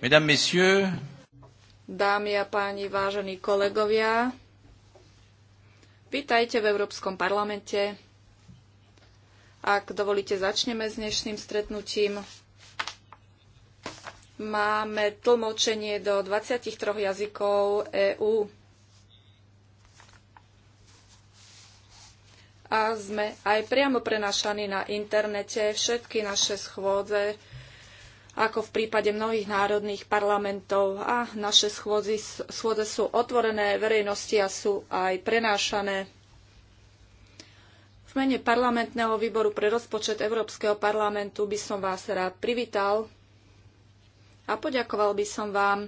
Mesdames, Messieurs, Dámy a páni, vážení kolegovia, vítajte v Európskom parlamente. Ak dovolíte, začneme s dnešným stretnutím. Máme tlmočenie do 23 jazykov EÚ. A sme aj priamo prenašaní na internete všetky naše schôdze, ako v prípade mnohých národných parlamentov a naše schôdze, schôdze sú otvorené verejnosti a sú aj prenášané. V mene parlamentného výboru pre rozpočet Európskeho parlamentu by som vás rád privítal a poďakoval by som vám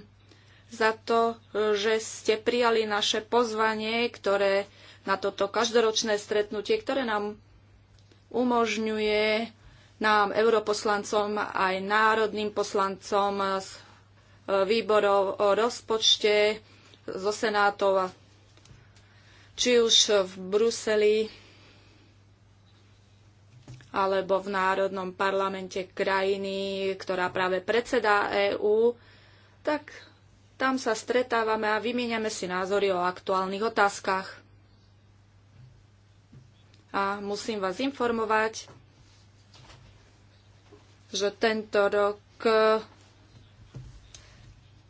za to, že ste prijali naše pozvanie, ktoré na toto každoročné stretnutie, ktoré nám umožňuje nám, europoslancom, aj národným poslancom z e, výborov o rozpočte, zo senátov, či už v Bruseli alebo v Národnom parlamente krajiny, ktorá práve predsedá EÚ, tak tam sa stretávame a vymieňame si názory o aktuálnych otázkach. A musím vás informovať, že tento rok eh,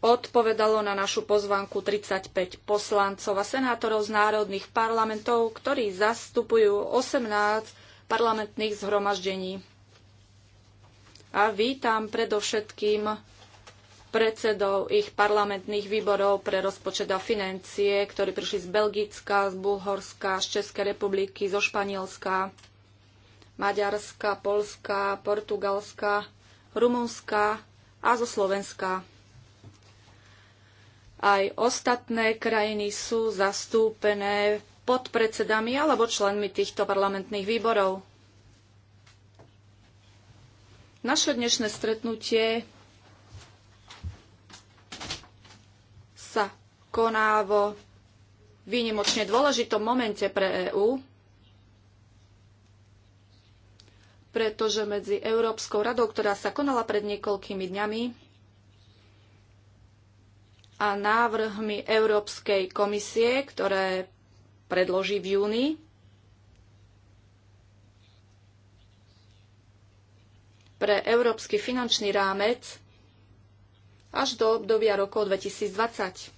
odpovedalo na našu pozvanku 35 poslancov a senátorov z národných parlamentov, ktorí zastupujú 18 parlamentných zhromaždení. A vítam predovšetkým predsedov ich parlamentných výborov pre rozpočet a financie, ktorí prišli z Belgicka, z Bulhorska, z Českej republiky, zo Španielska, Maďarska, Polska, Portugalska, Rumunska a zo Slovenska. Aj ostatné krajiny sú zastúpené pod predsedami alebo členmi týchto parlamentných výborov. Naše dnešné stretnutie sa koná vo výnimočne dôležitom momente pre EÚ, pretože medzi Európskou radou, ktorá sa konala pred niekoľkými dňami, a návrhmi Európskej komisie, ktoré predloží v júni, pre Európsky finančný rámec až do obdobia rokov 2020.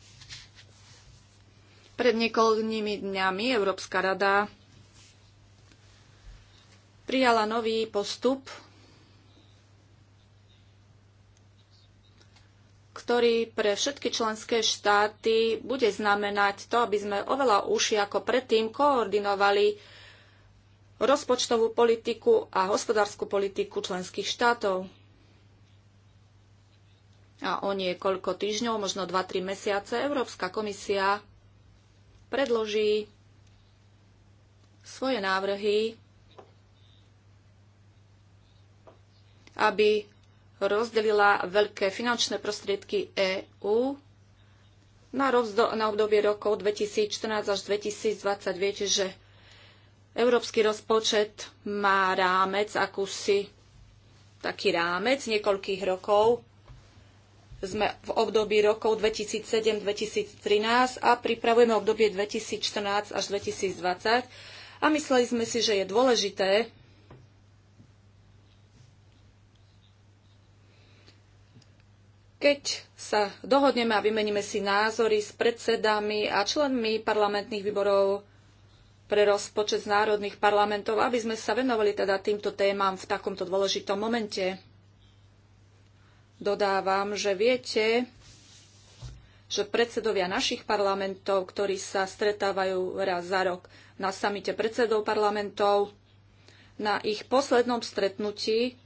Pred niekoľkými dňami Európska rada prijala nový postup, ktorý pre všetky členské štáty bude znamenať to, aby sme oveľa uši ako predtým koordinovali rozpočtovú politiku a hospodárskú politiku členských štátov. A o niekoľko týždňov, možno 2-3 mesiace, Európska komisia predloží svoje návrhy aby rozdelila veľké finančné prostriedky EÚ na, na obdobie rokov 2014 až 2020. Viete, že európsky rozpočet má rámec, akúsi taký rámec niekoľkých rokov. Sme v období rokov 2007-2013 a pripravujeme obdobie 2014 až 2020 a mysleli sme si, že je dôležité Keď sa dohodneme a vymeníme si názory s predsedami a členmi parlamentných výborov pre rozpočet z národných parlamentov, aby sme sa venovali teda týmto témam v takomto dôležitom momente. Dodávam, že viete, že predsedovia našich parlamentov, ktorí sa stretávajú raz za rok na samite predsedov parlamentov, na ich poslednom stretnutí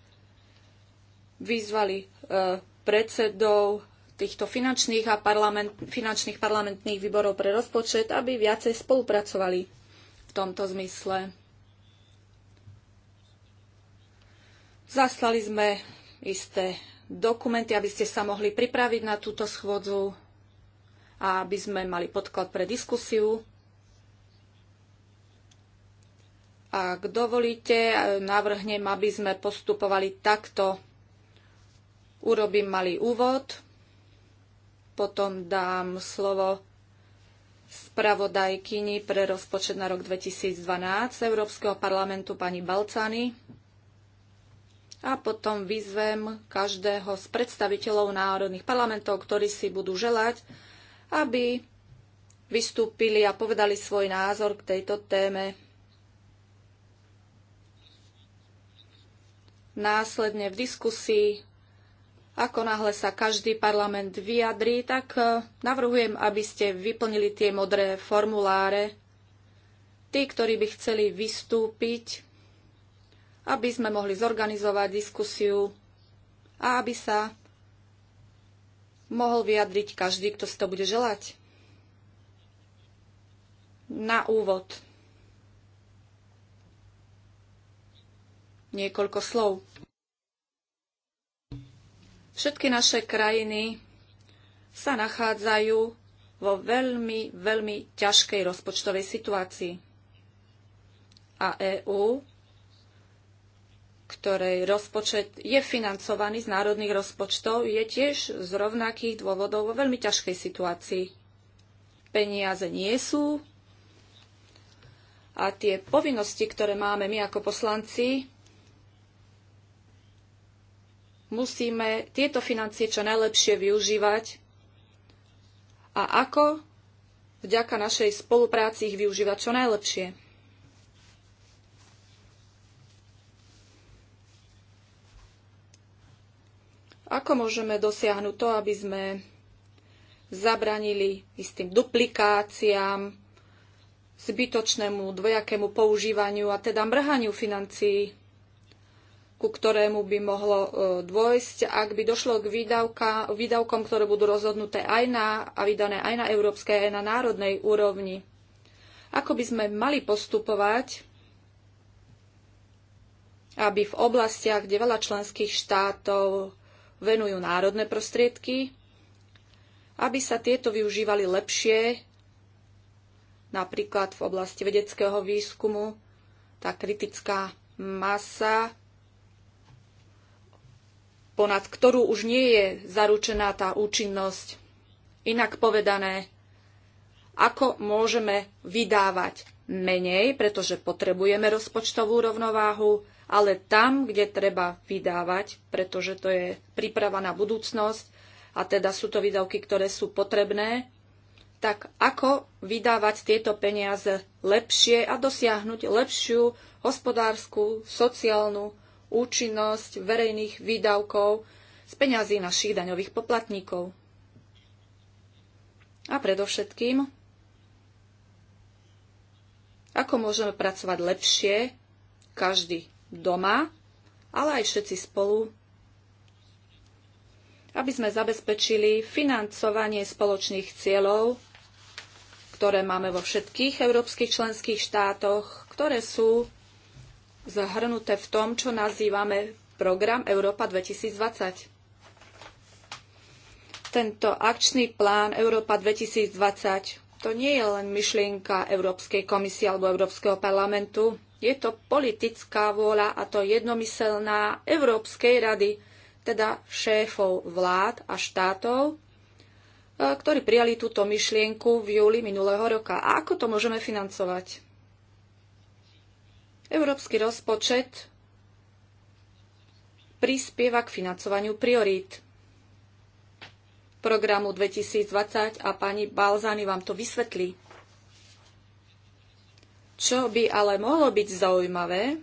vyzvali e, predsedov týchto finančných a parlament, finančných parlamentných výborov pre rozpočet, aby viacej spolupracovali v tomto zmysle. Zaslali sme isté dokumenty, aby ste sa mohli pripraviť na túto schôdzu a aby sme mali podklad pre diskusiu. Ak dovolíte, navrhnem, aby sme postupovali takto Urobím malý úvod, potom dám slovo spravodajkyni pre rozpočet na rok 2012 Európskeho parlamentu pani Balcany a potom vyzvem každého z predstaviteľov národných parlamentov, ktorí si budú želať, aby vystúpili a povedali svoj názor k tejto téme. Následne v diskusii ako náhle sa každý parlament vyjadrí, tak e, navrhujem, aby ste vyplnili tie modré formuláre. Tí, ktorí by chceli vystúpiť, aby sme mohli zorganizovať diskusiu a aby sa mohol vyjadriť každý, kto si to bude želať. Na úvod niekoľko slov. Všetky naše krajiny sa nachádzajú vo veľmi, veľmi ťažkej rozpočtovej situácii. A EÚ, ktorej rozpočet je financovaný z národných rozpočtov, je tiež z rovnakých dôvodov vo veľmi ťažkej situácii. Peniaze nie sú a tie povinnosti, ktoré máme my ako poslanci, musíme tieto financie čo najlepšie využívať a ako vďaka našej spolupráci ich využívať čo najlepšie. Ako môžeme dosiahnuť to, aby sme zabranili istým duplikáciám, zbytočnému dvojakému používaniu a teda mrhaniu financií ku ktorému by mohlo e, dôjsť, ak by došlo k výdavka, výdavkom, ktoré budú rozhodnuté aj na, a vydané aj na európskej, aj na národnej úrovni. Ako by sme mali postupovať, aby v oblastiach, kde veľa členských štátov venujú národné prostriedky, aby sa tieto využívali lepšie, napríklad v oblasti vedeckého výskumu, tá kritická masa ponad ktorú už nie je zaručená tá účinnosť. Inak povedané, ako môžeme vydávať menej, pretože potrebujeme rozpočtovú rovnováhu, ale tam, kde treba vydávať, pretože to je príprava na budúcnosť a teda sú to výdavky, ktoré sú potrebné, tak ako vydávať tieto peniaze lepšie a dosiahnuť lepšiu hospodárskú, sociálnu účinnosť verejných výdavkov z peňazí našich daňových poplatníkov. A predovšetkým, ako môžeme pracovať lepšie, každý doma, ale aj všetci spolu, aby sme zabezpečili financovanie spoločných cieľov, ktoré máme vo všetkých európskych členských štátoch, ktoré sú zahrnuté v tom, čo nazývame program Európa 2020. Tento akčný plán Európa 2020 to nie je len myšlienka Európskej komisie alebo Európskeho parlamentu, je to politická vôľa a to jednomyselná Európskej rady, teda šéfov vlád a štátov, eh, ktorí prijali túto myšlienku v júli minulého roka. A ako to môžeme financovať? Európsky rozpočet prispieva k financovaniu priorít programu 2020 a pani Balzány vám to vysvetlí. Čo by ale mohlo byť zaujímavé,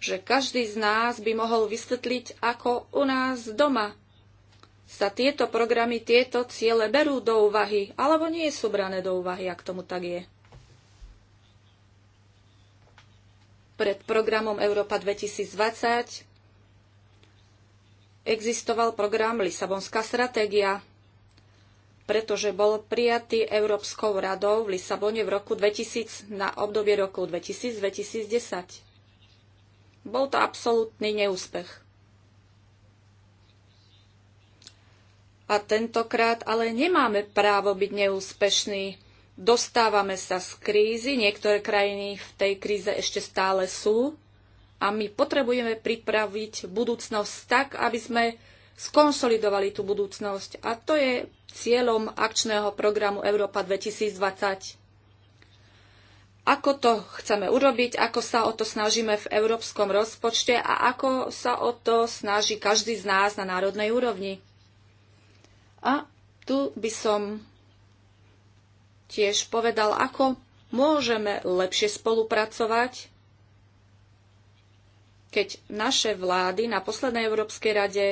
že každý z nás by mohol vysvetliť, ako u nás doma sa tieto programy, tieto ciele berú do úvahy, alebo nie sú brané do úvahy, ak tomu tak je. pred programom Európa 2020 existoval program Lisabonská stratégia, pretože bol prijatý Európskou radou v Lisabone v roku 2000 na obdobie roku 2000-2010. Bol to absolútny neúspech. A tentokrát ale nemáme právo byť neúspešní. Dostávame sa z krízy, niektoré krajiny v tej kríze ešte stále sú a my potrebujeme pripraviť budúcnosť tak, aby sme skonsolidovali tú budúcnosť. A to je cieľom akčného programu Európa 2020. Ako to chceme urobiť, ako sa o to snažíme v európskom rozpočte a ako sa o to snaží každý z nás na národnej úrovni. A tu by som tiež povedal, ako môžeme lepšie spolupracovať, keď naše vlády na poslednej Európskej rade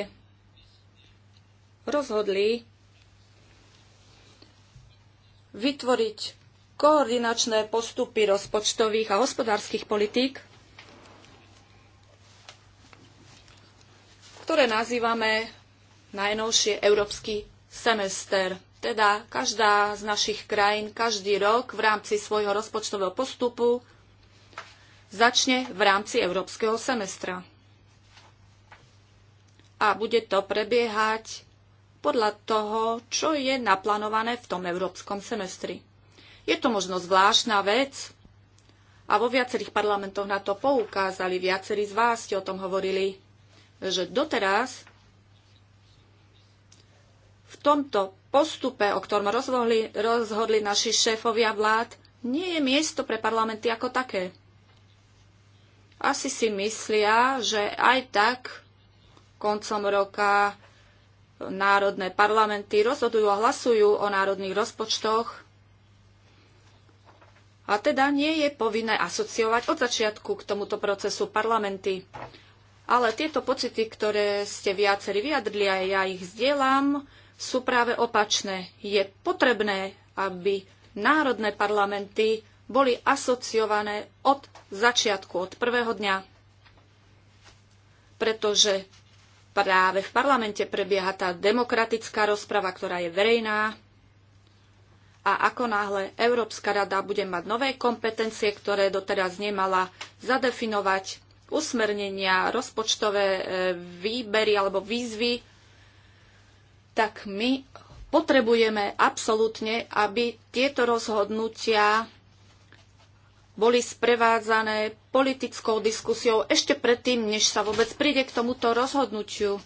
rozhodli vytvoriť koordinačné postupy rozpočtových a hospodárskych politík, ktoré nazývame najnovšie európsky semester. Teda každá z našich krajín každý rok v rámci svojho rozpočtového postupu začne v rámci európskeho semestra. A bude to prebiehať podľa toho, čo je naplánované v tom európskom semestri. Je to možno zvláštna vec a vo viacerých parlamentoch na to poukázali, viacerí z vás ste o tom hovorili, že doteraz v tomto postupe, o ktorom rozhodli, rozhodli naši šéfovia vlád, nie je miesto pre parlamenty ako také. Asi si myslia, že aj tak koncom roka národné parlamenty rozhodujú a hlasujú o národných rozpočtoch a teda nie je povinné asociovať od začiatku k tomuto procesu parlamenty. Ale tieto pocity, ktoré ste viacerí vyjadrili a ja ich zdieľam, sú práve opačné. Je potrebné, aby národné parlamenty boli asociované od začiatku, od prvého dňa. Pretože práve v parlamente prebieha tá demokratická rozprava, ktorá je verejná. A ako náhle Európska rada bude mať nové kompetencie, ktoré doteraz nemala, zadefinovať usmernenia, rozpočtové e, výbery alebo výzvy, tak my potrebujeme absolútne, aby tieto rozhodnutia boli sprevádzané politickou diskusiou ešte predtým, než sa vôbec príde k tomuto rozhodnutiu.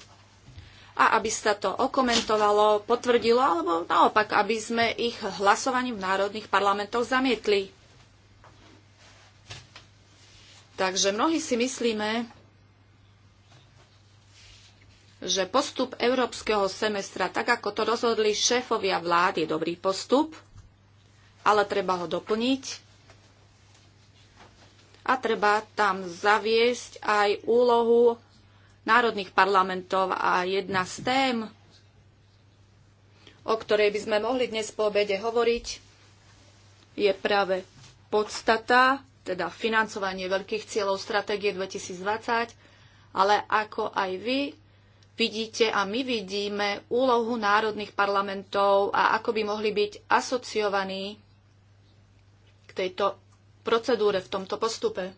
A aby sa to okomentovalo, potvrdilo, alebo naopak, aby sme ich hlasovaním v národných parlamentoch zamietli. Takže mnohí si myslíme, že postup európskeho semestra, tak ako to rozhodli šéfovia vlád je dobrý postup, ale treba ho doplniť a treba tam zaviesť aj úlohu národných parlamentov a jedna z tém, o ktorej by sme mohli dnes po obede hovoriť, je práve podstata, teda financovanie veľkých cieľov stratégie 2020, ale ako aj vy, vidíte a my vidíme úlohu národných parlamentov a ako by mohli byť asociovaní k tejto procedúre v tomto postupe.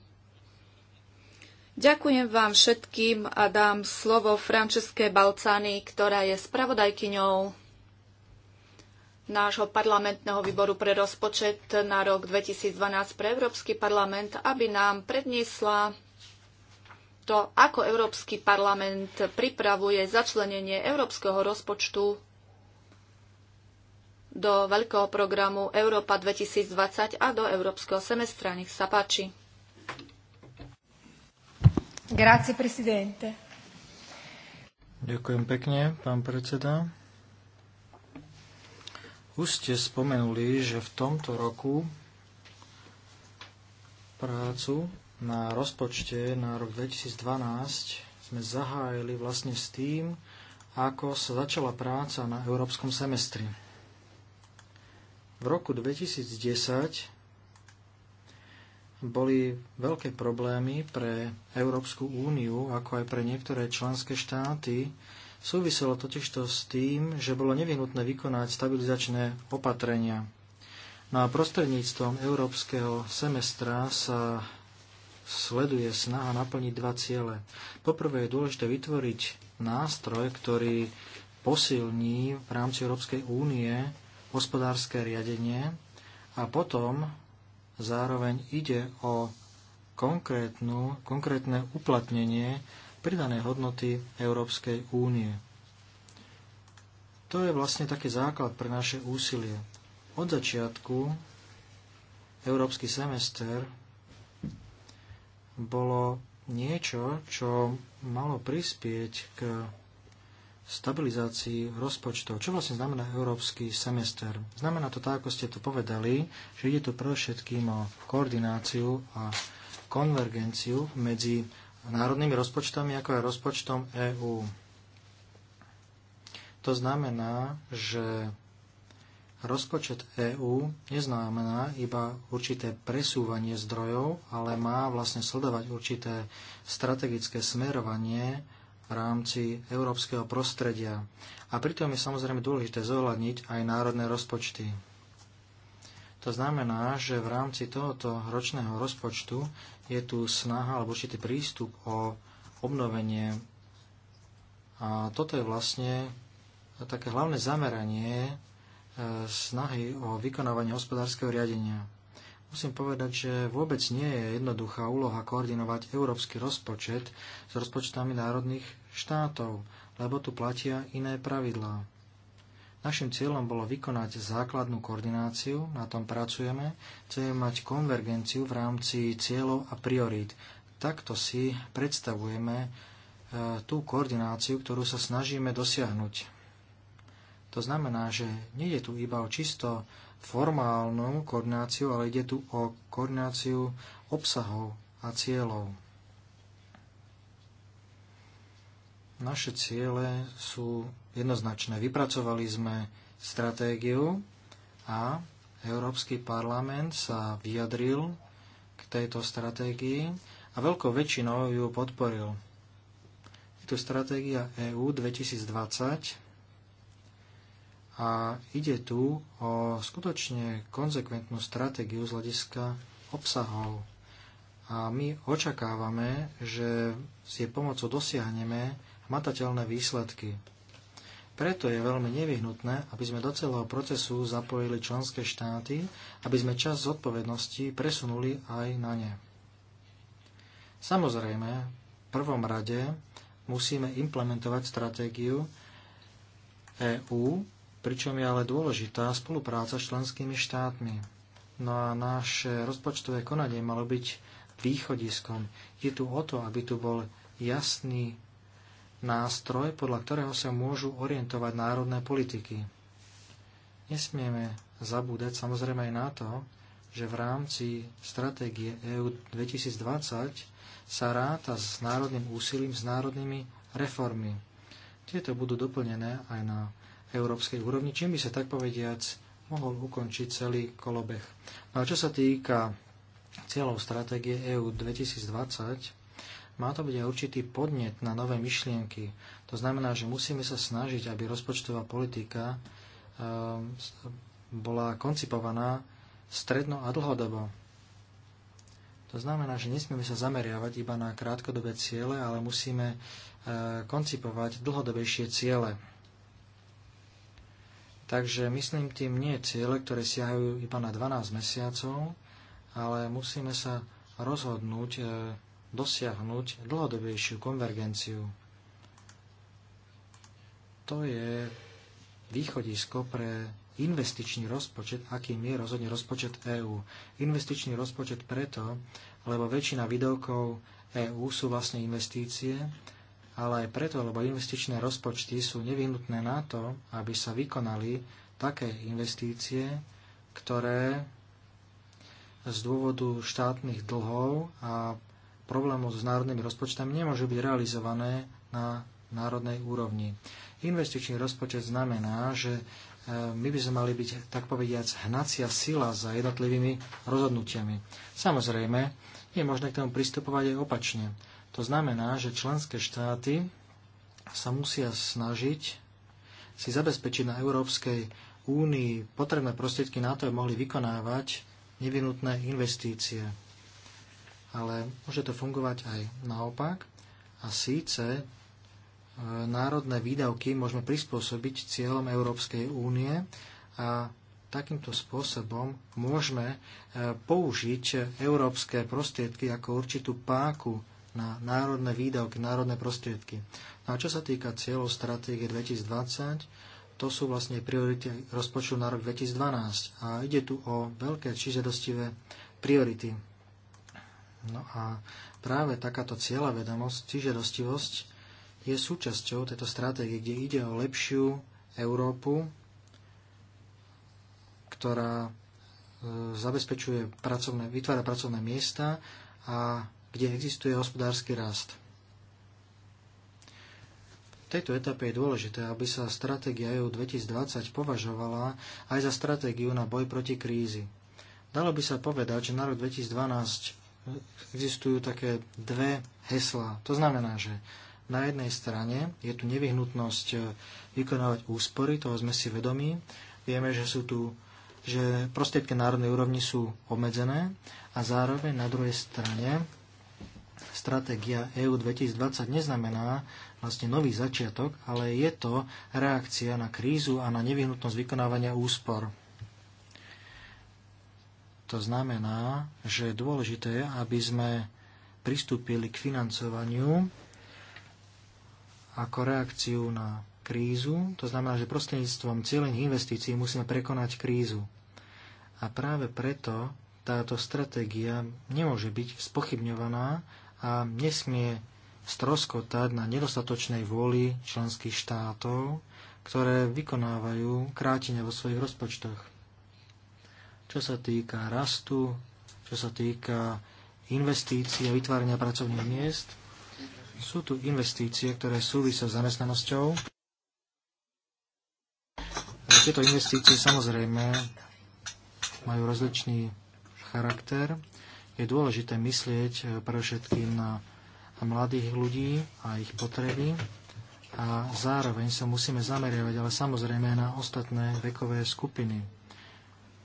Ďakujem vám všetkým a dám slovo Franceske Balcani, ktorá je spravodajkyňou nášho parlamentného výboru pre rozpočet na rok 2012 pre Európsky parlament, aby nám predniesla to, ako Európsky parlament pripravuje začlenenie európskeho rozpočtu do veľkého programu Európa 2020 a do európskeho semestra. Nech sa páči. Grazie, presidente. Ďakujem pekne, pán predseda. Už ste spomenuli, že v tomto roku prácu na rozpočte na rok 2012 sme zahájili vlastne s tým, ako sa začala práca na európskom semestri. V roku 2010 boli veľké problémy pre Európsku úniu, ako aj pre niektoré členské štáty. Súviselo totižto s tým, že bolo nevyhnutné vykonať stabilizačné opatrenia. No a prostredníctvom európskeho semestra sa sleduje snaha naplniť dva ciele. Poprvé je dôležité vytvoriť nástroj, ktorý posilní v rámci Európskej únie hospodárske riadenie a potom zároveň ide o konkrétnu, konkrétne uplatnenie pridanej hodnoty Európskej únie. To je vlastne taký základ pre naše úsilie. Od začiatku Európsky semester bolo niečo, čo malo prispieť k stabilizácii rozpočtov. Čo vlastne znamená európsky semester? Znamená to tak, ako ste to povedali, že ide tu predovšetkým o koordináciu a konvergenciu medzi národnými rozpočtami ako aj rozpočtom EÚ. To znamená, že Rozpočet EÚ neznamená iba určité presúvanie zdrojov, ale má vlastne sledovať určité strategické smerovanie v rámci európskeho prostredia. A pritom je samozrejme dôležité zohľadniť aj národné rozpočty. To znamená, že v rámci tohoto ročného rozpočtu je tu snaha alebo určitý prístup o obnovenie. A toto je vlastne také hlavné zameranie snahy o vykonávanie hospodárskeho riadenia. Musím povedať, že vôbec nie je jednoduchá úloha koordinovať európsky rozpočet s rozpočtami národných štátov, lebo tu platia iné pravidlá. Našim cieľom bolo vykonať základnú koordináciu, na tom pracujeme, chceme mať konvergenciu v rámci cieľov a priorít. Takto si predstavujeme e, tú koordináciu, ktorú sa snažíme dosiahnuť. To znamená, že nie je tu iba o čisto formálnu koordináciu, ale ide tu o koordináciu obsahov a cieľov. Naše ciele sú jednoznačné. Vypracovali sme stratégiu a Európsky parlament sa vyjadril k tejto stratégii a veľkou väčšinou ju podporil. Je tu stratégia EU 2020, a ide tu o skutočne konzekventnú stratégiu z hľadiska obsahov. A my očakávame, že s jej pomocou dosiahneme hmatateľné výsledky. Preto je veľmi nevyhnutné, aby sme do celého procesu zapojili členské štáty, aby sme čas zodpovednosti presunuli aj na ne. Samozrejme, v prvom rade musíme implementovať stratégiu EÚ pričom je ale dôležitá spolupráca s členskými štátmi. No a naše rozpočtové konanie malo byť východiskom. Je tu o to, aby tu bol jasný nástroj, podľa ktorého sa môžu orientovať národné politiky. Nesmieme zabúdať samozrejme aj na to, že v rámci stratégie EU 2020 sa ráta s národným úsilím, s národnými reformy. Tieto budú doplnené aj na európskej úrovni, čím by sa tak povediac mohol ukončiť celý kolobeh. No a čo sa týka cieľov stratégie EU 2020, má to byť aj určitý podnet na nové myšlienky. To znamená, že musíme sa snažiť, aby rozpočtová politika ehm, bola koncipovaná stredno a dlhodobo. To znamená, že nesmieme sa zameriavať iba na krátkodobé ciele, ale musíme ehm, koncipovať dlhodobejšie ciele. Takže myslím tým nie ciele, ktoré siahajú iba na 12 mesiacov, ale musíme sa rozhodnúť e, dosiahnuť dlhodobejšiu konvergenciu. To je východisko pre investičný rozpočet, akým je rozhodne rozpočet EÚ. Investičný rozpočet preto, lebo väčšina výdavkov EÚ sú vlastne investície ale aj preto, lebo investičné rozpočty sú nevyhnutné na to, aby sa vykonali také investície, ktoré z dôvodu štátnych dlhov a problémov s národnými rozpočtami nemôžu byť realizované na národnej úrovni. Investičný rozpočet znamená, že e, my by sme mali byť, tak povediac, hnacia sila za jednotlivými rozhodnutiami. Samozrejme, je možné k tomu pristupovať aj opačne. To znamená, že členské štáty sa musia snažiť si zabezpečiť na Európskej únii potrebné prostriedky na to, aby mohli vykonávať nevinutné investície. Ale môže to fungovať aj naopak. A síce e, národné výdavky môžeme prispôsobiť cieľom Európskej únie a takýmto spôsobom môžeme e, použiť európske prostriedky ako určitú páku na národné výdavky, národné prostriedky. No a čo sa týka cieľov stratégie 2020, to sú vlastne priority rozpočtu na rok 2012 a ide tu o veľké či žiadostivé priority. No a práve takáto cieľa vedomosť, či žiadostivosť je súčasťou tejto stratégie, kde ide o lepšiu Európu, ktorá e, zabezpečuje pracovné, vytvára pracovné miesta a kde existuje hospodársky rast. V tejto etape je dôležité, aby sa stratégia EU 2020 považovala aj za stratégiu na boj proti krízi. Dalo by sa povedať, že na rok 2012 existujú také dve heslá. To znamená, že na jednej strane je tu nevyhnutnosť vykonávať úspory, toho sme si vedomí. Vieme, že sú tu že prostriedky národnej úrovni sú obmedzené a zároveň na druhej strane stratégia EU 2020 neznamená vlastne nový začiatok, ale je to reakcia na krízu a na nevyhnutnosť vykonávania úspor. To znamená, že je dôležité, aby sme pristúpili k financovaniu ako reakciu na krízu. To znamená, že prostredníctvom cieľených investícií musíme prekonať krízu. A práve preto táto stratégia nemôže byť spochybňovaná a nesmie stroskotať na nedostatočnej vôli členských štátov, ktoré vykonávajú krátenia vo svojich rozpočtoch. Čo sa týka rastu, čo sa týka investícií a vytvárania pracovných miest, sú tu investície, ktoré súvisia s zamestnanosťou. Tieto investície samozrejme majú rozličný charakter je dôležité myslieť eh, pre všetkým na mladých ľudí a ich potreby a zároveň sa musíme zameriavať, ale samozrejme na ostatné vekové skupiny.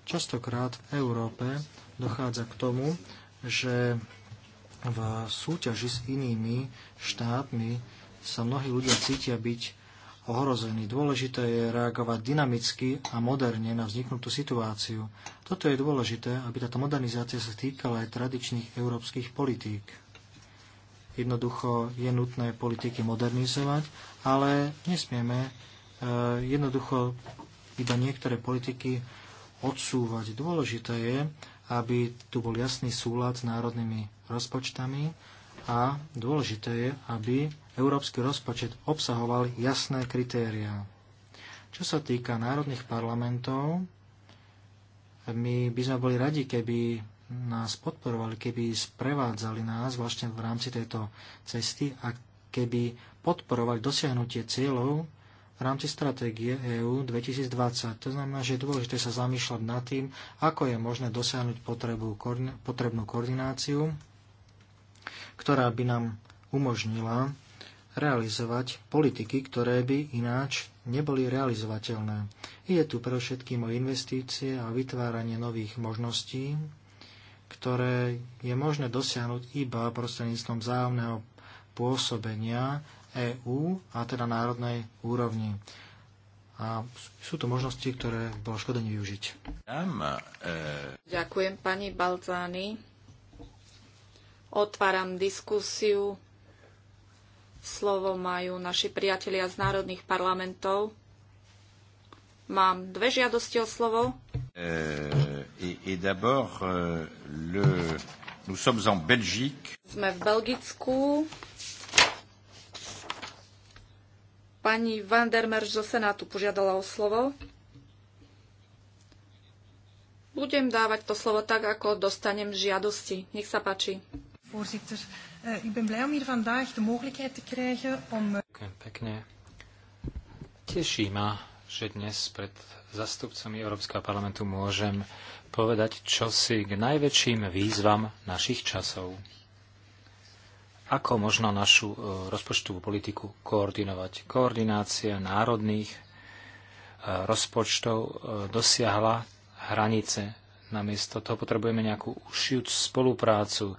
Častokrát v Európe dochádza k tomu, že v súťaži s inými štátmi sa mnohí ľudia cítia byť ohrozený. Dôležité je reagovať dynamicky a moderne na vzniknutú situáciu. Toto je dôležité, aby táto modernizácia sa týkala aj tradičných európskych politík. Jednoducho je nutné politiky modernizovať, ale nesmieme e, jednoducho iba niektoré politiky odsúvať. Dôležité je, aby tu bol jasný súlad s národnými rozpočtami a dôležité je, aby európsky rozpočet obsahoval jasné kritériá. Čo sa týka národných parlamentov, my by sme boli radi, keby nás podporovali, keby sprevádzali nás vlastne v rámci tejto cesty a keby podporovali dosiahnutie cieľov v rámci stratégie EÚ 2020. To znamená, že je dôležité sa zamýšľať nad tým, ako je možné dosiahnuť potrebu, potrebnú koordináciu, ktorá by nám umožnila realizovať politiky, ktoré by ináč neboli realizovateľné. Je tu pre všetkým o investície a vytváranie nových možností, ktoré je možné dosiahnuť iba prostredníctvom vzájomného pôsobenia EÚ a teda národnej úrovni. A sú to možnosti, ktoré bolo škoda nevyužiť. Ďakujem pani Balzány. Otváram diskusiu. Slovo majú naši priatelia z národných parlamentov. Mám dve žiadosti o slovo. Uh, et, et uh, le... Nous sommes en Belgique. Sme v Belgicku. Pani Van der Merch zo Senátu požiadala o slovo. Budem dávať to slovo tak, ako dostanem žiadosti. Nech sa páči. Voorzitter, Eh, ik ben blij om hier vandaag de mogelijkheid te krijgen om... Ďakujem eh, pekne. Teší ma, že dnes pred zastupcami Európskeho parlamentu môžem povedať čosi k najväčším výzvam našich časov. Ako možno našu eh, rozpočtovú politiku koordinovať? Koordinácia národných rozpočtov dosiahla hranice. Namiesto toho potrebujeme nejakú užšiu spoluprácu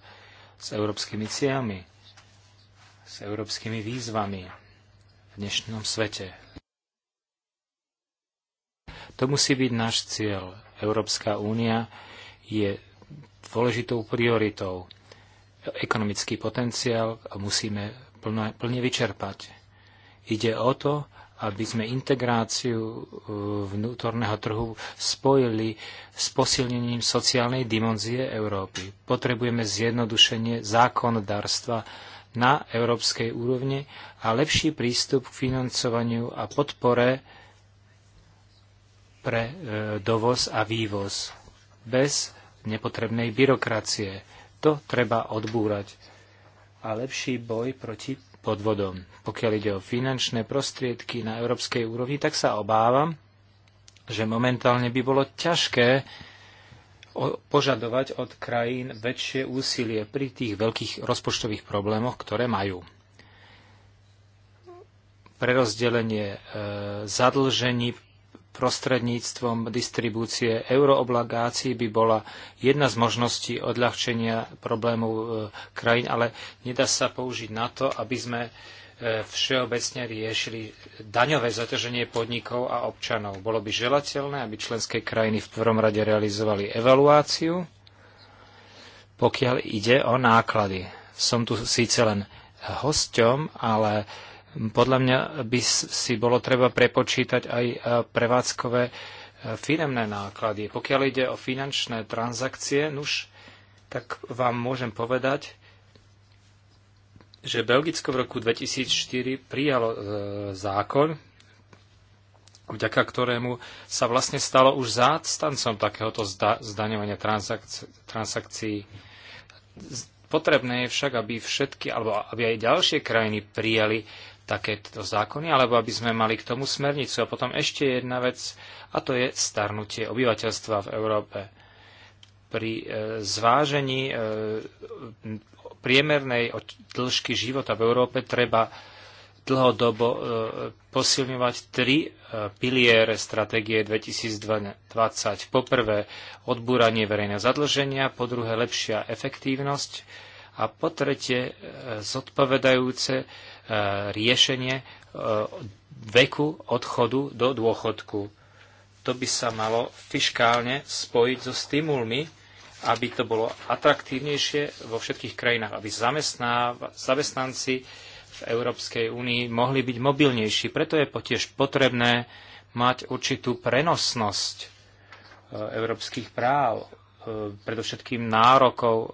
s európskymi cieľmi, s európskymi výzvami v dnešnom svete. To musí byť náš cieľ. Európska únia je dôležitou prioritou. Ekonomický potenciál musíme plne, plne vyčerpať. Ide o to, aby sme integráciu uh, vnútorného trhu spojili s posilnením sociálnej dimenzie Európy. Potrebujeme zjednodušenie zákonodárstva na európskej úrovni a lepší prístup k financovaniu a podpore pre uh, dovoz a vývoz bez nepotrebnej byrokracie. To treba odbúrať. A lepší boj proti podvodom. Pokiaľ ide o finančné prostriedky na európskej úrovni, tak sa obávam, že momentálne by bolo ťažké požadovať od krajín väčšie úsilie pri tých veľkých rozpočtových problémoch, ktoré majú. Prerozdelenie e, zadlžení prostredníctvom distribúcie euroobligácií by bola jedna z možností odľahčenia problémov e, krajín, ale nedá sa použiť na to, aby sme e, všeobecne riešili daňové zaťaženie podnikov a občanov. Bolo by želateľné, aby členské krajiny v prvom rade realizovali evaluáciu, pokiaľ ide o náklady. Som tu síce len hosťom, ale podľa mňa by si bolo treba prepočítať aj e, prevádzkové e, firemné náklady. Pokiaľ ide o finančné transakcie, nuž, tak vám môžem povedať, že Belgicko v roku 2004 prijalo e, zákon, vďaka ktorému sa vlastne stalo už zástancom takéhoto zda- zdaňovania transakci- transakcií. Potrebné je však, aby všetky, alebo aby aj ďalšie krajiny prijali takéto zákony, alebo aby sme mali k tomu smernicu. A potom ešte jedna vec, a to je starnutie obyvateľstva v Európe. Pri e, zvážení e, priemernej dĺžky života v Európe treba dlhodobo e, posilňovať tri piliere stratégie 2020. Poprvé odbúranie verejného zadlženia, po druhé lepšia efektívnosť a po tretie zodpovedajúce riešenie e, veku odchodu do dôchodku. To by sa malo fiškálne spojiť so stimulmi, aby to bolo atraktívnejšie vo všetkých krajinách, aby zamestnanci v Európskej únii mohli byť mobilnejší. Preto je tiež potrebné mať určitú prenosnosť e, európskych práv, e, predovšetkým nárokov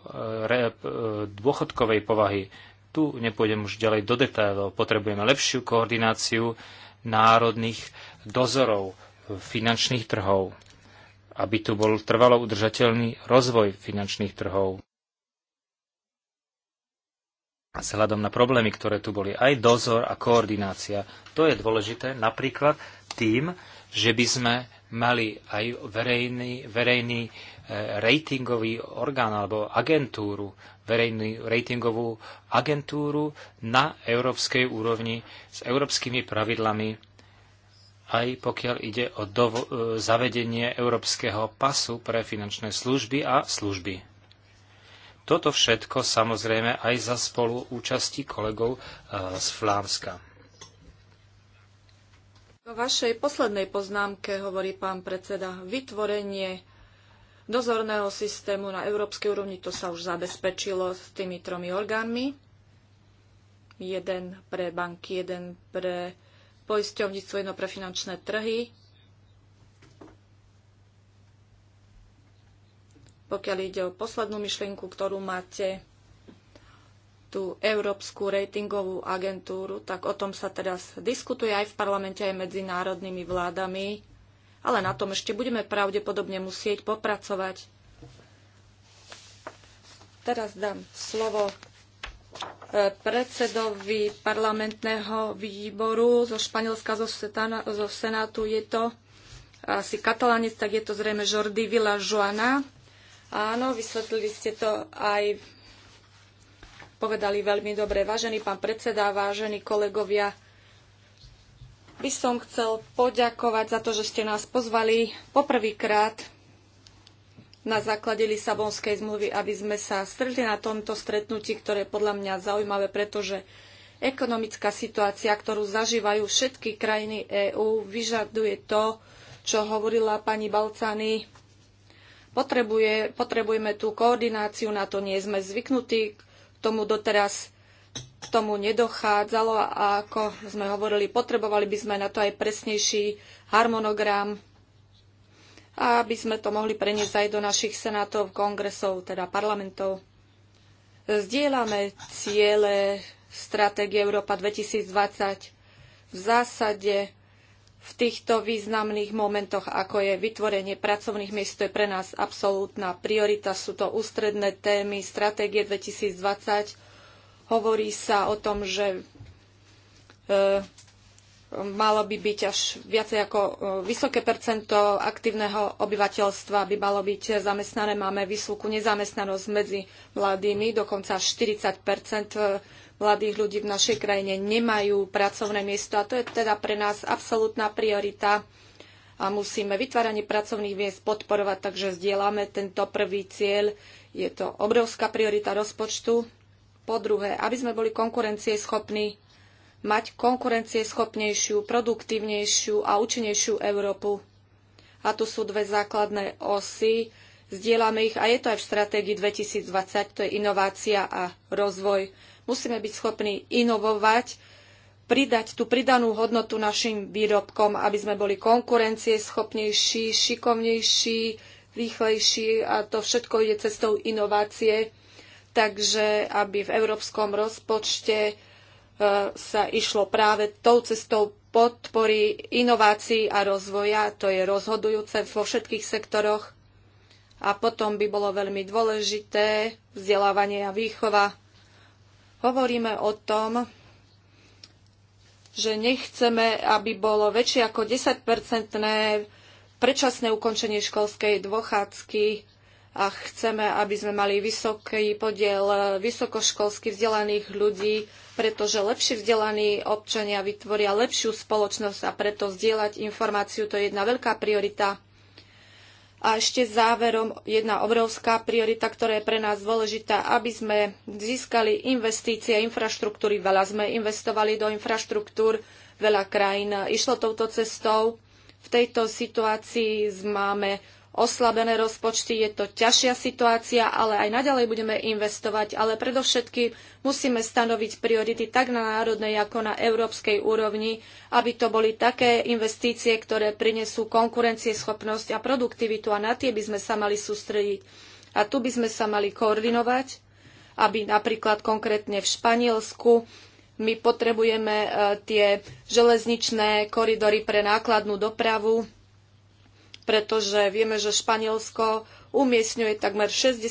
dôchodkovej povahy tu nepôjdem už ďalej do detailov. Potrebujeme lepšiu koordináciu národných dozorov finančných trhov, aby tu bol trvalo udržateľný rozvoj finančných trhov. A vzhľadom na problémy, ktoré tu boli, aj dozor a koordinácia. To je dôležité napríklad tým, že by sme mali aj verejný, verejný e, ratingový orgán alebo agentúru verejnú ratingovú agentúru na európskej úrovni s európskymi pravidlami, aj pokiaľ ide o e, zavedenie európskeho pasu pre finančné služby a služby. Toto všetko samozrejme aj za spolu účasti kolegov e, z Flánska. Vo vašej poslednej poznámke hovorí pán predseda vytvorenie dozorného systému na európskej úrovni. To sa už zabezpečilo s tými tromi orgánmi. Jeden pre banky, jeden pre poisťovníctvo, jedno pre finančné trhy. Pokiaľ ide o poslednú myšlienku, ktorú máte, tú Európsku ratingovú agentúru, tak o tom sa teraz diskutuje aj v parlamente, aj medzi národnými vládami ale na tom ešte budeme pravdepodobne musieť popracovať. Teraz dám slovo e, predsedovi parlamentného výboru zo Španielska, zo, Setana, zo Senátu je to asi katalanec, tak je to zrejme Jordi Villa Joana. Áno, vysvetlili ste to aj povedali veľmi dobre. Vážený pán predseda, vážení kolegovia, by som chcel poďakovať za to, že ste nás pozvali poprvýkrát na základe Lisabonskej zmluvy, aby sme sa stretli na tomto stretnutí, ktoré je podľa mňa zaujímavé, pretože ekonomická situácia, ktorú zažívajú všetky krajiny EÚ, vyžaduje to, čo hovorila pani Balcani. Potrebuje, potrebujeme tú koordináciu, na to nie sme zvyknutí, k tomu doteraz k tomu nedochádzalo a ako sme hovorili, potrebovali by sme na to aj presnejší harmonogram, aby sme to mohli preniesť aj do našich senátov, kongresov, teda parlamentov. Zdieľame ciele stratégie Európa 2020 v zásade v týchto významných momentoch, ako je vytvorenie pracovných miest, to je pre nás absolútna priorita. Sú to ústredné témy stratégie 2020 Hovorí sa o tom, že e, malo by byť až viacej ako e, vysoké percento aktívneho obyvateľstva by malo byť zamestnané. Máme vysokú nezamestnanosť medzi mladými, dokonca 40 e, mladých ľudí v našej krajine nemajú pracovné miesto a to je teda pre nás absolútna priorita a musíme vytváranie pracovných miest podporovať, takže zdieľame tento prvý cieľ. Je to obrovská priorita rozpočtu po druhé, aby sme boli konkurencieschopní, mať konkurencieschopnejšiu, produktívnejšiu a účinnejšiu Európu. A tu sú dve základné osy. Zdieľame ich a je to aj v stratégii 2020, to je inovácia a rozvoj. Musíme byť schopní inovovať, pridať tú pridanú hodnotu našim výrobkom, aby sme boli konkurencieschopnejší, šikovnejší, rýchlejší a to všetko ide cestou inovácie takže aby v európskom rozpočte e, sa išlo práve tou cestou podpory inovácií a rozvoja. To je rozhodujúce vo všetkých sektoroch. A potom by bolo veľmi dôležité vzdelávanie a výchova. Hovoríme o tom, že nechceme, aby bolo väčšie ako 10-percentné predčasné ukončenie školskej dôchádzky a chceme, aby sme mali vysoký podiel vysokoškolsky vzdelaných ľudí, pretože lepšie vzdelaní občania vytvoria lepšiu spoločnosť a preto vzdielať informáciu to je jedna veľká priorita. A ešte záverom jedna obrovská priorita, ktorá je pre nás dôležitá, aby sme získali investície infraštruktúry. Veľa sme investovali do infraštruktúr, veľa krajín išlo touto cestou. V tejto situácii máme oslabené rozpočty, je to ťažšia situácia, ale aj naďalej budeme investovať, ale predovšetky musíme stanoviť priority tak na národnej, ako na európskej úrovni, aby to boli také investície, ktoré prinesú konkurencieschopnosť a produktivitu a na tie by sme sa mali sústrediť. A tu by sme sa mali koordinovať, aby napríklad konkrétne v Španielsku my potrebujeme e, tie železničné koridory pre nákladnú dopravu, pretože vieme, že Španielsko umiestňuje takmer 60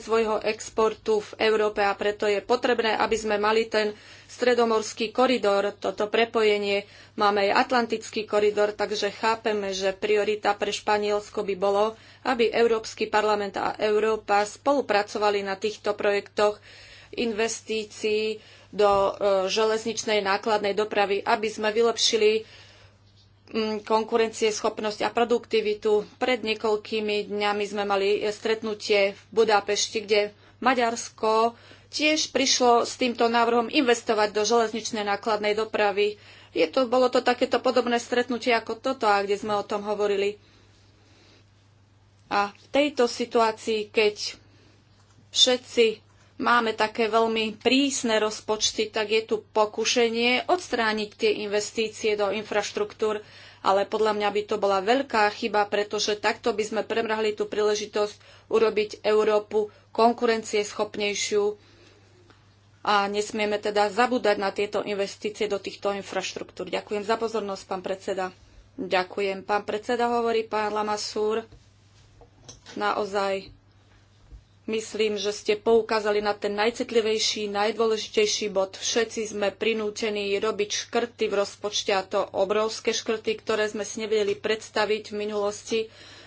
svojho exportu v Európe a preto je potrebné, aby sme mali ten stredomorský koridor, toto prepojenie. Máme aj Atlantický koridor, takže chápeme, že priorita pre Španielsko by bolo, aby Európsky parlament a Európa spolupracovali na týchto projektoch investícií do e, železničnej nákladnej dopravy, aby sme vylepšili Mm, konkurencieschopnosť a produktivitu. Pred niekoľkými dňami sme mali stretnutie v Budapešti, kde Maďarsko tiež prišlo s týmto návrhom investovať do železničnej nákladnej dopravy. Je to, bolo to takéto podobné stretnutie ako toto, a kde sme o tom hovorili. A v tejto situácii, keď všetci máme také veľmi prísne rozpočty, tak je tu pokušenie odstrániť tie investície do infraštruktúr, ale podľa mňa by to bola veľká chyba, pretože takto by sme premrhali tú príležitosť urobiť Európu konkurencieschopnejšiu a nesmieme teda zabúdať na tieto investície do týchto infraštruktúr. Ďakujem za pozornosť, pán predseda. Ďakujem, pán predseda, hovorí pán Lamasúr. Naozaj Myslím, že ste poukázali na ten najcitlivejší, najdôležitejší bod. Všetci sme prinútení robiť škrty v rozpočte a to obrovské škrty, ktoré sme si nevedeli predstaviť v minulosti.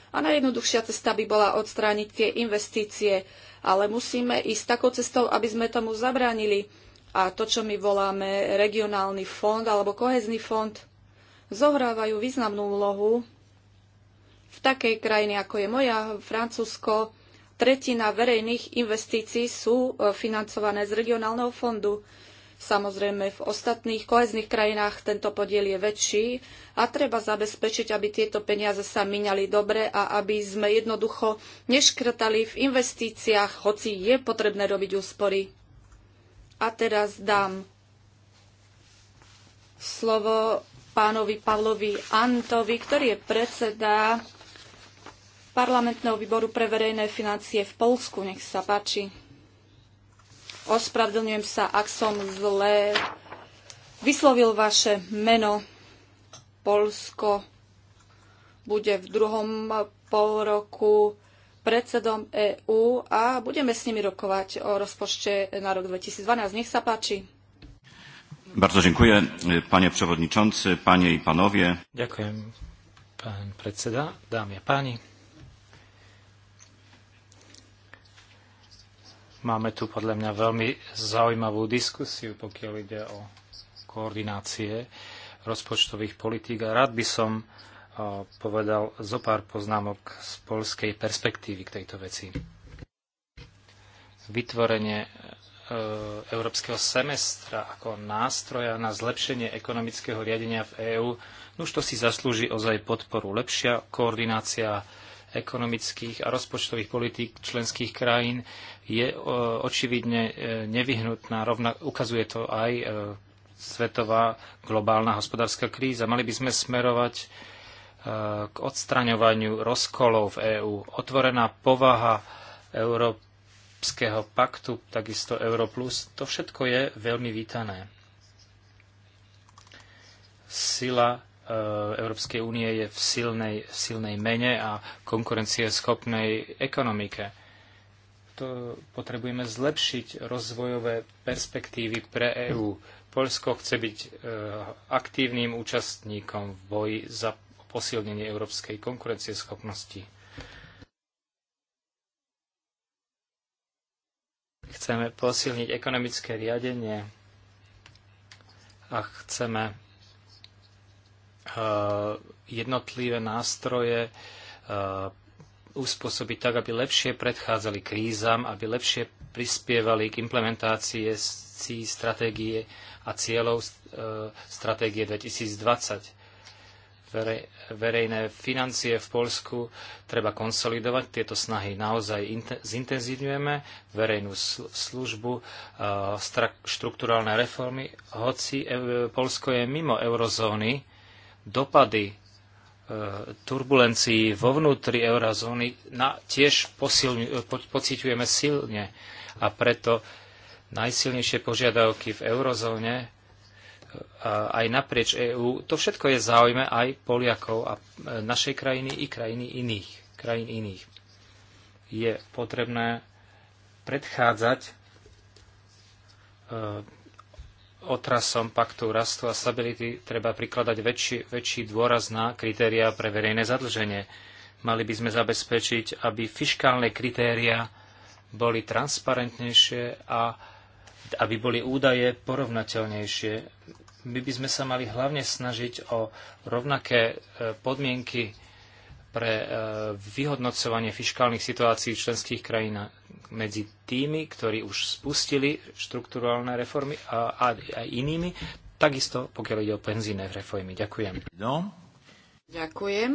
A najjednoduchšia cesta by bola odstrániť tie investície, ale musíme ísť takou cestou, aby sme tomu zabránili. A to, čo my voláme regionálny fond alebo kohezný fond, zohrávajú významnú úlohu v takej krajine, ako je moja, Francúzsko, tretina verejných investícií sú e, financované z regionálneho fondu. Samozrejme, v ostatných kohezných krajinách tento podiel je väčší a treba zabezpečiť, aby tieto peniaze sa míňali dobre a aby sme jednoducho neškrtali v investíciách, hoci je potrebné robiť úspory. A teraz dám slovo pánovi Pavlovi Antovi, ktorý je predseda parlamentného výboru pre verejné financie v Polsku. Nech sa páči. Ospravedlňujem sa, ak som zle vyslovil vaše meno. Polsko bude v druhom pol roku predsedom EÚ a budeme s nimi rokovať o rozpočte na rok 2012. Nech sa páči. Bardzo dziękuję, panie przewodniczący, panie i panowie. Ďakujem, pan predseda, dámy a páni. Máme tu podľa mňa veľmi zaujímavú diskusiu, pokiaľ ide o koordinácie rozpočtových politík a rád by som povedal zo pár poznámok z polskej perspektívy k tejto veci. Vytvorenie e, európskeho semestra ako nástroja na zlepšenie ekonomického riadenia v EÚ, no už to si zaslúži ozaj podporu. Lepšia koordinácia ekonomických a rozpočtových politík členských krajín je e, očividne e, nevyhnutná. Rovna, ukazuje to aj e, svetová globálna hospodárska kríza. Mali by sme smerovať k odstraňovaniu rozkolov v EÚ. Otvorená povaha Európskeho paktu, takisto Europlus, to všetko je veľmi vítané. Sila Eh, európskej únie je v silnej, silnej mene a konkurencieschopnej ekonomike. To potrebujeme zlepšiť rozvojové perspektívy pre EÚ. Polsko chce byť eh, aktívnym účastníkom v boji za posilnenie európskej konkurencieschopnosti. Chceme posilniť ekonomické riadenie a chceme Eh, jednotlivé nástroje eh, uspôsobiť tak, aby lepšie predchádzali krízam, aby lepšie prispievali k implementácii stratégie a cieľov eh, stratégie 2020 verejné financie v Polsku treba konsolidovať. Tieto snahy naozaj zintenzívňujeme, verejnú službu, štrukturálne reformy, hoci Polsko je mimo eurozóny, dopady e, turbulencií vo vnútri eurozóny na, tiež posilňu, e, po, pociťujeme silne. A preto najsilnejšie požiadavky v eurozóne e, aj naprieč EÚ, to všetko je záujme aj Poliakov a našej krajiny i krajiny iných, krajín iných. Je potrebné predchádzať otrasom paktu rastu a stability treba prikladať väčší, väčší dôraz na kritériá pre verejné zadlženie. Mali by sme zabezpečiť, aby fiskálne kritériá boli transparentnejšie a aby boli údaje porovnateľnejšie. My by sme sa mali hlavne snažiť o rovnaké e, podmienky pre e, vyhodnocovanie fiškálnych situácií v členských krajinách medzi tými, ktorí už spustili štruktúrálne reformy a, a, a inými, takisto pokiaľ ide o penzíne reformy. Ďakujem. No. Ďakujem.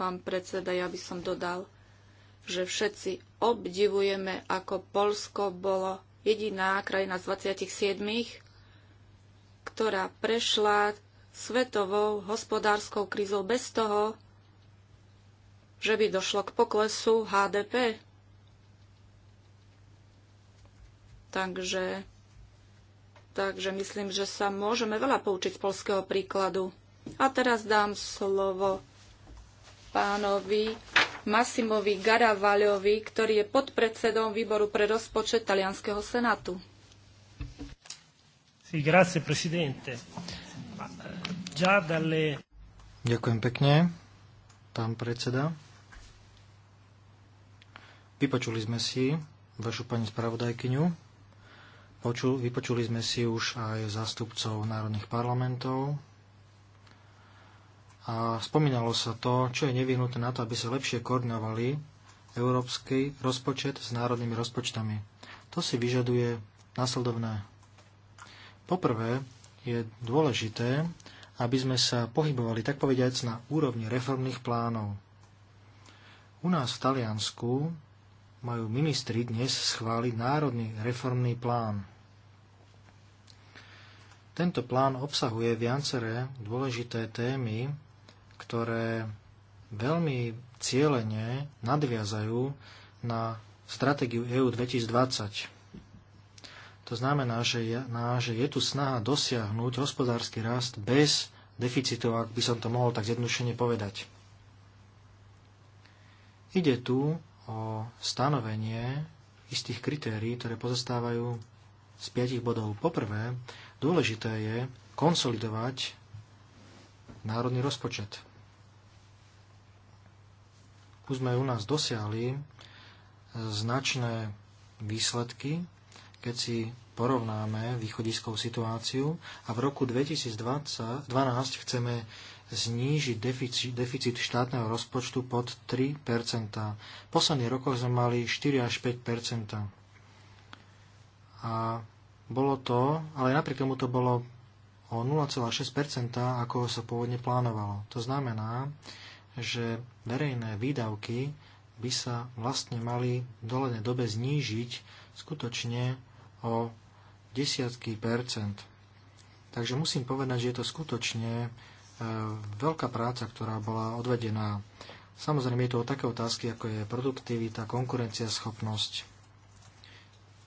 Pán predseda, ja by som dodal, že všetci obdivujeme, ako Polsko bolo jediná krajina z 27, ktorá prešla svetovou hospodárskou krízou bez toho, že by došlo k poklesu HDP. Takže, takže myslím, že sa môžeme veľa poučiť z polského príkladu. A teraz dám slovo pánovi Massimovi Garavaliovi, ktorý je podpredsedom výboru pre rozpočet Talianského senátu. Sí, grazie, presidente. Eh, Ďakujem pekne, pán predseda. Vypočuli sme si vašu pani spravodajkyňu. vypočuli sme si už aj zástupcov národných parlamentov. A spomínalo sa to, čo je nevyhnutné na to, aby sa lepšie koordinovali európsky rozpočet s národnými rozpočtami. To si vyžaduje následovné. Poprvé je dôležité, aby sme sa pohybovali, tak povediac, na úrovni reformných plánov. U nás v Taliansku majú ministri dnes schváliť národný reformný plán. Tento plán obsahuje viaceré dôležité témy, ktoré veľmi cieľene nadviazajú na stratégiu EU 2020. To znamená, že je, na, že je tu snaha dosiahnuť hospodársky rast bez deficitov, ak by som to mohol tak zjednodušene povedať. Ide tu o stanovenie istých kritérií, ktoré pozostávajú z piatich bodov. Poprvé, dôležité je konsolidovať národný rozpočet. Už sme u nás dosiahli značné výsledky, keď si porovnáme východiskovú situáciu a v roku 2012 chceme znížiť deficit, deficit štátneho rozpočtu pod 3 V posledných rokoch sme mali 4 až 5 A bolo to, ale napriek tomu to bolo o 0,6 ako sa pôvodne plánovalo. To znamená, že verejné výdavky by sa vlastne mali v dohľadnej dobe znížiť skutočne o desiatky percent. Takže musím povedať, že je to skutočne E, veľká práca, ktorá bola odvedená. Samozrejme, je to o také otázky, ako je produktivita, konkurenciaschopnosť.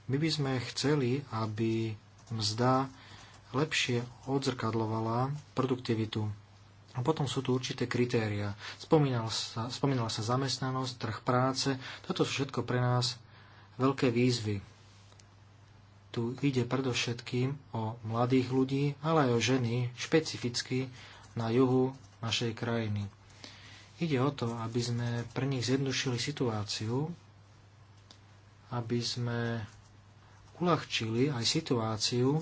My by sme chceli, aby mzda lepšie odzrkadlovala produktivitu. A potom sú tu určité kritéria. Spomínal sa, spomínala sa zamestnanosť, trh práce. Toto sú všetko pre nás veľké výzvy. Tu ide predovšetkým o mladých ľudí, ale aj o ženy, špecificky na juhu našej krajiny. Ide o to, aby sme pre nich zjednodušili situáciu, aby sme uľahčili aj situáciu e,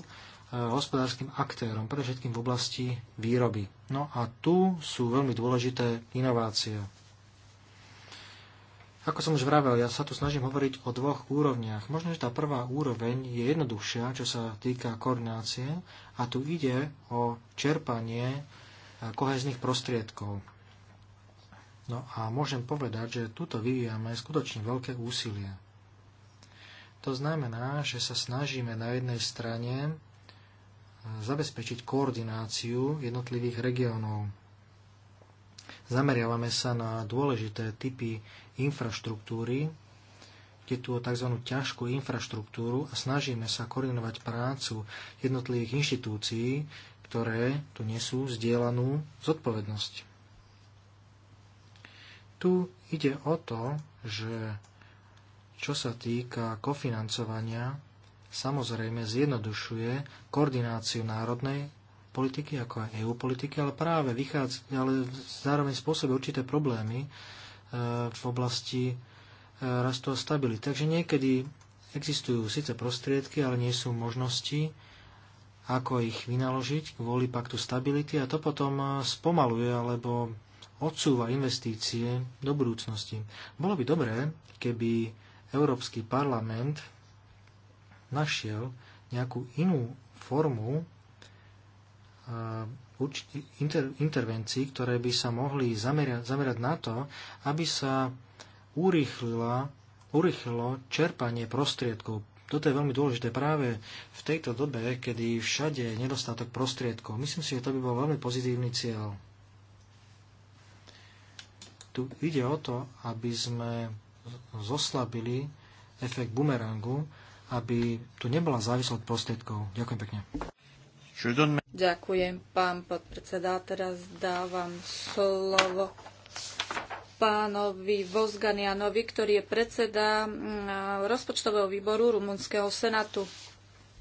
hospodárskym aktérom, pre všetkým v oblasti výroby. No a tu sú veľmi dôležité inovácie. Ako som už vravel, ja sa tu snažím hovoriť o dvoch úrovniach. Možno, že tá prvá úroveň je jednoduchšia, čo sa týka koordinácie, a tu ide o čerpanie kohezných prostriedkov. No a môžem povedať, že tuto vyvíjame skutočne veľké úsilie. To znamená, že sa snažíme na jednej strane e, zabezpečiť koordináciu jednotlivých regiónov. Zameriavame sa na dôležité typy infraštruktúry, kde tú tzv. ťažkú infraštruktúru a snažíme sa koordinovať prácu jednotlivých inštitúcií, ktoré tu nesú vzdielanú zodpovednosť. Tu ide o to, že čo sa týka kofinancovania, samozrejme zjednodušuje koordináciu národnej politiky, ako aj EU politiky, ale práve vychádza, ale zároveň spôsobuje určité problémy e, v oblasti e, rastu a stability. Takže niekedy existujú síce prostriedky, ale nie sú možnosti ako ich vynaložiť kvôli paktu stability a to potom eh, spomaluje alebo odsúva investície do budúcnosti. Bolo by dobré, keby Európsky parlament našiel nejakú inú formu eh, intervencií, ktoré by sa mohli zamerať, zamerať na to, aby sa urýchlilo čerpanie prostriedkov toto je veľmi dôležité práve v tejto dobe, kedy všade je nedostatok prostriedkov. Myslím si, že to by bol veľmi pozitívny cieľ. Tu ide o to, aby sme zoslabili efekt bumerangu, aby tu nebola závislosť prostriedkov. Ďakujem pekne. Ďakujem, pán podpredseda. Teraz dávam slovo pánovi Vozganianovi, ktorý je predseda mm, rozpočtového výboru Rumunského senátu.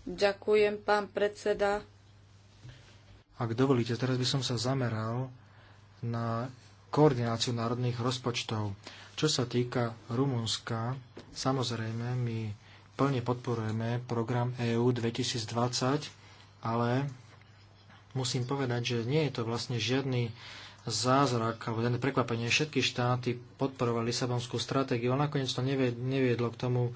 Ďakujem, pán predseda. Ak dovolíte, teraz by som sa zameral na koordináciu národných rozpočtov. Čo sa týka Rumunska, samozrejme my plne podporujeme program EU 2020, ale musím povedať, že nie je to vlastne žiadny zázrak alebo len prekvapenie. Všetky štáty podporovali Lisabonskú stratégiu, ale nakoniec to neviedlo k tomu e,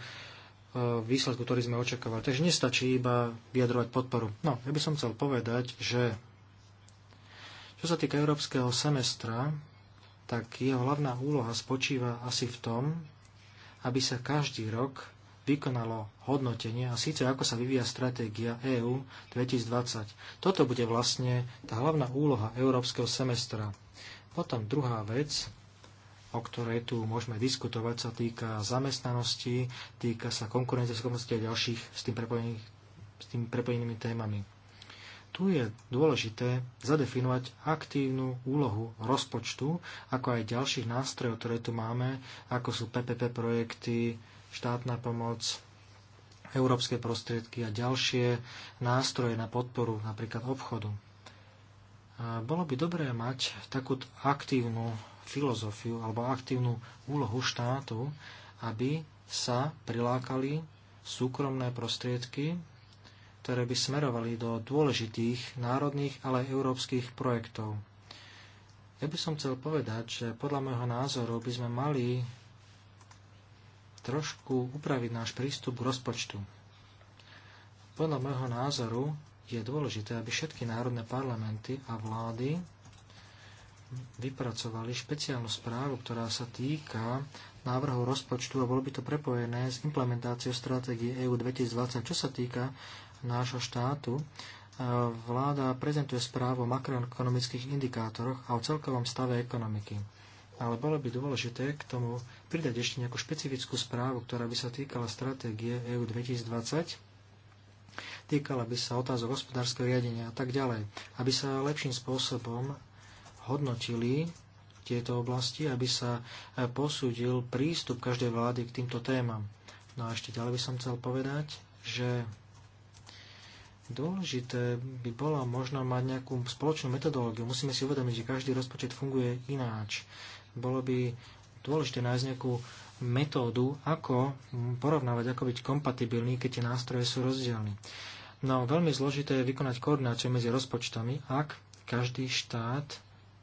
výsledku, ktorý sme očakávali. Takže nestačí iba vyjadrovať podporu. No, ja by som chcel povedať, že čo sa týka európskeho semestra, tak jeho hlavná úloha spočíva asi v tom, aby sa každý rok vykonalo hodnotenie a síce ako sa vyvíja stratégia EÚ 2020. Toto bude vlastne tá hlavná úloha európskeho semestra. Potom druhá vec, o ktorej tu môžeme diskutovať, sa týka zamestnanosti, týka sa konkurenceschopnosti a ďalších s tým, s tým prepojenými témami. Tu je dôležité zadefinovať aktívnu úlohu rozpočtu, ako aj ďalších nástrojov, ktoré tu máme, ako sú PPP projekty, štátna pomoc, európske prostriedky a ďalšie nástroje na podporu napríklad obchodu. bolo by dobré mať takú aktívnu filozofiu alebo aktívnu úlohu štátu, aby sa prilákali súkromné prostriedky, ktoré by smerovali do dôležitých národných, ale aj európskych projektov. Ja by som chcel povedať, že podľa môjho názoru by sme mali trošku upraviť náš prístup k rozpočtu. Podľa môjho názoru je dôležité, aby všetky národné parlamenty a vlády vypracovali špeciálnu správu, ktorá sa týka návrhu rozpočtu a bolo by to prepojené s implementáciou stratégie EU 2020. Čo sa týka nášho štátu, e, vláda prezentuje správu o makroekonomických indikátoroch a o celkovom stave ekonomiky ale bolo by dôležité k tomu pridať ešte nejakú špecifickú správu, ktorá by sa týkala stratégie EU 2020, týkala by sa otázok hospodárskeho riadenia a tak ďalej, aby sa lepším spôsobom hodnotili tieto oblasti, aby sa e, posúdil prístup každej vlády k týmto témam. No a ešte ďalej by som chcel povedať, že dôležité by bolo možno mať nejakú spoločnú metodológiu. Musíme si uvedomiť, že každý rozpočet funguje ináč bolo by dôležité nájsť nejakú metódu, ako porovnávať, ako byť kompatibilný, keď tie nástroje sú rozdielne. No veľmi zložité je vykonať koordináciu medzi rozpočtami, ak každý štát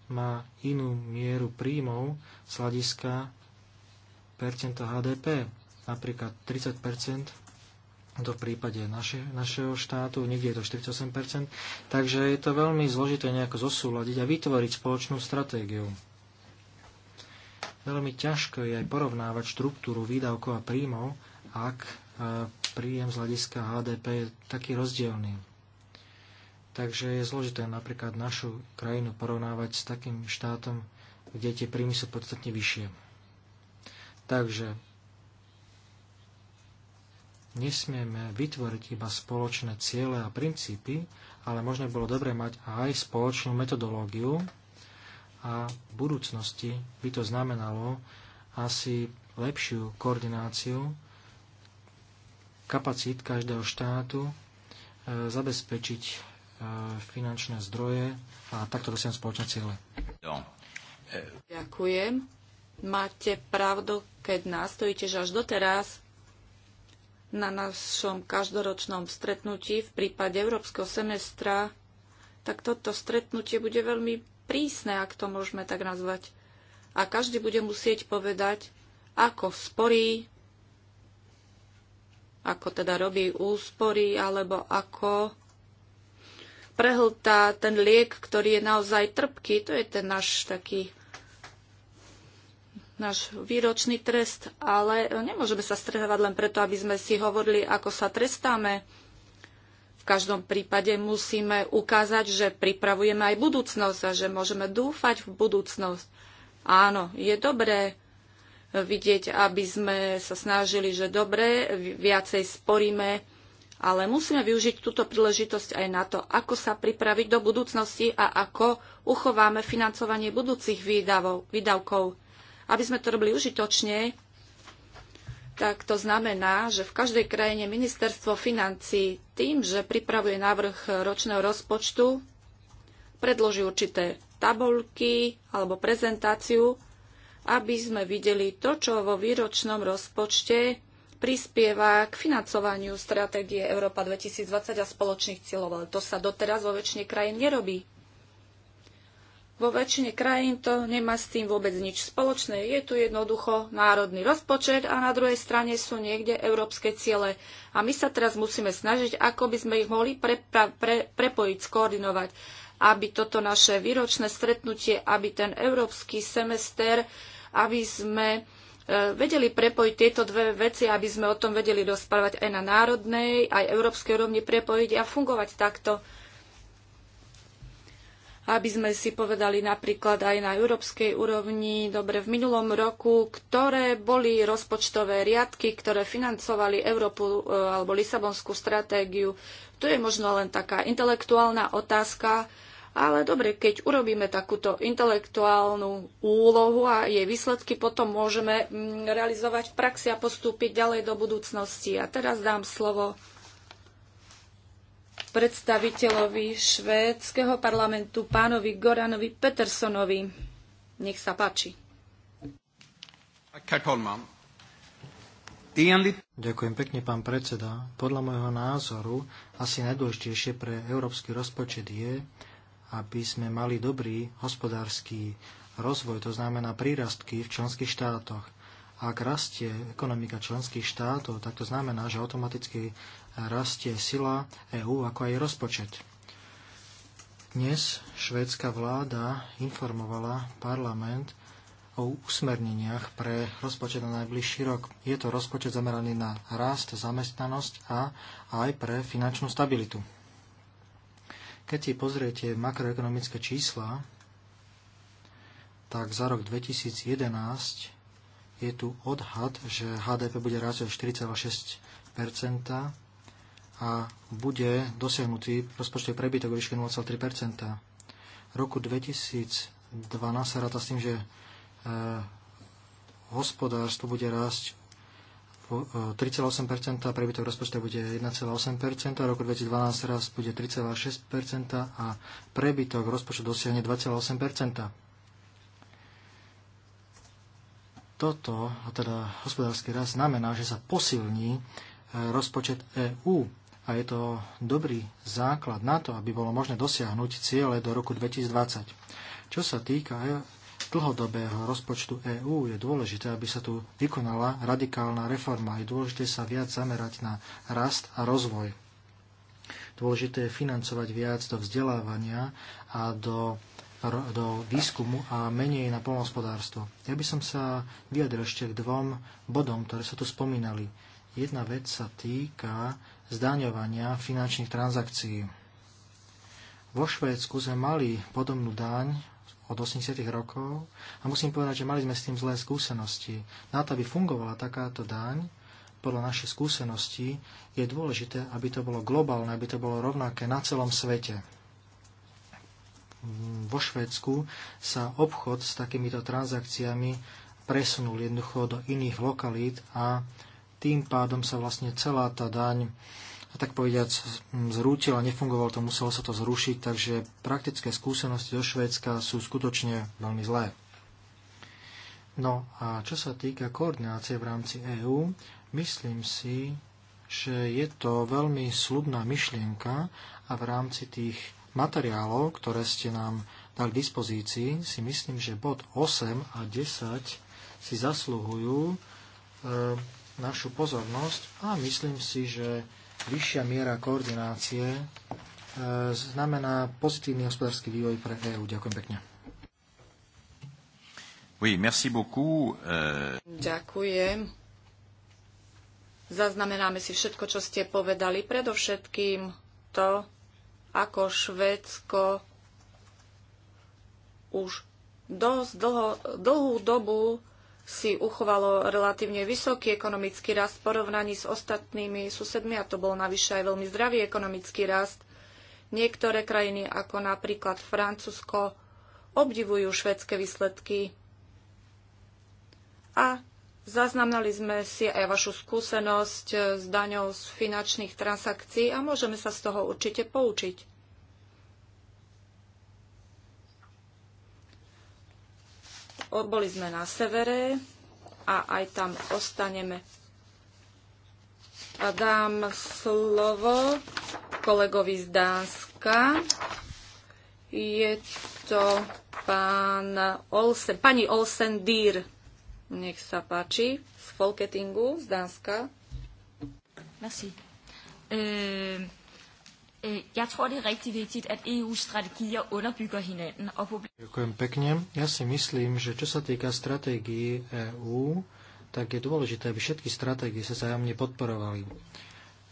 má inú mieru príjmov z hľadiska percenta HDP. Napríklad 30 to v prípade naše, našeho štátu, niekde je to 48 takže je to veľmi zložité nejako zosúľadiť a vytvoriť spoločnú stratégiu. Veľmi ťažko je aj porovnávať štruktúru výdavkov a príjmov, ak e, príjem z hľadiska HDP je taký rozdielný. Takže je zložité napríklad našu krajinu porovnávať s takým štátom, kde tie príjmy sú podstatne vyššie. Takže nesmieme vytvoriť iba spoločné ciele a princípy, ale možno by bolo dobre mať aj spoločnú metodológiu, a v budúcnosti by to znamenalo asi lepšiu koordináciu kapacít každého štátu, e, zabezpečiť e, finančné zdroje a takto dosiahnuť spoločné ciele. Ďakujem. Máte pravdu, keď nastojíte, že až doteraz na našom každoročnom stretnutí v prípade Európskeho semestra, tak toto stretnutie bude veľmi prísne, ak to môžeme tak nazvať. A každý bude musieť povedať, ako sporí, ako teda robí úspory, alebo ako prehltá ten liek, ktorý je naozaj trpký. To je ten náš taký náš výročný trest, ale nemôžeme sa strhávať len preto, aby sme si hovorili, ako sa trestáme v každom prípade musíme ukázať, že pripravujeme aj budúcnosť a že môžeme dúfať v budúcnosť. Áno, je dobré vidieť, aby sme sa snažili, že dobre, viacej sporíme, ale musíme využiť túto príležitosť aj na to, ako sa pripraviť do budúcnosti a ako uchováme financovanie budúcich výdavkov. Aby sme to robili užitočne, tak to znamená, že v každej krajine ministerstvo financí tým, že pripravuje návrh ročného rozpočtu, predloží určité tabulky alebo prezentáciu, aby sme videli to, čo vo výročnom rozpočte prispieva k financovaniu stratégie Európa 2020 a spoločných cieľov. Ale to sa doteraz vo väčšine krajín nerobí. Vo väčšine krajín to nemá s tým vôbec nič spoločné. Je tu jednoducho národný rozpočet a na druhej strane sú niekde európske ciele. A my sa teraz musíme snažiť, ako by sme ich mohli pre, pre, prepojiť, skoordinovať, aby toto naše výročné stretnutie, aby ten európsky semester, aby sme e, vedeli prepojiť tieto dve veci, aby sme o tom vedeli rozprávať aj na národnej, aj európskej úrovni prepojiť a fungovať takto aby sme si povedali napríklad aj na európskej úrovni, dobre, v minulom roku, ktoré boli rozpočtové riadky, ktoré financovali Európu e, alebo Lisabonskú stratégiu. To je možno len taká intelektuálna otázka, ale dobre, keď urobíme takúto intelektuálnu úlohu a jej výsledky potom môžeme mm, realizovať v praxi a postúpiť ďalej do budúcnosti. A teraz dám slovo predstaviteľovi švédskeho parlamentu, pánovi Goranovi Petersonovi. Nech sa páči. Ďakujem pekne, pán predseda. Podľa môjho názoru asi najdôležitejšie pre európsky rozpočet je, aby sme mali dobrý hospodársky rozvoj, to znamená prírastky v členských štátoch. Ak rastie ekonomika členských štátov, tak to znamená, že automaticky rastie sila EÚ ako aj rozpočet. Dnes švédska vláda informovala parlament o usmerneniach pre rozpočet na najbližší rok. Je to rozpočet zameraný na rast, zamestnanosť a aj pre finančnú stabilitu. Keď si pozriete makroekonomické čísla, tak za rok 2011 je tu odhad, že HDP bude rásť o 4,6 a bude dosiahnutý rozpočtový prebytok o výške 0,3 roku 2012 sa ráta s tým, že e, hospodárstvo bude rásť 3,8%, eh, prebytok rozpočtu bude 1,8%, roku 2012 rast bude 3,6% a prebytok rozpočtu dosiahne 2,8%. Toto, teda hospodársky rast, znamená, že sa posilní eh, rozpočet EÚ a je to dobrý základ na to, aby bolo možné dosiahnuť ciele do roku 2020. Čo sa týka e, dlhodobého rozpočtu EÚ, je dôležité, aby sa tu vykonala radikálna reforma. Je dôležité sa viac zamerať na rast a rozvoj. Dôležité je financovať viac do vzdelávania a do do výskumu a menej na polnohospodárstvo. Ja by som sa vyjadril ešte k dvom bodom, ktoré sa tu spomínali. Jedna vec sa týka zdaňovania finančných transakcií. Vo Švédsku sme mali podobnú daň od 80. rokov a musím povedať, že mali sme s tým zlé skúsenosti. Na to, aby fungovala takáto daň, podľa našich skúsenosti, je dôležité, aby to bolo globálne, aby to bolo rovnaké na celom svete. Vo Švédsku sa obchod s takýmito transakciami presunul jednoducho do iných lokalít a tým pádom sa vlastne celá tá daň a tak zrútil a nefungovalo to, muselo sa to zrušiť, takže praktické skúsenosti do Švédska sú skutočne veľmi zlé. No a čo sa týka koordinácie v rámci EÚ, myslím si, že je to veľmi slubná myšlienka a v rámci tých materiálov, ktoré ste nám dali k dispozícii, si myslím, že bod 8 a 10 si zasluhujú e, našu pozornosť a myslím si, že vyššia miera koordinácie e, znamená pozitívny hospodársky vývoj pre EÚ. Ďakujem pekne. Oui, merci beaucoup. E. Ďakujem. Zaznamenáme si všetko, čo ste povedali. Predovšetkým to, ako Švédsko už dosť dlho, dlhú dobu si uchovalo relatívne vysoký ekonomický rast v porovnaní s ostatnými susedmi a to bol navyše aj veľmi zdravý ekonomický rast. Niektoré krajiny, ako napríklad Francúzsko, obdivujú švedské výsledky. A zaznamenali sme si aj vašu skúsenosť s eh, daňou z finančných transakcií a môžeme sa z toho určite poučiť. Boli sme na severe a aj tam ostaneme. A dám slovo kolegovi z Dánska. Je to pán Olsen, pani Olsen Dýr. Nech sa páči, z Folketingu, z Dánska. Merci. Euh... Øh, ja tror, det er rigtig vigtigt, at EU's strategier underbygger hinanden. Og Ďakujem pekne. Ja si myslím, že čo sa týka stratégií EÚ, tak je dôležité, aby všetky stratégie sa zájomne podporovali.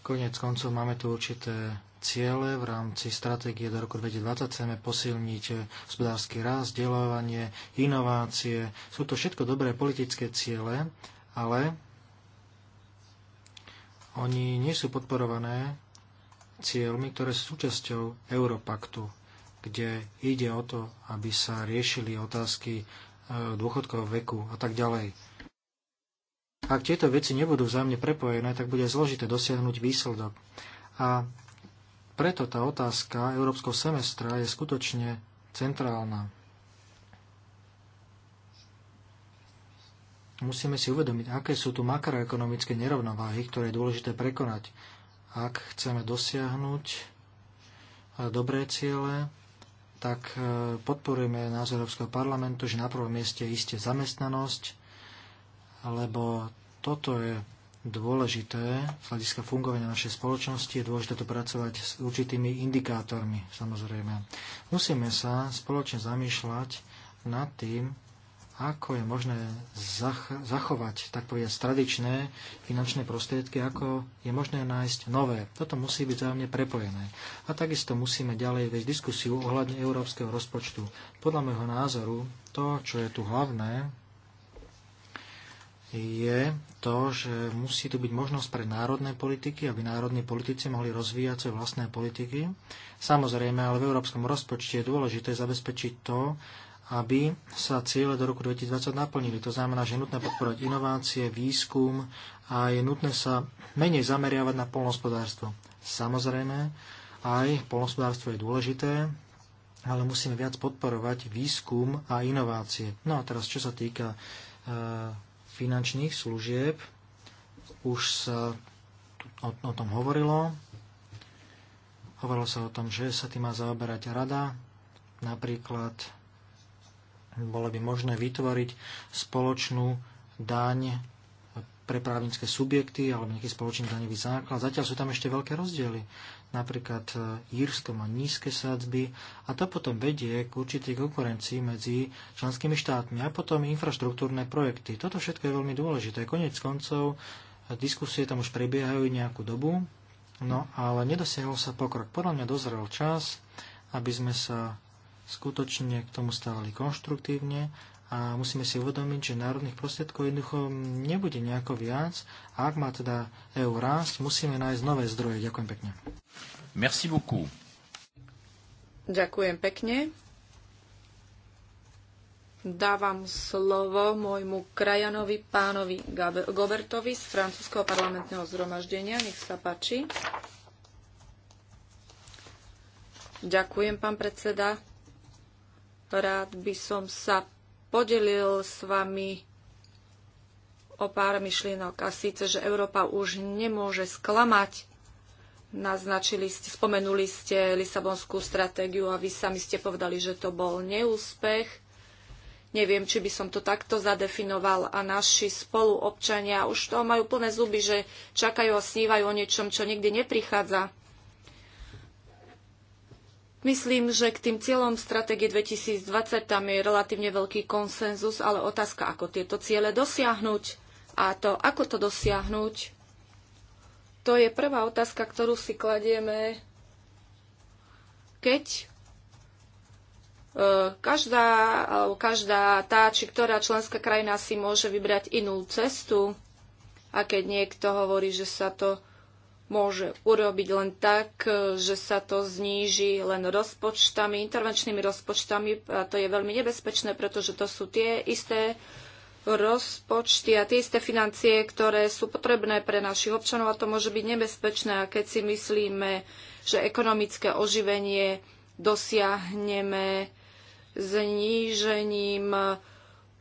Konec koncov máme tu určité ciele v rámci stratégie do roku 2020. Chceme posilniť hospodársky rast, delovanie, inovácie. Sú to všetko dobré politické ciele, ale oni nie sú podporované cieľmi, ktoré sú súčasťou Europaktu, kde ide o to, aby sa riešili otázky e, dôchodkového veku a tak ďalej. Ak tieto veci nebudú vzájomne prepojené, tak bude zložité dosiahnuť výsledok. A preto tá otázka európskeho semestra je skutočne centrálna. Musíme si uvedomiť, aké sú tu makroekonomické nerovnováhy, ktoré je dôležité prekonať. Ak chceme dosiahnuť e, dobré ciele, tak e, podporujeme názor Európskeho parlamentu, že na prvom mieste je iste zamestnanosť, lebo toto je dôležité z hľadiska fungovania našej spoločnosti, je dôležité to pracovať s určitými indikátormi, samozrejme. Musíme sa spoločne zamýšľať nad tým, ako je možné zach- zachovať, tak povedať, tradičné finančné prostriedky, ako je možné nájsť nové. Toto musí byť zájomne prepojené. A takisto musíme ďalej viesť diskusiu ohľadne európskeho rozpočtu. Podľa môjho názoru, to, čo je tu hlavné, je to, že musí tu byť možnosť pre národné politiky, aby národní politici mohli rozvíjať svoje vlastné politiky. Samozrejme, ale v európskom rozpočte je dôležité zabezpečiť to, aby sa ciele do roku 2020 naplnili. To znamená, že je nutné podporovať inovácie, výskum a je nutné sa menej zameriavať na polnospodárstvo. Samozrejme, aj polnospodárstvo je dôležité, ale musíme viac podporovať výskum a inovácie. No a teraz, čo sa týka e, finančných služieb, už sa o, o tom hovorilo. Hovorilo sa o tom, že sa tým má zaoberať rada, napríklad bolo by možné vytvoriť spoločnú daň pre právnické subjekty alebo nejaký spoločný daňový základ. Zatiaľ sú tam ešte veľké rozdiely. Napríklad e, Írsko má nízke sadzby a to potom vedie k určitej konkurencii medzi členskými štátmi a potom infraštruktúrne projekty. Toto všetko je veľmi dôležité. Konec koncov e, diskusie tam už prebiehajú nejakú dobu, no ale nedosiahol sa pokrok. Podľa mňa dozrel čas, aby sme sa skutočne k tomu stávali konštruktívne a musíme si uvedomiť, že národných prostriedkov jednoducho nebude nejako viac a ak má teda EU rásť, musíme nájsť nové zdroje. Ďakujem pekne. Merci beaucoup. Ďakujem pekne. Dávam slovo môjmu krajanovi pánovi Gobertovi z francúzského parlamentného zhromaždenia. Nech sa páči. Ďakujem, pán predseda. Rád by som sa podelil s vami o pár myšlienok a síce, že Európa už nemôže sklamať. Naznačili ste, spomenuli ste Lisabonskú stratégiu a vy sami ste povedali, že to bol neúspech. Neviem, či by som to takto zadefinoval a naši spoluobčania už to majú plné zuby, že čakajú a snívajú o niečom, čo nikdy neprichádza. Myslím, že k tým cieľom stratégie 2020 tam je relatívne veľký konsenzus, ale otázka, ako tieto ciele dosiahnuť a to, ako to dosiahnuť, to je prvá otázka, ktorú si kladieme, keď e, každá, alebo každá tá, či ktorá členská krajina si môže vybrať inú cestu a keď niekto hovorí, že sa to môže urobiť len tak, e, že sa to zníži len rozpočtami, intervenčnými rozpočtami a to je veľmi nebezpečné, pretože to sú tie isté rozpočty a tie isté financie, ktoré sú potrebné pre našich občanov a to môže byť nebezpečné. A keď si myslíme, že ekonomické oživenie dosiahneme znížením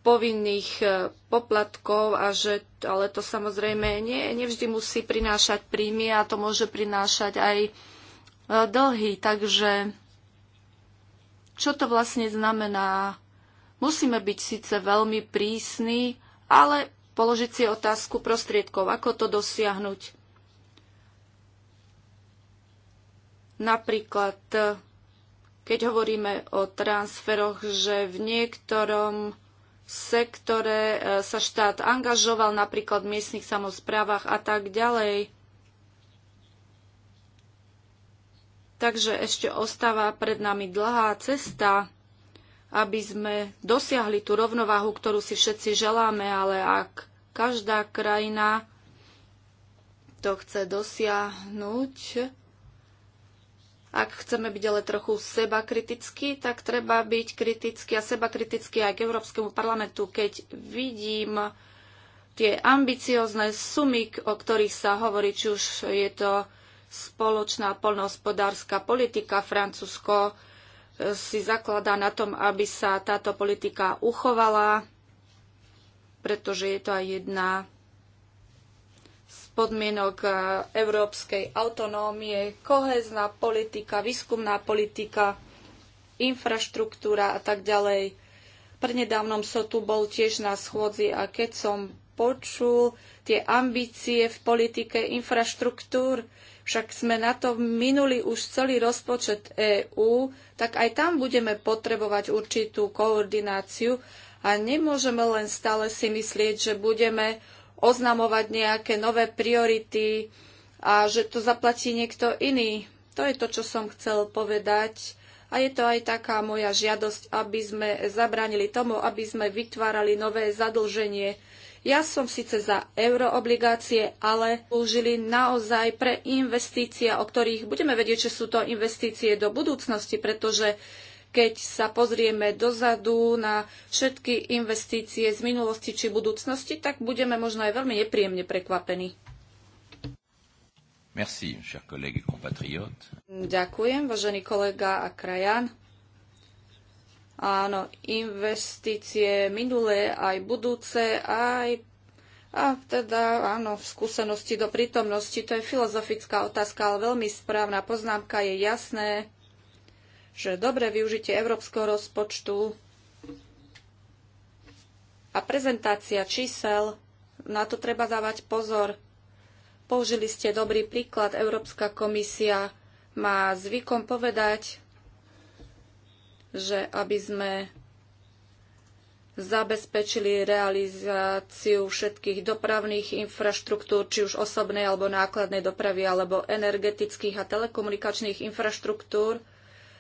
povinných e, poplatkov, a že, ale to samozrejme nie, nevždy musí prinášať príjmy a to môže prinášať aj e, dlhy. Takže čo to vlastne znamená? Musíme byť síce veľmi prísni, ale položiť si otázku prostriedkov, ako to dosiahnuť. Napríklad, e, keď hovoríme o transferoch, že v niektorom sektore e, sa štát angažoval, napríklad v miestnych samozprávach a tak ďalej. Takže ešte ostáva pred nami dlhá cesta, aby sme dosiahli tú rovnováhu, ktorú si všetci želáme, ale ak každá krajina to chce dosiahnuť, ak chceme byť ale trochu seba kriticky, tak treba byť kritický a seba kritický aj k Európskemu parlamentu. Keď vidím tie ambiciozne sumy, o ktorých sa hovorí, či už je to spoločná poľnohospodárska politika, Francúzsko e, si zakladá na tom, aby sa táto politika uchovala, pretože je to aj jedna podmienok e, európskej autonómie, kohezná politika, výskumná politika, infraštruktúra a tak ďalej. Prednedávnom som tu bol tiež na schôdzi a keď som počul tie ambície v politike infraštruktúr, však sme na to minuli už celý rozpočet EÚ, tak aj tam budeme potrebovať určitú koordináciu a nemôžeme len stále si myslieť, že budeme oznamovať nejaké nové priority a že to zaplatí niekto iný. To je to, čo som chcel povedať. A je to aj taká moja žiadosť, aby sme zabránili tomu, aby sme vytvárali nové zadlženie. Ja som síce za euroobligácie, ale použili naozaj pre investície, o ktorých budeme vedieť, že sú to investície do budúcnosti, pretože keď sa pozrieme dozadu na všetky investície z minulosti či budúcnosti, tak budeme možno aj veľmi nepríjemne prekvapení. Merci, cher collègue Ďakujem, vážený kolega a krajan. Áno, investície minulé aj budúce, aj a teda, áno, v skúsenosti do prítomnosti, to je filozofická otázka, ale veľmi správna poznámka je jasné, že dobré využitie európskeho rozpočtu a prezentácia čísel, na to treba dávať pozor. Použili ste dobrý príklad, Európska komisia má zvykom povedať, že aby sme zabezpečili realizáciu všetkých dopravných infraštruktúr, či už osobnej alebo nákladnej dopravy, alebo energetických a telekomunikačných infraštruktúr,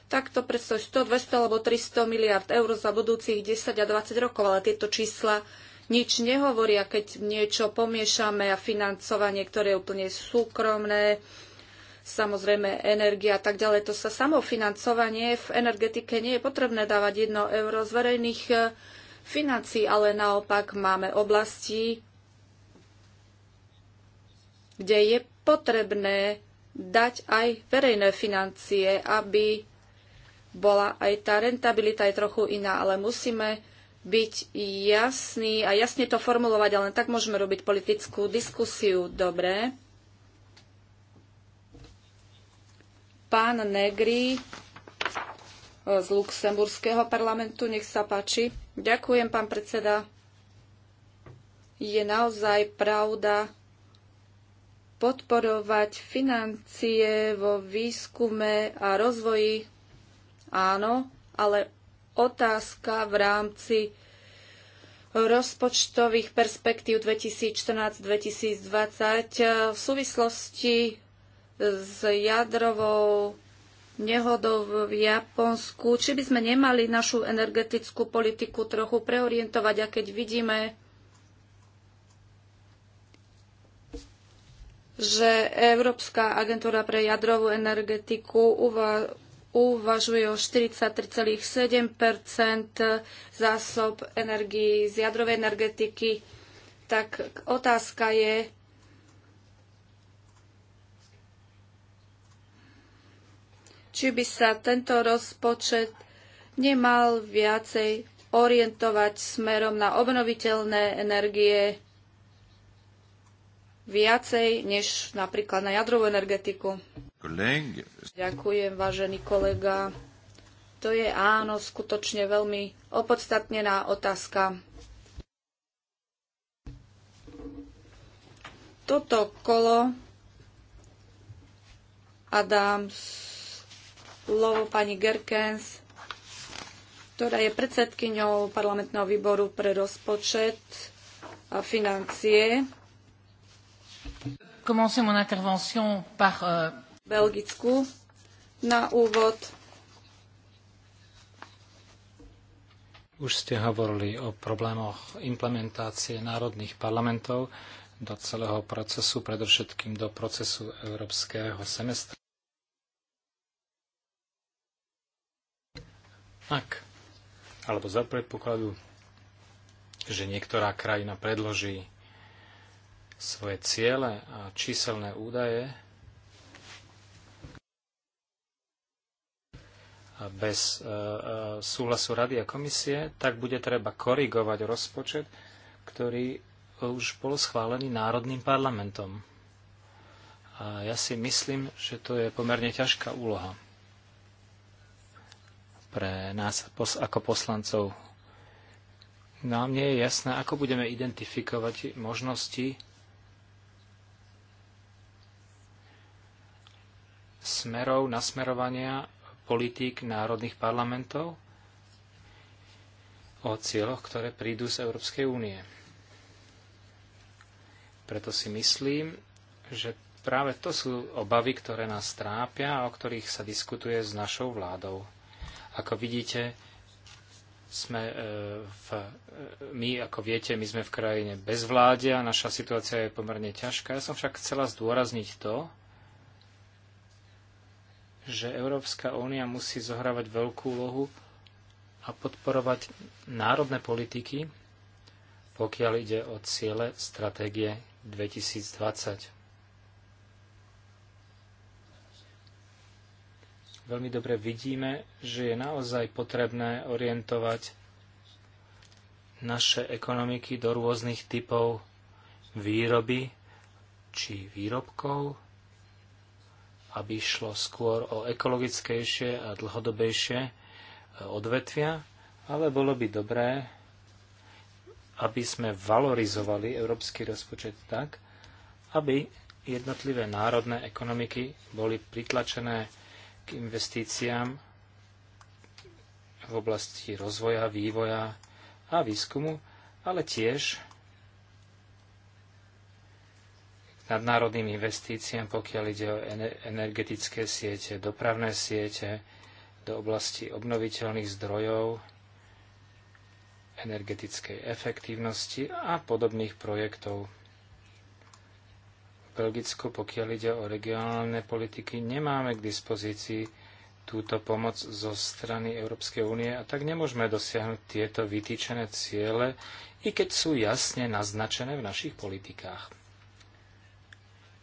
takto predstav 100, 200 alebo 300 miliard eur za budúcich 10 a 20 rokov, ale tieto čísla nič nehovoria, keď niečo pomiešame a financovanie, ktoré je úplne súkromné, samozrejme energia a tak ďalej. To sa samofinancovanie v energetike nie je potrebné dávať 1 euro z verejných eh, financií, ale naopak máme oblasti, kde je potrebné dať aj verejné financie, aby bola aj tá rentabilita je trochu iná, ale musíme byť jasný a jasne to formulovať, ale len tak môžeme robiť politickú diskusiu. Dobre. Pán Negri eh, z Luxemburského parlamentu, nech sa páči. Ďakujem, pán predseda. Je naozaj pravda podporovať financie vo výskume a rozvoji áno, ale otázka v rámci rozpočtových perspektív 2014-2020 eh, v súvislosti s jadrovou nehodou v Japonsku, či by sme nemali našu energetickú politiku trochu preorientovať a keď vidíme, že Európska agentúra pre jadrovú energetiku uvažuje o 43,7 zásob energii z jadrovej energetiky, tak otázka je, či by sa tento rozpočet nemal viacej orientovať smerom na obnoviteľné energie viacej než napríklad na jadrovú energetiku. Ďakujem, vážený kolega. To je áno, skutočne veľmi opodstatnená otázka. Toto kolo Adam Lovo pani Gerkens, ktorá je predsedkyňou parlamentného výboru pre rozpočet a financie. Commencer mon intervention par euh, Belgicku. Na úvod. Už ste hovorili o problémoch implementácie národných parlamentov do celého procesu, predovšetkým do procesu európskeho semestra. Ak, alebo za predpokladu, že niektorá krajina predloží svoje ciele a číselné údaje, bez e, e, súhlasu Rady a komisie, tak bude treba korigovať rozpočet, ktorý už bol schválený Národným parlamentom. A ja si myslím, že to je pomerne ťažká úloha pre nás ako poslancov. Nám nie je jasné, ako budeme identifikovať možnosti smerov nasmerovania politík národných parlamentov o cieľoch, ktoré prídu z Európskej únie. Preto si myslím, že práve to sú obavy, ktoré nás trápia a o ktorých sa diskutuje s našou vládou. Ako vidíte, sme e, v, e, my, ako viete, my sme v krajine bez a naša situácia je pomerne ťažká. Ja som však chcela zdôrazniť to, že Európska únia musí zohrávať veľkú úlohu a podporovať národné politiky, pokiaľ ide o ciele stratégie 2020. Veľmi dobre vidíme, že je naozaj potrebné orientovať naše ekonomiky do rôznych typov výroby či výrobkov, aby šlo skôr o ekologickejšie a dlhodobejšie e, odvetvia, ale bolo by dobré, aby sme valorizovali európsky rozpočet tak, aby jednotlivé národné ekonomiky boli pritlačené k investíciám v oblasti rozvoja, vývoja a výskumu, ale tiež nadnárodným investíciám, pokiaľ ide o energetické siete, dopravné siete, do oblasti obnoviteľných zdrojov, energetickej efektívnosti a podobných projektov. V Belgicko, pokiaľ ide o regionálne politiky, nemáme k dispozícii túto pomoc zo strany Európskej únie a tak nemôžeme dosiahnuť tieto vytýčené ciele, i keď sú jasne naznačené v našich politikách.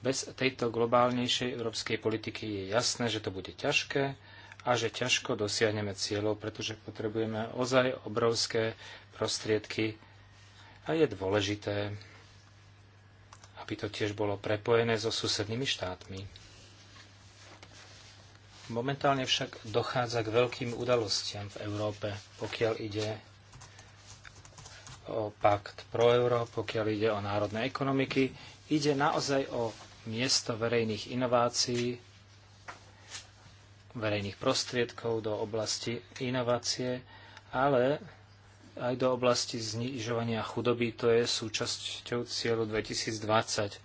Bez tejto globálnejšej európskej politiky je jasné, že to bude ťažké a že ťažko dosiahneme cieľov, pretože potrebujeme ozaj obrovské prostriedky a je dôležité, aby to tiež bolo prepojené so susednými štátmi. Momentálne však dochádza k veľkým udalostiam v Európe, pokiaľ ide o pakt pro euro, pokiaľ ide o národné ekonomiky, ide naozaj o miesto verejných inovácií, verejných prostriedkov do oblasti inovácie, ale aj do oblasti znižovania chudoby, to je súčasťou cieľu 2020.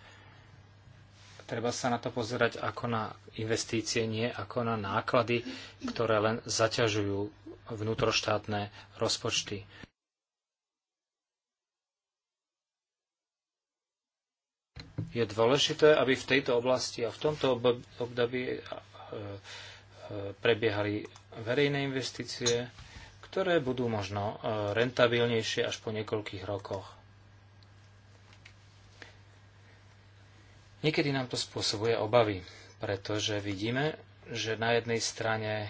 Treba sa na to pozerať ako na investície, nie ako na náklady, ktoré len zaťažujú vnútroštátne rozpočty. je dôležité, aby v tejto oblasti a v tomto období e, e, prebiehali verejné investície, ktoré budú možno e, rentabilnejšie až po niekoľkých rokoch. Niekedy nám to spôsobuje obavy, pretože vidíme, že na jednej strane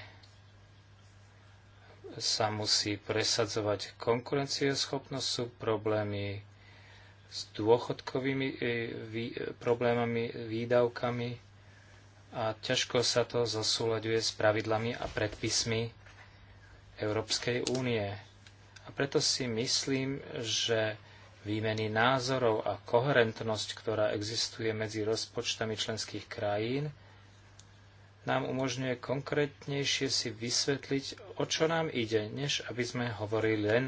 sa musí presadzovať konkurencieschopnosť, sú problémy s dôchodkovými e, e, problémami, výdavkami a ťažko sa to zasúľaďuje s pravidlami a predpismi Európskej únie. A preto si myslím, že výmeny názorov a koherentnosť, ktorá existuje medzi rozpočtami členských krajín, nám umožňuje konkrétnejšie si vysvetliť, o čo nám ide, než aby sme hovorili len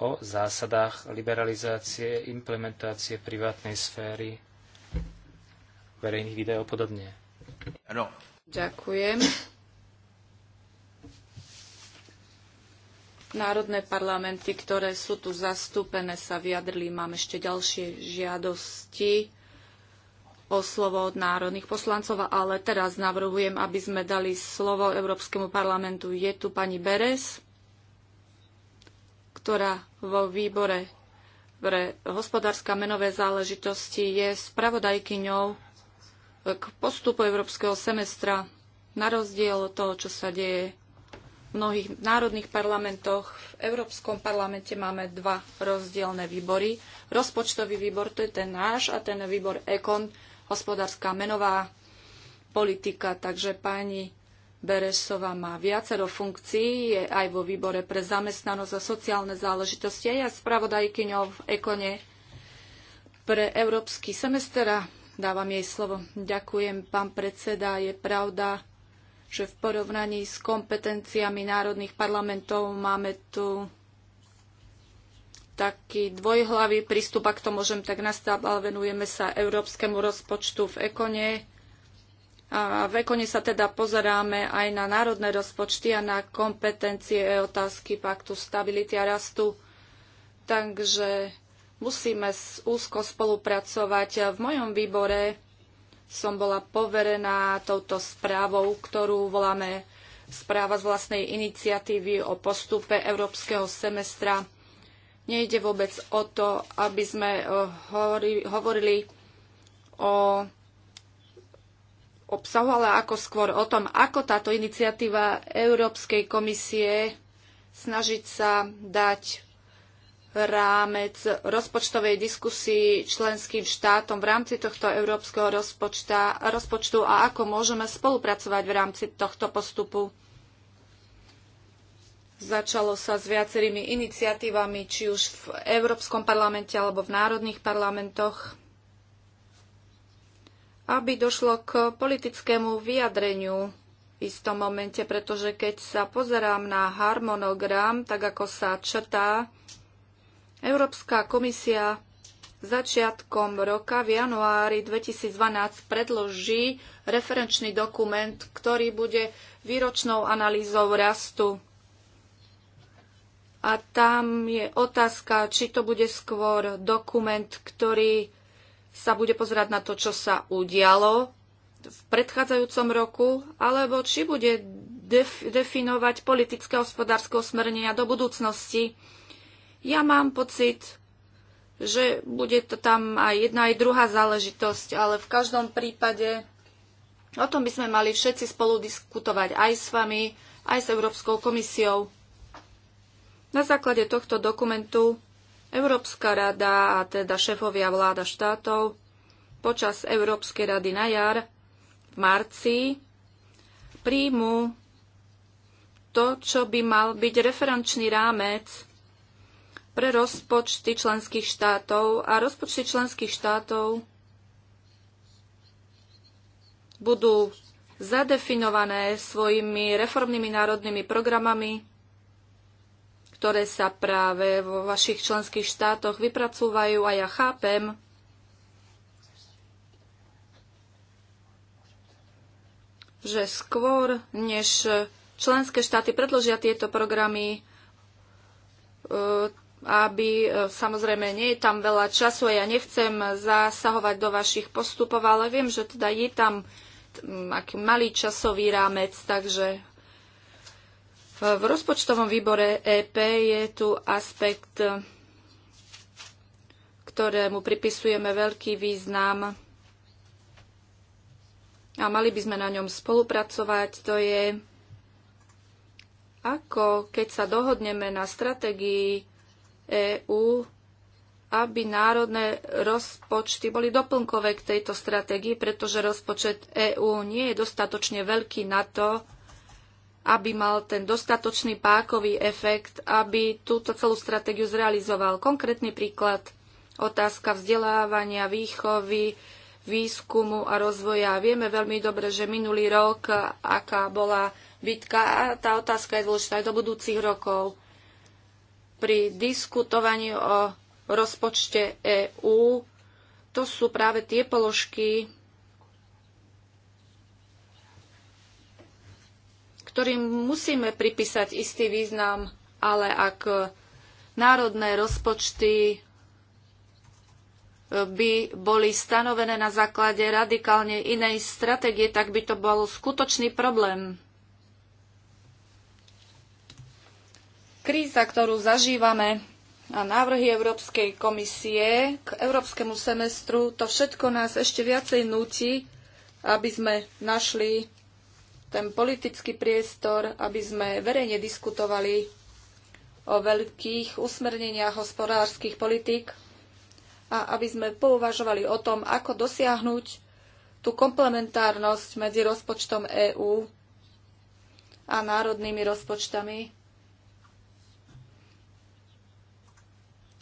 o zásadách liberalizácie, implementácie privátnej sféry, verejných videí a podobne. Ano. Ďakujem. Národné parlamenty, ktoré sú tu zastúpené, sa vyjadrili. Mám ešte ďalšie žiadosti o slovo od národných poslancov, ale teraz navrhujem, aby sme dali slovo Európskemu parlamentu. Je tu pani Beres, ktorá vo výbore pre hospodárska menové záležitosti je spravodajkyňou k postupu európskeho semestra na rozdiel od toho, čo sa deje v mnohých národných parlamentoch. V Európskom parlamente máme dva rozdielne výbory. Rozpočtový výbor, to je ten náš, a ten výbor EKON, hospodárska menová politika. Takže pani Berešová má viacero funkcií, je aj vo výbore pre zamestnanosť a sociálne záležitosti a je spravodajkyňou v Ekone pre Európsky semester a dávam jej slovo. Ďakujem, pán predseda. Je pravda, že v porovnaní s kompetenciami národných parlamentov máme tu taký dvojhlavý prístup, ak to môžem tak nastav, ale venujeme sa európskemu rozpočtu v Ekone a v Ekone sa teda pozeráme aj na národné rozpočty a na kompetencie e otázky paktu stability a rastu. Takže musíme úzko spolupracovať. V mojom výbore som bola poverená touto správou, ktorú voláme správa z vlastnej iniciatívy o postupe európskeho semestra. Nejde vôbec o to, aby sme eh, hovorili o obsahu, ale ako skôr o tom, ako táto iniciatíva Európskej komisie snažiť sa dať rámec rozpočtovej diskusii členským štátom v rámci tohto európskeho rozpočta, rozpočtu a ako môžeme spolupracovať v rámci tohto postupu. Začalo sa s viacerými iniciatívami, či už v Európskom parlamente alebo v národných parlamentoch aby došlo k politickému vyjadreniu v istom momente, pretože keď sa pozerám na harmonogram, tak ako sa črtá, Európska komisia začiatkom roka v januári 2012 predloží referenčný dokument, ktorý bude výročnou analýzou rastu. A tam je otázka, či to bude skôr dokument, ktorý sa bude pozerať na to, čo sa udialo v predchádzajúcom roku, alebo či bude def- definovať politické a hospodárske osmernenia do budúcnosti. Ja mám pocit, že bude to tam aj jedna, aj druhá záležitosť, ale v každom prípade o tom by sme mali všetci spolu diskutovať aj s vami, aj s Európskou komisiou. Na základe tohto dokumentu Európska rada a teda šefovia vláda štátov počas Európskej rady na jar v marci príjmu to, čo by mal byť referenčný rámec pre rozpočty členských štátov a rozpočty členských štátov budú zadefinované svojimi reformnými národnými programami ktoré sa práve vo vašich členských štátoch vypracúvajú a ja chápem, že skôr, než členské štáty predložia tieto programy, e, aby e, samozrejme nie je tam veľa času a ja nechcem zasahovať do vašich postupov, ale viem, že teda je tam aký malý časový rámec, takže v rozpočtovom výbore EP je tu aspekt, ktorému pripisujeme veľký význam a mali by sme na ňom spolupracovať. To je ako keď sa dohodneme na stratégii EÚ, aby národné rozpočty boli doplnkové k tejto stratégii, pretože rozpočet EÚ nie je dostatočne veľký na to, aby mal ten dostatočný pákový efekt, aby túto celú stratégiu zrealizoval. Konkrétny príklad, otázka vzdelávania, výchovy, výskumu a rozvoja. Vieme veľmi dobre, že minulý rok, aká bola bitka, a tá otázka je dôležitá aj do budúcich rokov. Pri diskutovaní o rozpočte EÚ to sú práve tie položky, ktorým musíme pripísať istý význam, ale ak národné rozpočty eh, by boli stanovené na základe radikálne inej stratégie, tak by to bol skutočný problém. Kríza, ktorú zažívame a návrhy Európskej komisie k Európskemu semestru, to všetko nás ešte viacej nutí, aby sme našli ten politický priestor, aby sme verejne diskutovali o veľkých usmerneniach hospodárskych politík a aby sme pouvažovali o tom, ako dosiahnuť tú komplementárnosť medzi rozpočtom EÚ a národnými rozpočtami.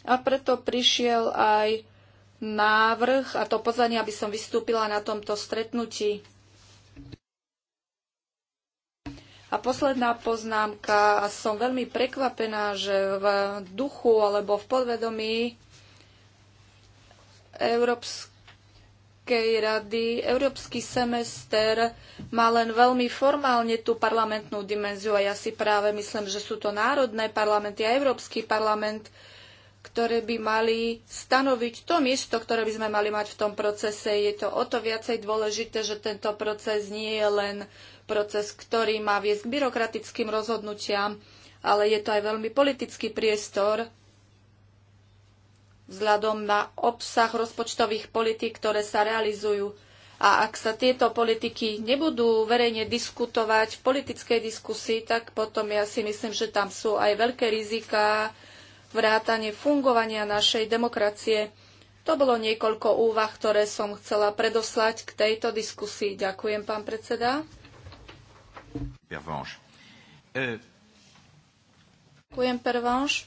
A preto prišiel aj návrh a to pozvanie, aby som vystúpila na tomto stretnutí. A posledná poznámka, a som veľmi prekvapená, že v duchu alebo v podvedomí Európskej rady, Európsky semester má len veľmi formálne tú parlamentnú dimenziu a ja si práve myslím, že sú to národné parlamenty a Európsky parlament, ktoré by mali stanoviť to miesto, ktoré by sme mali mať v tom procese. Je to o to viacej dôležité, že tento proces nie je len proces, ktorý má viesť k byrokratickým rozhodnutiam, ale je to aj veľmi politický priestor vzhľadom na obsah rozpočtových politík, ktoré sa realizujú. A ak sa tieto politiky nebudú verejne diskutovať v politickej diskusii, tak potom ja si myslím, že tam sú aj veľké riziká vrátane fungovania našej demokracie. To bolo niekoľko úvah, ktoré som chcela predoslať k tejto diskusii. Ďakujem, pán predseda. E- Ďakujem, Pervanche.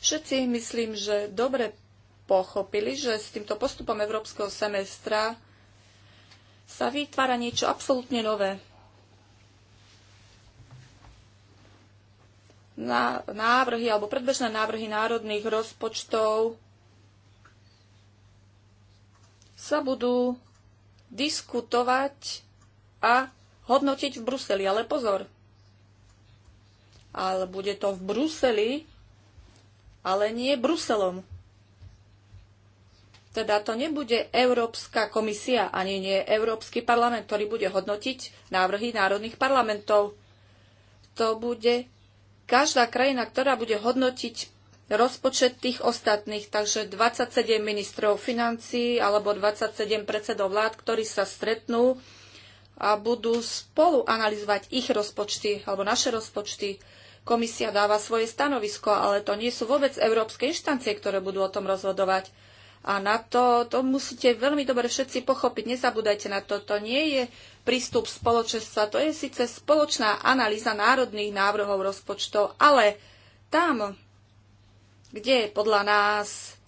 Všetci myslím, že dobre pochopili, že s týmto postupom európskeho semestra sa vytvára niečo absolútne nové. Na návrhy alebo predbežné návrhy národných rozpočtov sa budú diskutovať a hodnotiť v Bruseli. Ale pozor, ale bude to v Bruseli, ale nie Bruselom. Teda to nebude Európska komisia, ani nie Európsky parlament, ktorý bude hodnotiť návrhy národných parlamentov. To bude každá krajina, ktorá bude hodnotiť rozpočet tých ostatných, takže 27 ministrov financí alebo 27 predsedov vlád, ktorí sa stretnú a budú spolu analyzovať ich rozpočty alebo naše rozpočty. Komisia dáva svoje stanovisko, ale to nie sú vôbec európske inštancie, ktoré budú o tom rozhodovať. A na to, to musíte veľmi dobre všetci pochopiť. Nezabúdajte na to. To nie je prístup spoločenstva. To je síce spoločná analýza národných návrhov rozpočtov, ale tam, kde podľa nás,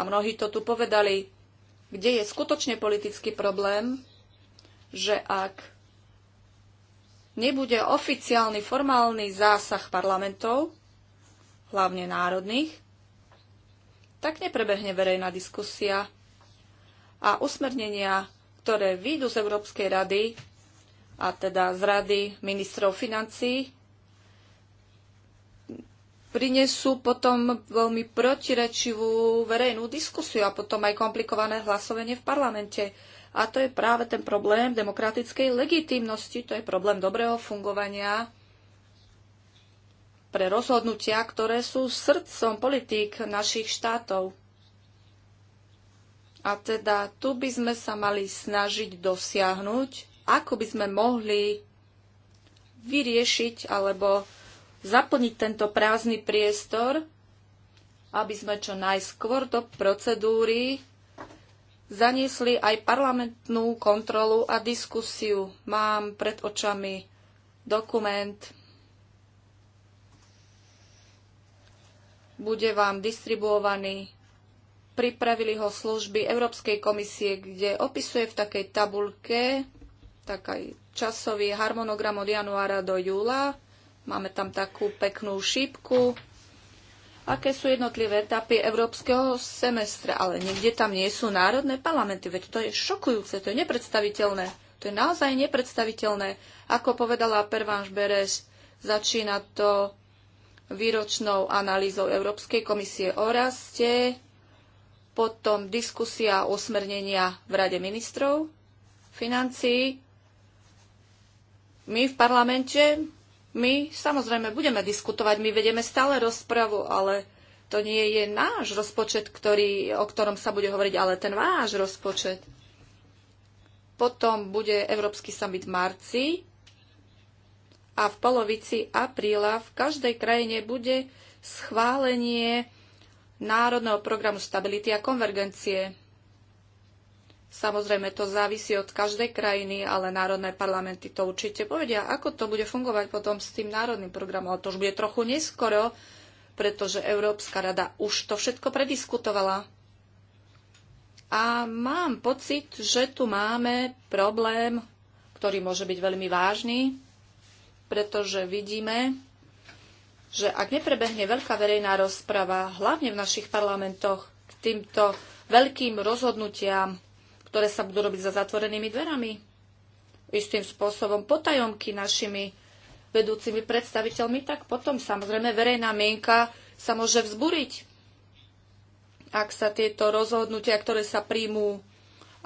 a mnohí to tu povedali, kde je skutočne politický problém, že ak nebude oficiálny formálny zásah parlamentov, hlavne národných, tak neprebehne verejná diskusia a usmernenia, ktoré výjdu z Európskej rady a teda z rady ministrov financí, prinesú potom veľmi protirečivú verejnú diskusiu a potom aj komplikované hlasovanie v parlamente. A to je práve ten problém demokratickej legitimnosti, to je problém dobrého fungovania pre rozhodnutia, ktoré sú srdcom politík našich štátov. A teda tu by sme sa mali snažiť dosiahnuť, ako by sme mohli vyriešiť alebo zaplniť tento prázdny priestor, aby sme čo najskôr do procedúry zaniesli aj parlamentnú kontrolu a diskusiu. Mám pred očami dokument. Bude vám distribuovaný. Pripravili ho služby Európskej komisie, kde opisuje v takej tabulke taký časový harmonogram od januára do júla. Máme tam takú peknú šípku aké sú jednotlivé etapy európskeho semestra, ale niekde tam nie sú národné parlamenty, veď to je šokujúce, to je nepredstaviteľné. To je naozaj nepredstaviteľné. Ako povedala Pervanš Bereš, začína to výročnou analýzou Európskej komisie o raste, potom diskusia o smernenia v Rade ministrov financií. My v parlamente my samozrejme budeme diskutovať, my vedeme stále rozpravu, ale to nie je náš rozpočet, ktorý, o ktorom sa bude hovoriť, ale ten váš rozpočet. Potom bude Európsky summit v marci a v polovici apríla v každej krajine bude schválenie Národného programu stability a konvergencie. Samozrejme, to závisí od každej krajiny, ale národné parlamenty to určite povedia. Ako to bude fungovať potom s tým národným programom? Ale to už bude trochu neskoro, pretože Európska rada už to všetko prediskutovala. A mám pocit, že tu máme problém, ktorý môže byť veľmi vážny, pretože vidíme, že ak neprebehne veľká verejná rozprava, hlavne v našich parlamentoch, k týmto veľkým rozhodnutiam, ktoré sa budú robiť za zatvorenými dverami. Istým spôsobom potajomky našimi vedúcimi predstaviteľmi, tak potom samozrejme verejná mienka sa môže vzburiť, ak sa tieto rozhodnutia, ktoré sa príjmú,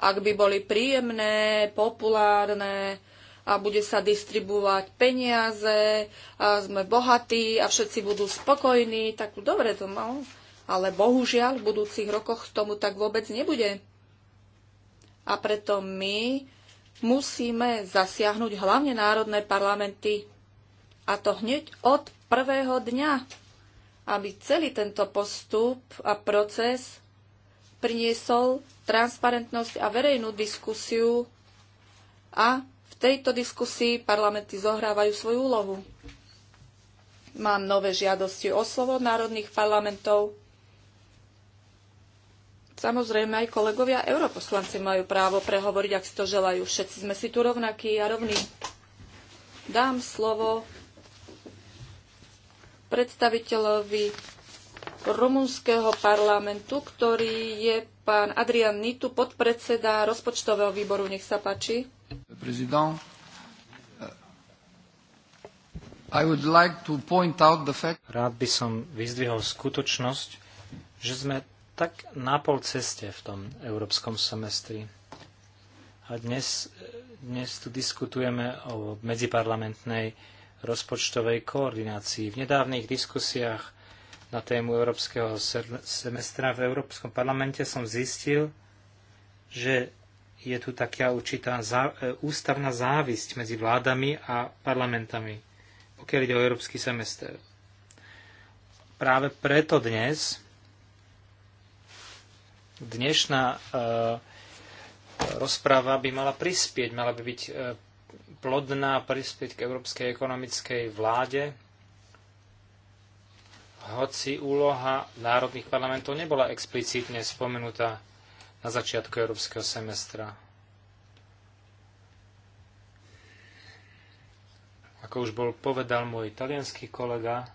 ak by boli príjemné, populárne, a bude sa distribuovať peniaze, a sme bohatí a všetci budú spokojní, tak dobre to mal. No. Ale bohužiaľ v budúcich rokoch tomu tak vôbec nebude a preto my musíme zasiahnuť hlavne národné parlamenty a to hneď od prvého dňa, aby celý tento postup a proces priniesol transparentnosť a verejnú diskusiu a v tejto diskusii parlamenty zohrávajú svoju úlohu. Mám nové žiadosti o slovo národných parlamentov Samozrejme, aj kolegovia europoslanci majú právo prehovoriť, ak si to želajú. Všetci sme si tu rovnakí a rovní. Dám slovo predstaviteľovi rumunského parlamentu, ktorý je pán Adrian Nitu, podpredseda rozpočtového výboru. Nech sa páči. Prezident, eh, like fact... Rád by som vyzdvihol skutočnosť, že sme tak na pol ceste v tom európskom semestri. A dnes, dnes tu diskutujeme o medziparlamentnej rozpočtovej koordinácii. V nedávnych diskusiách na tému európskeho semestra v Európskom parlamente som zistil, že je tu taká určitá zá, e, ústavná závisť medzi vládami a parlamentami, pokiaľ ide o európsky semester. Práve preto dnes Dnešná e, rozpráva by mala prispieť, mala by byť e, plodná, prispieť k európskej ekonomickej vláde, hoci úloha národných parlamentov nebola explicitne spomenutá na začiatku európskeho semestra. Ako už bol povedal môj talianský kolega,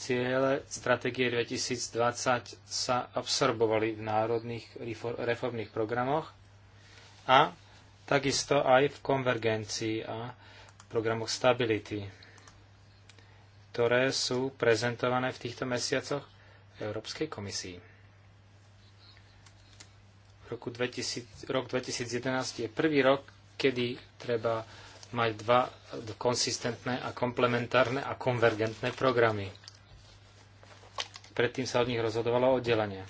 Ciele stratégie 2020 sa absorbovali v národných reformných programoch a takisto aj v konvergencii a programoch stability, ktoré sú prezentované v týchto mesiacoch Európskej komisii. Roku 2000, rok 2011 je prvý rok, kedy treba mať dva konsistentné a komplementárne a konvergentné programy. Predtým sa od nich rozhodovalo oddelenie.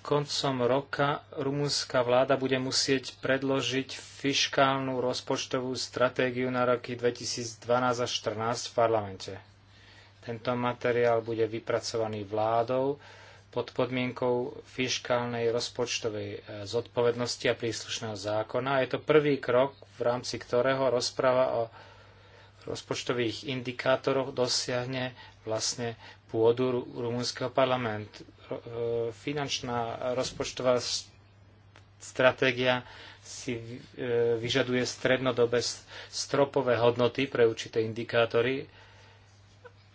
Koncom roka rumúnska vláda bude musieť predložiť fiškálnu rozpočtovú stratégiu na roky 2012 až 2014 v parlamente. Tento materiál bude vypracovaný vládou pod podmienkou fiškálnej rozpočtovej e, zodpovednosti a príslušného zákona. Je to prvý krok, v rámci ktorého rozpráva o rozpočtových indikátoroch dosiahne vlastne pôdu rumúnskeho parlamentu. E, finančná rozpočtová stratégia si e, vyžaduje strednodobé stropové hodnoty pre určité indikátory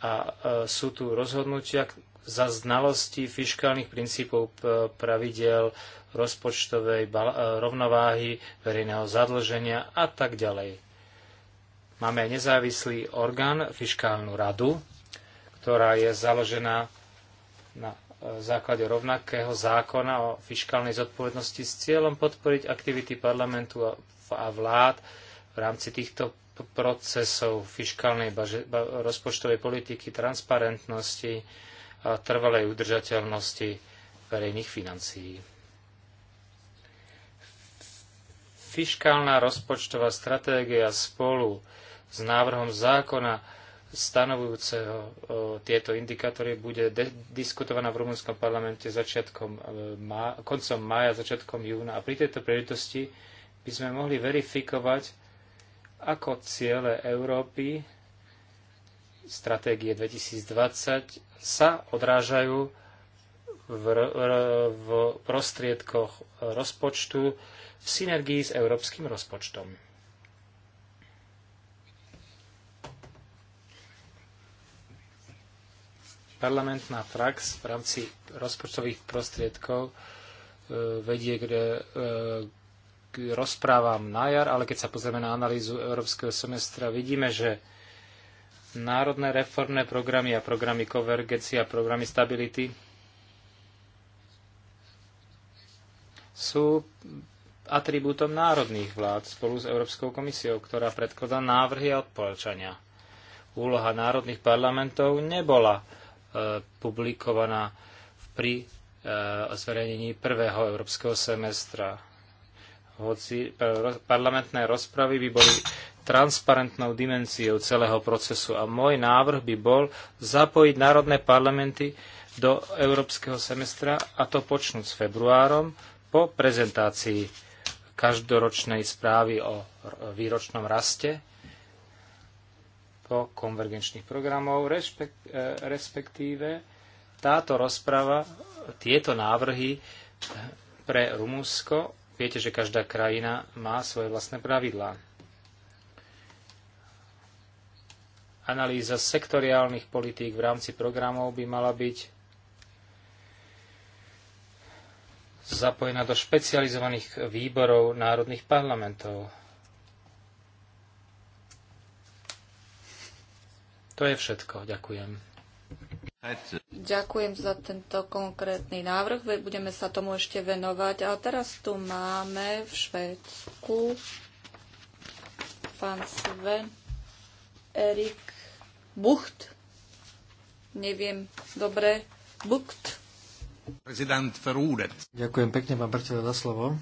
a e, sú tu rozhodnutia za znalosti fiskálnych princípov pravidel rozpočtovej rovnováhy verejného zadlženia a tak ďalej Máme nezávislý orgán, fiskálnu radu, ktorá je založená na e, základe rovnakého zákona o fiskálnej zodpovednosti s cieľom podporiť aktivity parlamentu a vlád v rámci týchto procesov fiskálnej rozpočtovej politiky, transparentnosti a trvalej udržateľnosti verejných financií. Fiškálna rozpočtová stratégia spolu s návrhom zákona stanovujúceho tieto indikátory bude diskutovaná v rumunskom parlamente začiatkom e, má, koncom mája, začiatkom júna. A pri tejto príležitosti by sme mohli verifikovať, ako ciele Európy stratégie 2020 sa odrážajú v, v prostriedkoch rozpočtu v synergii s európskym rozpočtom. Parlamentná prax v rámci rozpočtových prostriedkov e, vedie kde k rozprávam na jar, ale keď sa pozrieme na analýzu európskeho semestra, vidíme, že národné reformné programy a programy konvergencie a programy stability sú atribútom národných vlád spolu s Európskou komisiou, ktorá predkladá návrhy a odporúčania. Úloha národných parlamentov nebola E, publikovaná pri e, zverejnení prvého európskeho semestra. Hoci e, parlamentné rozpravy by boli transparentnou dimenziou celého procesu a môj návrh by bol zapojiť národné parlamenty do európskeho semestra a to počnúť s februárom po prezentácii každoročnej správy o výročnom raste po konvergenčných programov, e, respektíve táto rozprava, tieto návrhy pre Rumunsko, viete, že každá krajina má svoje vlastné pravidlá. Analýza sektoriálnych politík v rámci programov by mala byť zapojená do špecializovaných výborov národných parlamentov To je všetko. Ďakujem. Ďakujem za tento konkrétny návrh. Budeme sa tomu ešte venovať. A teraz tu máme v Švédsku pán Sven Erik Bucht. Neviem dobre. Bucht. Prezident Ferúdet. Ďakujem pekne, pán predseda, za slovo.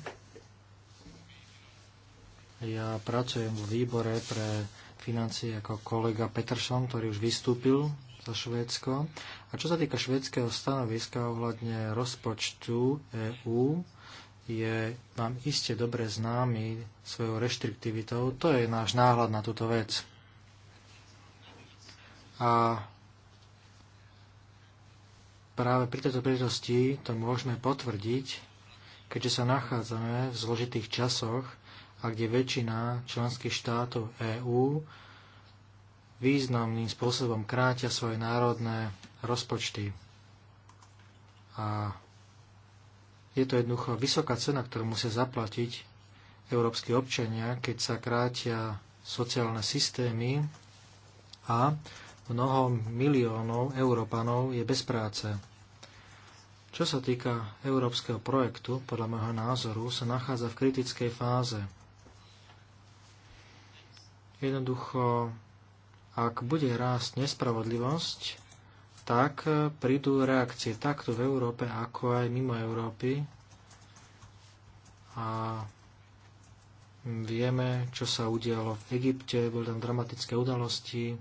Ja pracujem v výbore pre financie ako kolega Peterson, ktorý už vystúpil za Švédsko. A čo sa týka švédskeho stanoviska ohľadne rozpočtu EÚ, je nám iste dobre známy svojou reštriktivitou. To je náš náhľad na túto vec. A práve pri tejto príležitosti to môžeme potvrdiť, keďže sa nachádzame v zložitých časoch, a kde väčšina členských štátov EÚ významným spôsobom kráťa svoje národné rozpočty. A je to jednoducho vysoká cena, ktorú musia zaplatiť európsky občania, keď sa krátia sociálne systémy a mnoho miliónov Európanov je bez práce. Čo sa týka európskeho projektu, podľa môjho názoru sa nachádza v kritickej fáze. Jednoducho, ak bude rásť nespravodlivosť, tak prídu reakcie takto v Európe, ako aj mimo Európy. A vieme, čo sa udialo v Egypte, boli tam dramatické udalosti.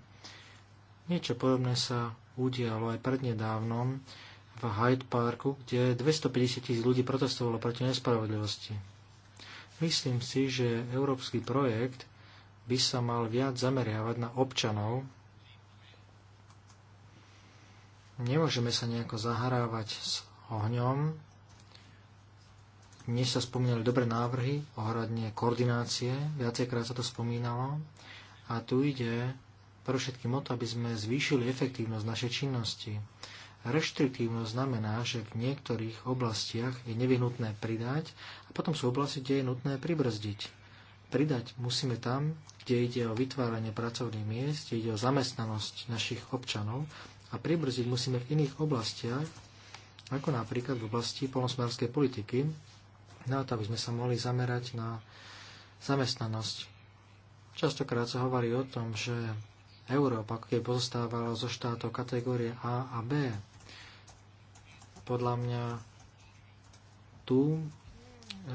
Niečo podobné sa udialo aj prednedávnom v Hyde Parku, kde 250 tisíc ľudí protestovalo proti nespravodlivosti. Myslím si, že európsky projekt by sa mal viac zameriavať na občanov. Nemôžeme sa nejako zahrávať s ohňom. Dnes sa spomínali dobré návrhy ohľadne koordinácie, viacejkrát sa to spomínalo. A tu ide pre všetkým o to, aby sme zvýšili efektívnosť našej činnosti. Reštriktívnosť znamená, že v niektorých oblastiach je nevyhnutné pridať a potom sú oblasti, kde je nutné pribrzdiť pridať musíme tam, kde ide o vytváranie pracovných miest, kde ide o zamestnanosť našich občanov a pribrziť musíme v iných oblastiach, ako napríklad v oblasti polnosmerskej politiky, na to, aby sme sa mohli zamerať na zamestnanosť. Častokrát sa hovorí o tom, že Európa, keď pozostávala zo štátov kategórie A a B, podľa mňa tu E,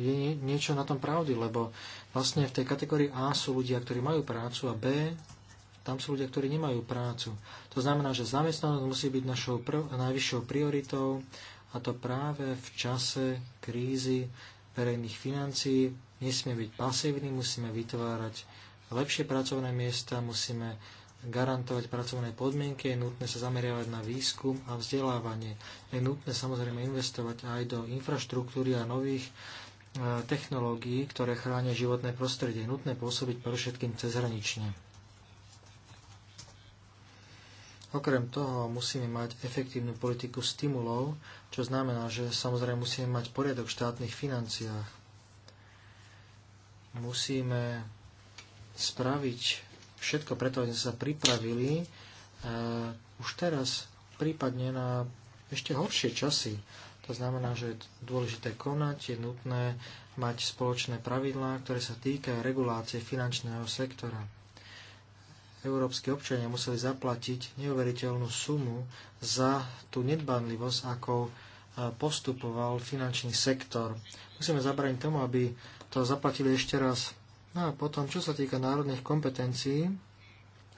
je niečo na tom pravdy, lebo vlastne v tej kategórii A sú ľudia, ktorí majú prácu a B tam sú ľudia, ktorí nemajú prácu. To znamená, že zamestnanosť musí byť našou prv, najvyššou prioritou a to práve v čase krízy verejných financií. Nesmie byť pasívny, musíme vytvárať lepšie pracovné miesta, musíme garantovať pracovné podmienky, je nutné sa zameriavať na výskum a vzdelávanie. Je nutné samozrejme investovať aj do infraštruktúry a nových eh, technológií, ktoré chránia životné prostredie. Je nutné pôsobiť pre všetkým cezhranične. Okrem toho musíme mať efektívnu politiku stimulov, čo znamená, že samozrejme musíme mať poriadok v štátnych financiách. Musíme spraviť všetko preto, aby sme sa pripravili uh, už teraz prípadne na ešte horšie časy. To znamená, že je dôležité konať, je nutné mať spoločné pravidlá, ktoré sa týkajú regulácie finančného sektora. Európsky občania museli zaplatiť neuveriteľnú sumu za tú nedbanlivosť, ako e, postupoval finančný sektor. Musíme zabraniť tomu, aby to zaplatili ešte raz No a potom, čo sa týka národných kompetencií,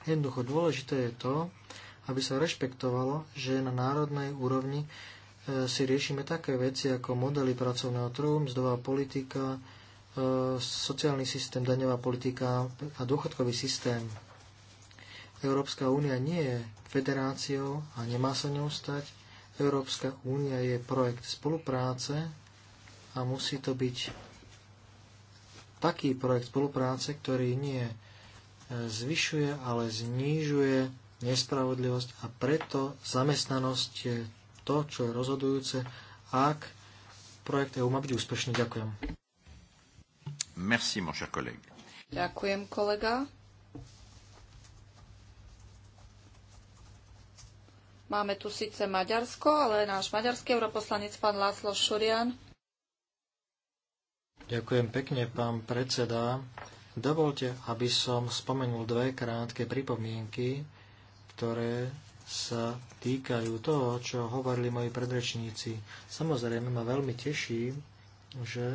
jednoducho dôležité je to, aby sa rešpektovalo, že na národnej úrovni e, si riešime také veci ako modely pracovného trhu, mzdová politika, e, sociálny systém, daňová politika a dôchodkový systém. Európska únia nie je federáciou a nemá sa ňou stať. Európska únia je projekt spolupráce a musí to byť taký projekt spolupráce, ktorý nie e, zvyšuje, ale znižuje nespravodlivosť a preto zamestnanosť je to, čo je rozhodujúce, ak projekt EU má byť úspešný. Ďakujem. Merci, mon kolega. Ďakujem, kolega. Máme tu síce Maďarsko, ale náš maďarský europoslanec pán Láslo Šurian Ďakujem pekne, pán predseda. Dovolte, aby som spomenul dve krátke pripomienky, ktoré sa týkajú toho, čo hovorili moji predrečníci. Samozrejme ma veľmi teší, že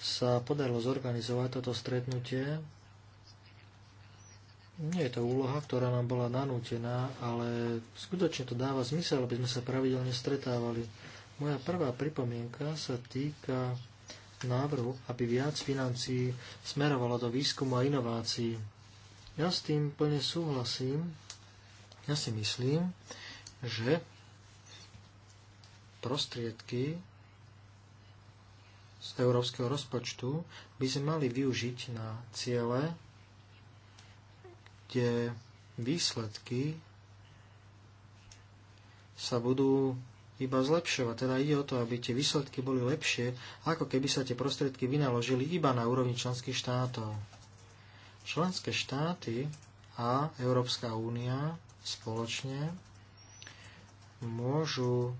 sa podarilo zorganizovať toto stretnutie. Nie je to úloha, ktorá nám bola nanútená, ale skutočne to dáva zmysel, aby sme sa pravidelne stretávali. Moja prvá pripomienka sa týka návrhu, aby viac financií smerovalo do výskumu a inovácií. Ja s tým plne súhlasím. Ja si myslím, že prostriedky z európskeho rozpočtu by sme mali využiť na ciele, kde výsledky sa budú iba zlepšovať. Teda ide o to, aby tie výsledky boli lepšie, ako keby sa tie prostriedky vynaložili iba na úrovni členských štátov. Členské štáty a Európska únia spoločne môžu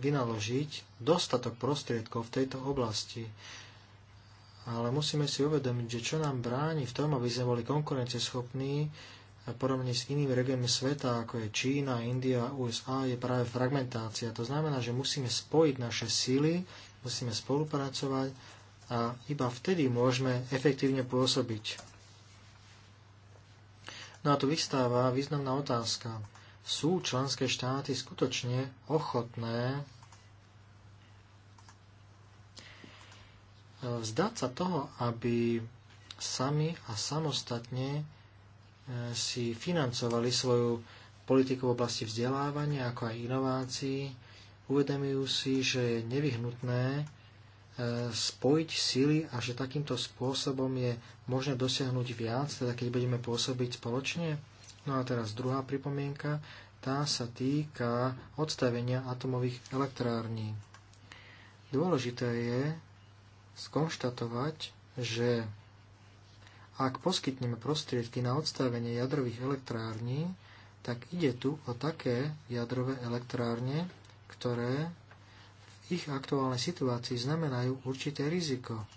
vynaložiť dostatok prostriedkov v tejto oblasti. Ale musíme si uvedomiť, že čo nám bráni v tom, aby sme boli konkurencieschopní a porovnaní s inými regiónmi sveta, ako je Čína, India, USA, je práve fragmentácia. To znamená, že musíme spojiť naše síly, musíme spolupracovať a iba vtedy môžeme efektívne pôsobiť. No a tu vystáva významná otázka. Sú členské štáty skutočne ochotné eh, vzdať sa toho, aby sami a samostatne E, si financovali svoju politiku v oblasti vzdelávania, ako aj inovácií, uvedomujú si, že je nevyhnutné e, spojiť sily a že takýmto spôsobom je možné dosiahnuť viac, teda keď budeme pôsobiť spoločne. No a teraz druhá pripomienka, tá sa týka odstavenia atomových elektrární. Dôležité je skonštatovať, že ak poskytneme prostriedky na odstavenie jadrových elektrární, tak ide tu o také jadrové elektrárne, ktoré v ich aktuálnej situácii znamenajú určité riziko.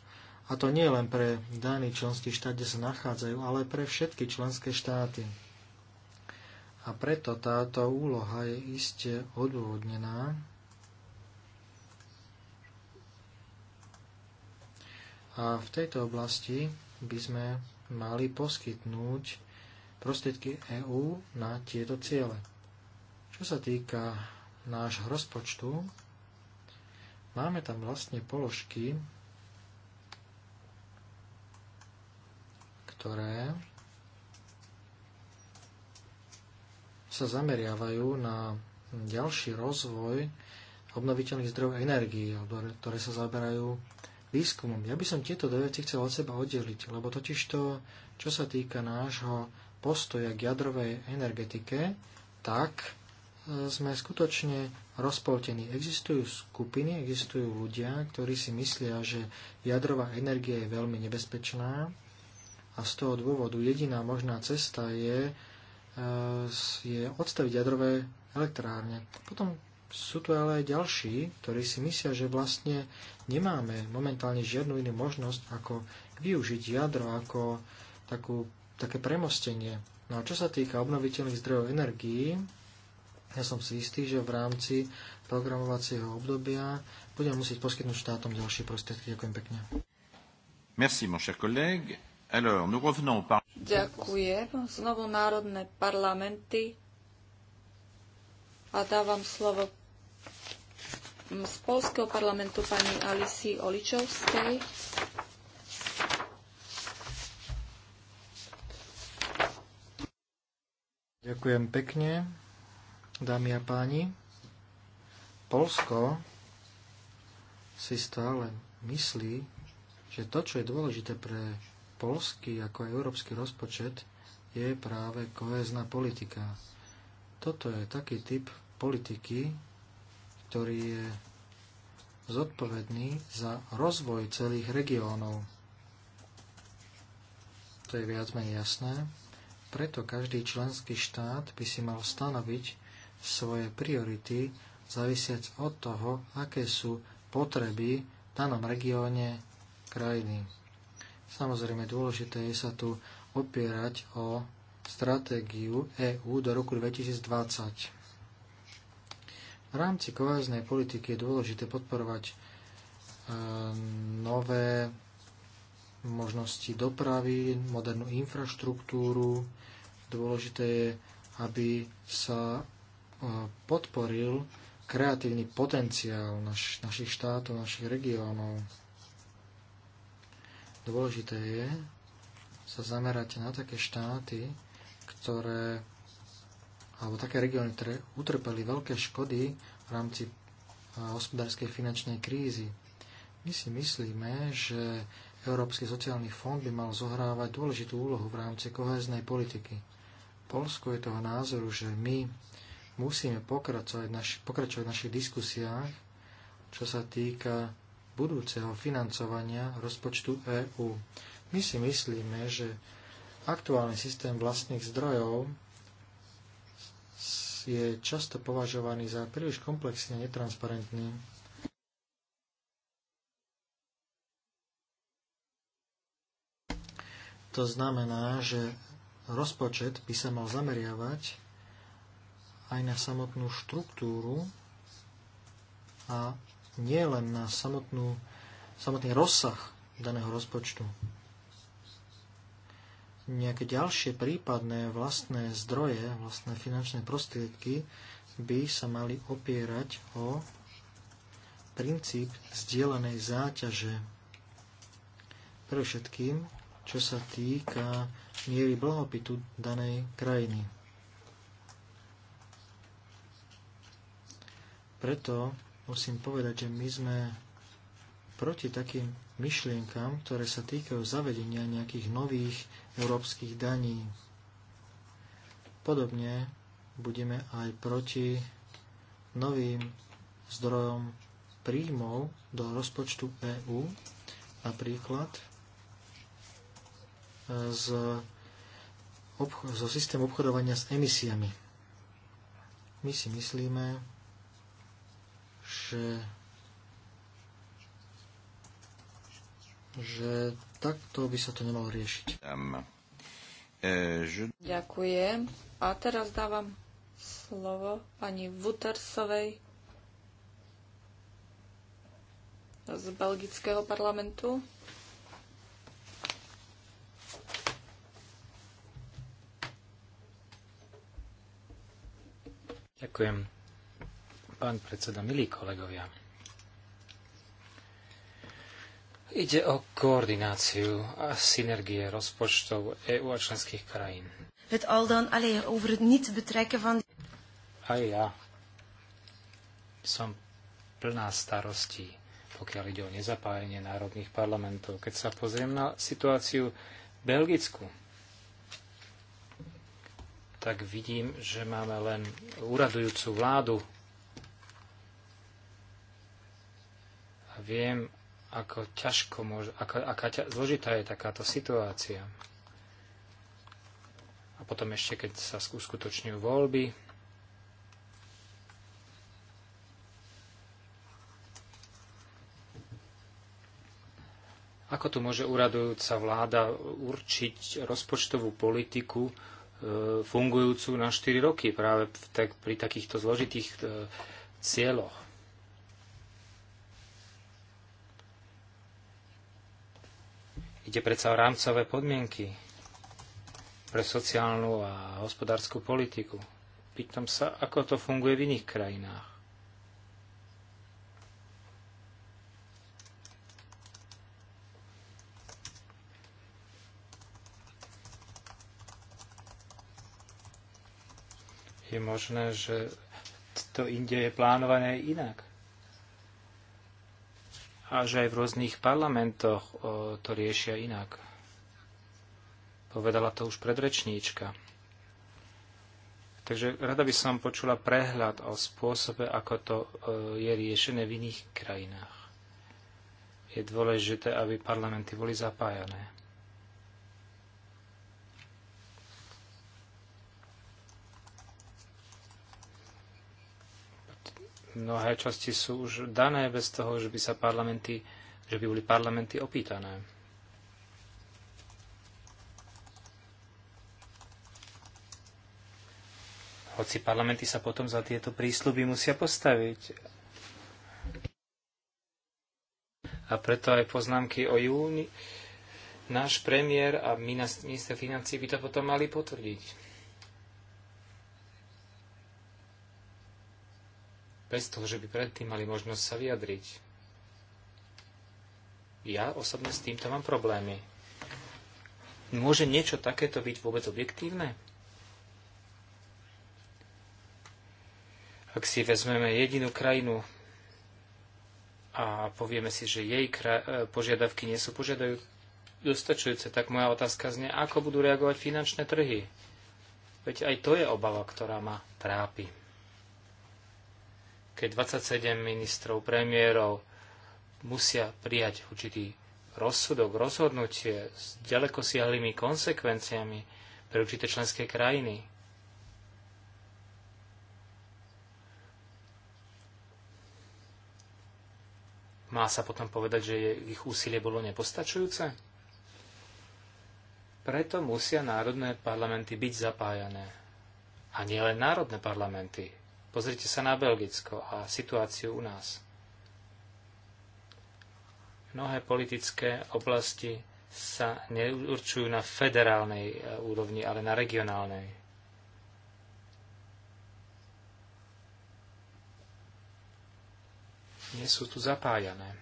A to nie len pre daný členský štát, kde sa nachádzajú, ale pre všetky členské štáty. A preto táto úloha je iste odôvodnená. A v tejto oblasti by sme mali poskytnúť prostriedky EÚ na tieto ciele. Čo sa týka nášho rozpočtu, máme tam vlastne položky, ktoré sa zameriavajú na ďalší rozvoj obnoviteľných zdrojov energií, ktoré sa zaberajú výskumom. Ja by som tieto dve veci chcel od seba oddeliť, lebo totiž to, čo sa týka nášho postoja k jadrovej energetike, tak e, sme skutočne rozpoltení. Existujú skupiny, existujú ľudia, ktorí si myslia, že jadrová energia je veľmi nebezpečná a z toho dôvodu jediná možná cesta je, e, je odstaviť jadrové elektrárne. Potom sú tu ale aj ďalší, ktorí si myslia, že vlastne nemáme momentálne žiadnu inú možnosť, ako využiť jadro ako takú, také premostenie. No a čo sa týka obnoviteľných zdrojov energií, ja som si istý, že v rámci programovacieho obdobia budeme musieť poskytnúť štátom ďalšie prostriedky. Ďakujem pekne. Merci, mon cher collègue. Alors, nous revenons au par... Ďakujem. Znovu národné parlamenty. A dávam slovo z Polského parlamentu pani Alisi Oličovskej. Ďakujem pekne, dámy a páni. Polsko si stále myslí, že to, čo je dôležité pre polský ako aj európsky rozpočet, je práve kohezná politika. Toto je taký typ politiky, ktorý je zodpovedný za rozvoj celých regiónov. To je viac menej jasné. Preto každý členský štát by si mal stanoviť svoje priority závisiac od toho, aké sú potreby v danom regióne krajiny. Samozrejme, dôležité je sa tu opierať o stratégiu EÚ do roku 2020. V rámci koháznej politiky je dôležité podporovať e, nové možnosti dopravy, modernú infraštruktúru. Dôležité je, aby sa e, podporil kreatívny potenciál naš, našich štátov, našich regiónov. Dôležité je sa zamerať na také štáty, ktoré alebo také regióny, ktoré utrpeli veľké škody v rámci e, hospodárskej finančnej krízy. My si myslíme, že Európsky sociálny fond by mal zohrávať dôležitú úlohu v rámci koheznej politiky. Polsko je toho názoru, že my musíme pokračovať, naši, pokračovať v našich diskusiách, čo sa týka budúceho financovania rozpočtu EÚ. My si myslíme, že aktuálny systém vlastných zdrojov je často považovaný za príliš komplexný a netransparentný. To znamená, že rozpočet by sa mal zameriavať aj na samotnú štruktúru a nie len na samotnú, samotný rozsah daného rozpočtu nejaké ďalšie prípadné vlastné zdroje, vlastné finančné prostriedky by sa mali opierať o princíp zdieľanej záťaže. Pre všetkým, čo sa týka miery blahopytu danej krajiny. Preto musím povedať, že my sme proti takým myšlienkam, ktoré sa týkajú zavedenia nejakých nových európskych daní. Podobne budeme aj proti novým zdrojom príjmov do rozpočtu EÚ, napríklad e, z zo systému obchodovania s emisiami. My si myslíme, že že takto by sa to nemalo riešiť. E, Ďakujem. A teraz dávam slovo pani Wutersovej z belgického parlamentu. Ďakujem. Pán predseda, milí kolegovia, Ide o koordináciu a synergie rozpočtov EÚ a členských krajín. Het al dan alleen over het niet betrekken van... Aj ja som plná starostí, pokiaľ ide o nezapájenie národných parlamentov. Keď sa pozriem na situáciu Belgicku, tak vidím, že máme len uradujúcu vládu. A viem, ako ťažko môže, ako, aká ťa, zložitá je takáto situácia. A potom ešte, keď sa uskutočňujú voľby, Ako tu môže uradujúca vláda určiť rozpočtovú politiku e, fungujúcu na 4 roky práve v, tak, pri takýchto zložitých e, cieľoch? Ide predsa o rámcové podmienky pre sociálnu a hospodárskú politiku. Pýtam sa, ako to funguje v iných krajinách. Je možné, že to inde je plánované inak a že aj v rôznych parlamentoch to riešia inak. Povedala to už predrečníčka. Takže rada by som počula prehľad o spôsobe, ako to e, je riešené v iných krajinách. Je dôležité, aby parlamenty boli zapájané. Mnohé časti sú už dané bez toho, že by sa parlamenty, že by boli parlamenty opýtané. Hoci parlamenty sa potom za tieto prísľuby musia postaviť. A preto aj poznámky o júni náš premiér a minister financí by to potom mali potvrdiť. bez toho, že by predtým mali možnosť sa vyjadriť. Ja osobne s týmto mám problémy. Môže niečo takéto byť vôbec objektívne? Ak si vezmeme jedinú krajinu a povieme si, že jej e, požiadavky nie sú požiadajú dostačujúce, tak moja otázka znie, ako budú reagovať finančné trhy. Veď aj to je obava, ktorá ma trápi keď 27 ministrov, premiérov musia prijať určitý rozsudok, rozhodnutie s ďaleko siahlými konsekvenciami pre určité členské krajiny. Má sa potom povedať, že ich úsilie bolo nepostačujúce? Preto musia národné parlamenty byť zapájané. A nielen národné parlamenty. Pozrite sa na Belgicko a situáciu u nás. Mnohé politické oblasti sa neurčujú na federálnej e, úrovni, ale na regionálnej. Nie sú tu zapájané.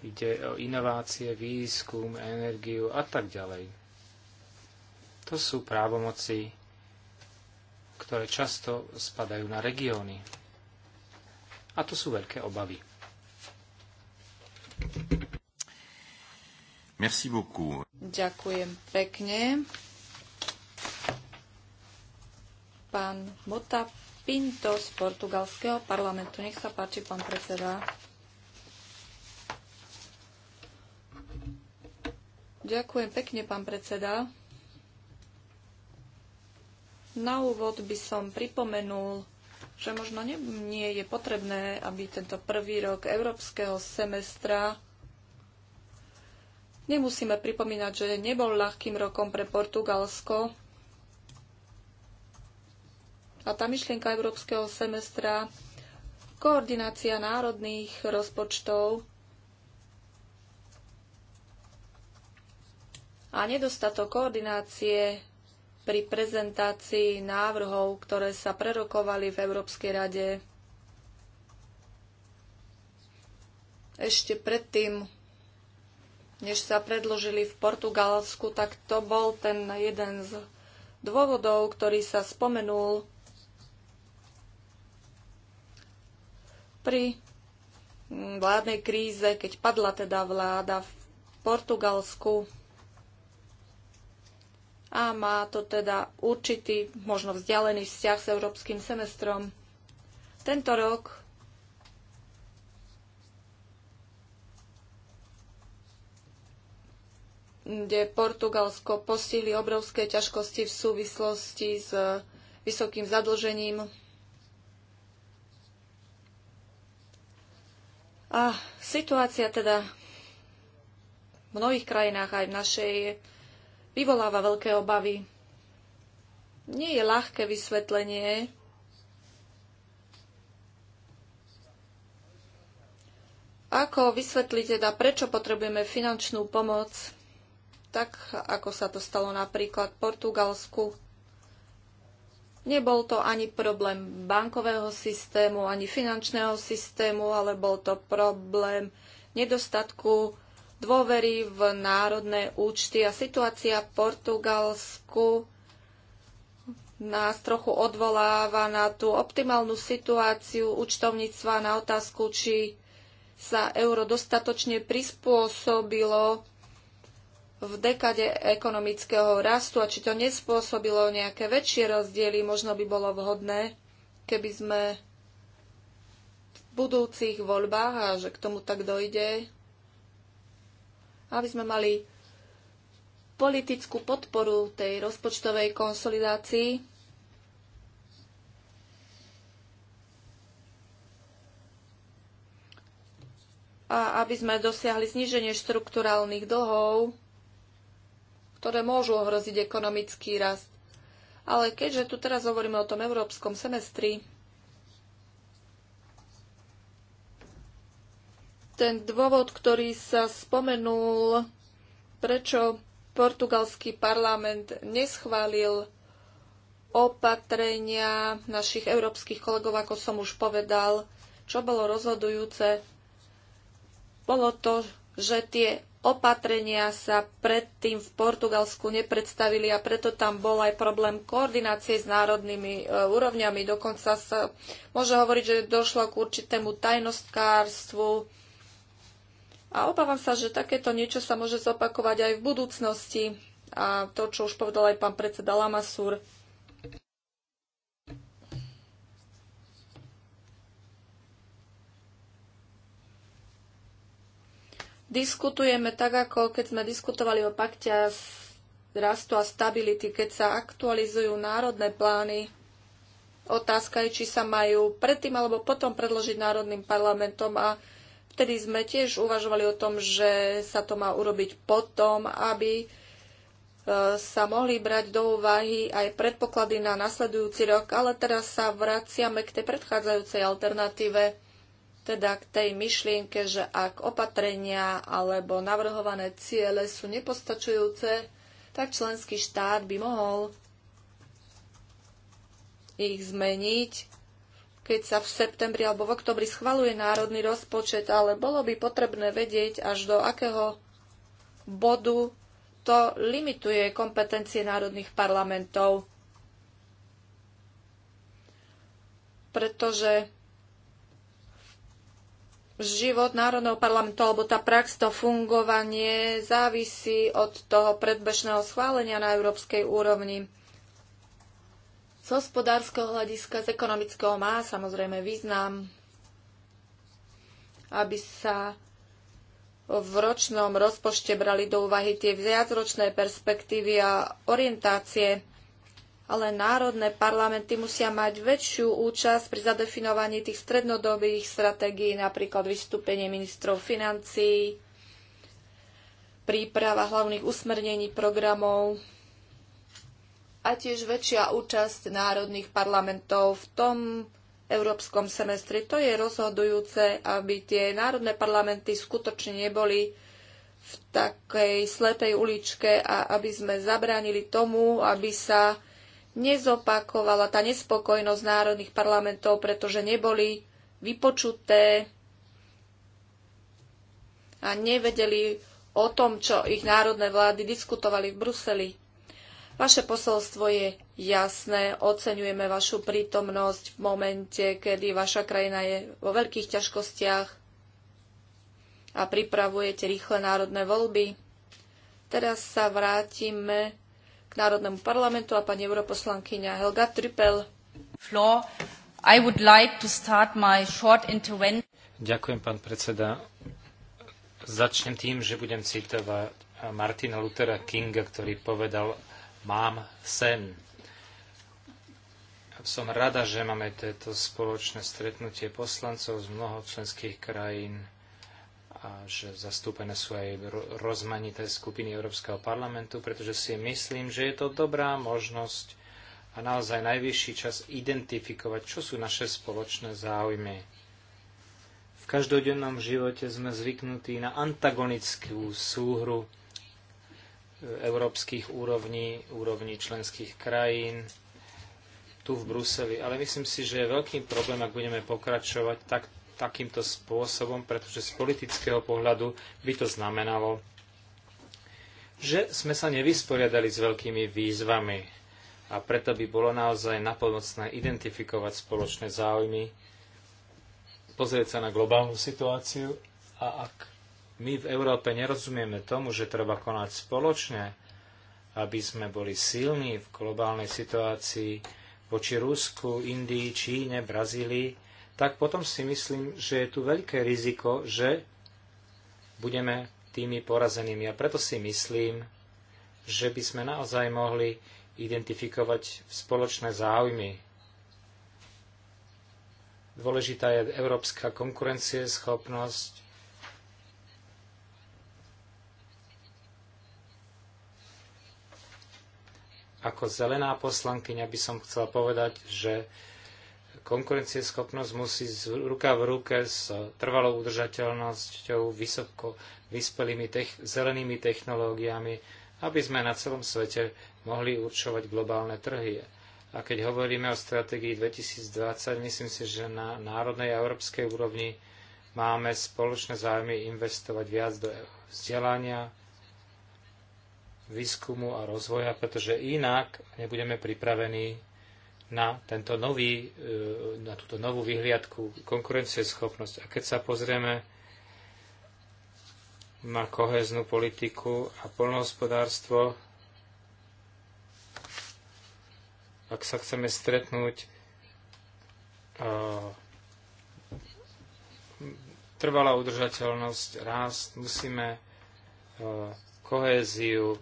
Ide o inovácie, výskum, energiu a tak ďalej. To sú právomoci ktoré často spadajú na regióny. A to sú veľké obavy. Merci beaucoup. Ďakujem pekne. Pán Mota Pinto z portugalského parlamentu. Nech sa páči, pán predseda. Ďakujem pekne, pán predseda. Na úvod by som pripomenul, že možno nie, nie je potrebné, aby tento prvý rok európskeho semestra nemusíme pripomínať, že nebol ľahkým rokom pre Portugalsko. A tá myšlienka európskeho semestra, koordinácia národných rozpočtov a nedostatok koordinácie pri prezentácii návrhov, ktoré sa prerokovali v Európskej rade ešte predtým, než sa predložili v Portugalsku, tak to bol ten jeden z dôvodov, ktorý sa spomenul pri mm, vládnej kríze, keď padla teda vláda v Portugalsku a má to teda určitý, možno vzdialený vzťah s európskym semestrom. Tento rok kde Portugalsko postihli obrovské ťažkosti v súvislosti s e, vysokým zadlžením. A situácia teda v mnohých krajinách aj v našej vyvoláva veľké obavy. Nie je ľahké vysvetlenie, Ako vysvetliť teda, prečo potrebujeme finančnú pomoc, tak ako sa to stalo napríklad v Portugalsku? Nebol to ani problém bankového systému, ani finančného systému, ale bol to problém nedostatku dôvery v národné účty a situácia v Portugalsku nás trochu odvoláva na tú optimálnu situáciu účtovníctva na otázku, či sa euro dostatočne prispôsobilo v dekade ekonomického rastu a či to nespôsobilo nejaké väčšie rozdiely, možno by bolo vhodné, keby sme v budúcich voľbách a že k tomu tak dojde, aby sme mali politickú podporu tej rozpočtovej konsolidácii. A aby sme dosiahli zníženie štrukturálnych dlhov, ktoré môžu ohroziť ekonomický rast. Ale keďže tu teraz hovoríme o tom európskom semestri, Ten dôvod, ktorý sa spomenul, prečo portugalský parlament neschválil opatrenia našich európskych kolegov, ako som už povedal, čo bolo rozhodujúce, bolo to, že tie opatrenia sa predtým v Portugalsku nepredstavili a preto tam bol aj problém koordinácie s národnými e, úrovňami. Dokonca sa môže hovoriť, že došlo k určitému tajnostkárstvu, a obávam sa, že takéto niečo sa môže zopakovať aj v budúcnosti. A to, čo už povedal aj pán predseda Lamasúr, diskutujeme tak, ako keď sme diskutovali o pakte rastu a stability, keď sa aktualizujú národné plány. Otázka je, či sa majú predtým alebo potom predložiť národným parlamentom a vtedy sme tiež uvažovali o tom, že sa to má urobiť potom, aby e, sa mohli brať do úvahy aj predpoklady na nasledujúci rok, ale teraz sa vraciame k tej predchádzajúcej alternatíve, teda k tej myšlienke, že ak opatrenia alebo navrhované ciele sú nepostačujúce, tak členský štát by mohol ich zmeniť keď sa v septembri alebo v oktobri schvaluje národný rozpočet, ale bolo by potrebné vedieť, až do akého bodu to limituje kompetencie národných parlamentov. Pretože život Národného parlamentu alebo tá prax, to fungovanie závisí od toho predbežného schválenia na európskej úrovni. Z hospodárskeho hľadiska, z ekonomického má samozrejme význam, aby sa v ročnom rozpočte brali do úvahy tie viacročné perspektívy a orientácie, ale národné parlamenty musia mať väčšiu účasť pri zadefinovaní tých strednodobých stratégií, napríklad vystúpenie ministrov financií, príprava hlavných usmernení programov a tiež väčšia účasť národných parlamentov v tom európskom semestri. To je rozhodujúce, aby tie národné parlamenty skutočne neboli v takej slepej uličke a aby sme zabránili tomu, aby sa nezopakovala tá nespokojnosť národných parlamentov, pretože neboli vypočuté a nevedeli o tom, čo ich národné vlády diskutovali v Bruseli. Vaše posolstvo je jasné, oceňujeme vašu prítomnosť v momente, kedy vaša krajina je vo veľkých ťažkostiach a pripravujete rýchle národné voľby. Teraz sa vrátime k Národnému parlamentu a pani europoslankyňa Helga Trippel. Floor. I would like to start my short intervention. Ďakujem, pán predseda. Začnem tým, že budem citovať Martina Luthera Kinga, ktorý povedal, mám sen. Som rada, že máme toto spoločné stretnutie poslancov z mnoho členských krajín a že zastúpené sú aj rozmanité skupiny Európskeho parlamentu, pretože si myslím, že je to dobrá možnosť a naozaj najvyšší čas identifikovať, čo sú naše spoločné záujmy. V každodennom živote sme zvyknutí na antagonickú súhru európskych úrovní, úrovní členských krajín, tu v Bruseli. Ale myslím si, že je veľký problém, ak budeme pokračovať tak, takýmto spôsobom, pretože z politického pohľadu by to znamenalo, že sme sa nevysporiadali s veľkými výzvami a preto by bolo naozaj napomocné identifikovať spoločné záujmy, pozrieť sa na globálnu situáciu a ak my v Európe nerozumieme tomu, že treba konať spoločne, aby sme boli silní v globálnej situácii voči Rusku, Indii, Číne, Brazílii, tak potom si myslím, že je tu veľké riziko, že budeme tými porazenými. A preto si myslím, že by sme naozaj mohli identifikovať spoločné záujmy. Dôležitá je európska konkurencieschopnosť, Ako zelená poslankyňa by som chcela povedať, že konkurencieschopnosť musí z ruka v ruke s trvalou udržateľnosťou, vysoko vyspelými tech, zelenými technológiami, aby sme na celom svete mohli určovať globálne trhy. A keď hovoríme o stratégii 2020, myslím si, že na národnej a európskej úrovni máme spoločné záujmy investovať viac do vzdelania, výskumu a rozvoja, pretože inak nebudeme pripravení na, tento nový, e, na túto novú vyhliadku konkurencieschopnosť. A keď sa pozrieme na koheznú politiku a polnohospodárstvo, ak sa chceme stretnúť e, trvalá udržateľnosť, rást, musíme e, kohéziu,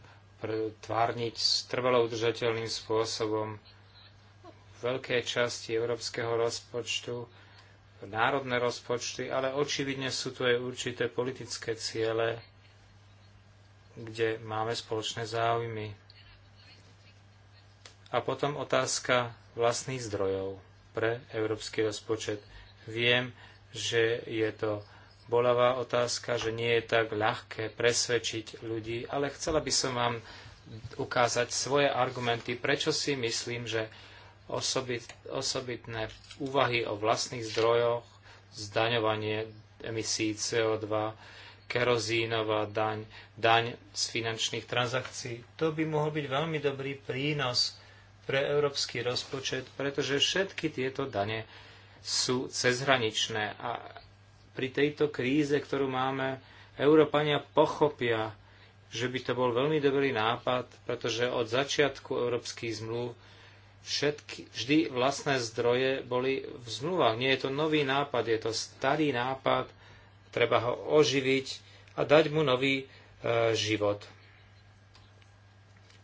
tvárniť trvalo udržateľným spôsobom. Veľké časti európskeho rozpočtu, národné rozpočty, ale očividne sú tu aj určité politické ciele, kde máme spoločné záujmy. A potom otázka vlastných zdrojov pre európsky rozpočet. Viem, že je to bolavá otázka, že nie je tak ľahké presvedčiť ľudí, ale chcela by som vám ukázať svoje argumenty, prečo si myslím, že osobit, osobitné úvahy o vlastných zdrojoch, zdaňovanie emisí CO2, kerozínová daň, daň z finančných transakcií. To by mohol byť veľmi dobrý prínos pre európsky rozpočet, pretože všetky tieto dane sú cezhraničné a pri tejto kríze, ktorú máme, Európania pochopia, že by to bol veľmi dobrý nápad, pretože od začiatku európskych zmluv všetky, vždy vlastné zdroje boli v zmluvách. Nie je to nový nápad, je to starý nápad, treba ho oživiť a dať mu nový e, život.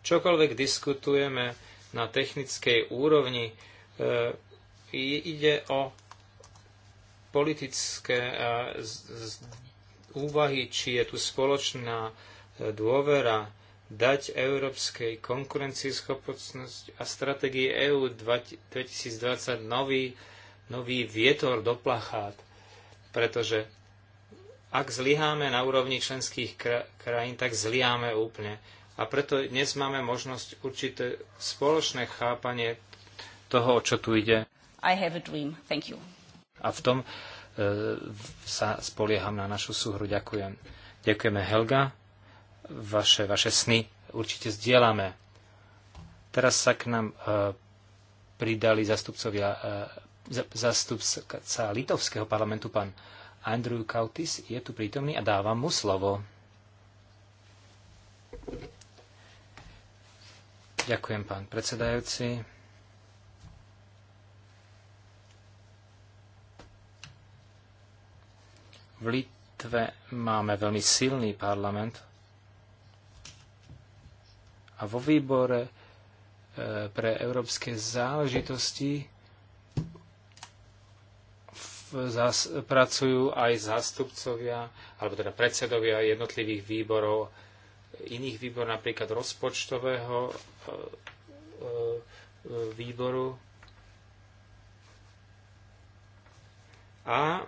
Čokoľvek diskutujeme na technickej úrovni, e, ide o politické úvahy, či je tu spoločná e, dôvera dať európskej konkurencieschopnosť a stratégie EU 2020 nový, nový vietor do plachát. Pretože ak zlyháme na úrovni členských krajín, tak zlyháme úplne. A preto dnes máme možnosť určité spoločné chápanie toho, o čo tu ide. I have a dream. Thank you a v tom e, sa spolieham na našu súhru. Ďakujem. Ďakujeme Helga. Vaše, vaše sny určite zdieľame. Teraz sa k nám e, pridali zastupcovia, e, zastupca litovského parlamentu, pán Andrew Kautis, je tu prítomný a dávam mu slovo. Ďakujem, pán predsedajúci. V Litve máme veľmi silný parlament a vo výbore e, pre európske záležitosti pracujú aj zástupcovia, alebo teda predsedovia jednotlivých výborov, iných výborov, napríklad rozpočtového e, e, výboru. A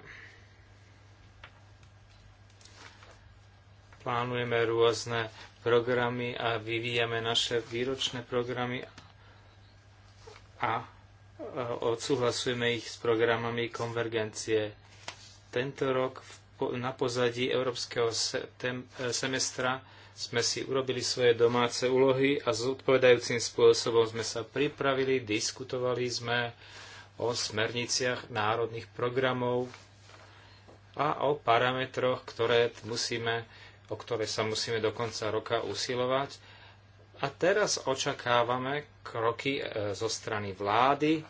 plánujeme rôzne programy a vyvíjame naše výročné programy a e, odsúhlasujeme ich s programami konvergencie. Tento rok na pozadí Európskeho e, semestra sme si urobili svoje domáce úlohy a zodpovedajúcim spôsobom sme sa pripravili, diskutovali sme o smerniciach národných programov a o parametroch, ktoré musíme o ktoré sa musíme do konca roka usilovať. A teraz očakávame kroky e, zo strany vlády,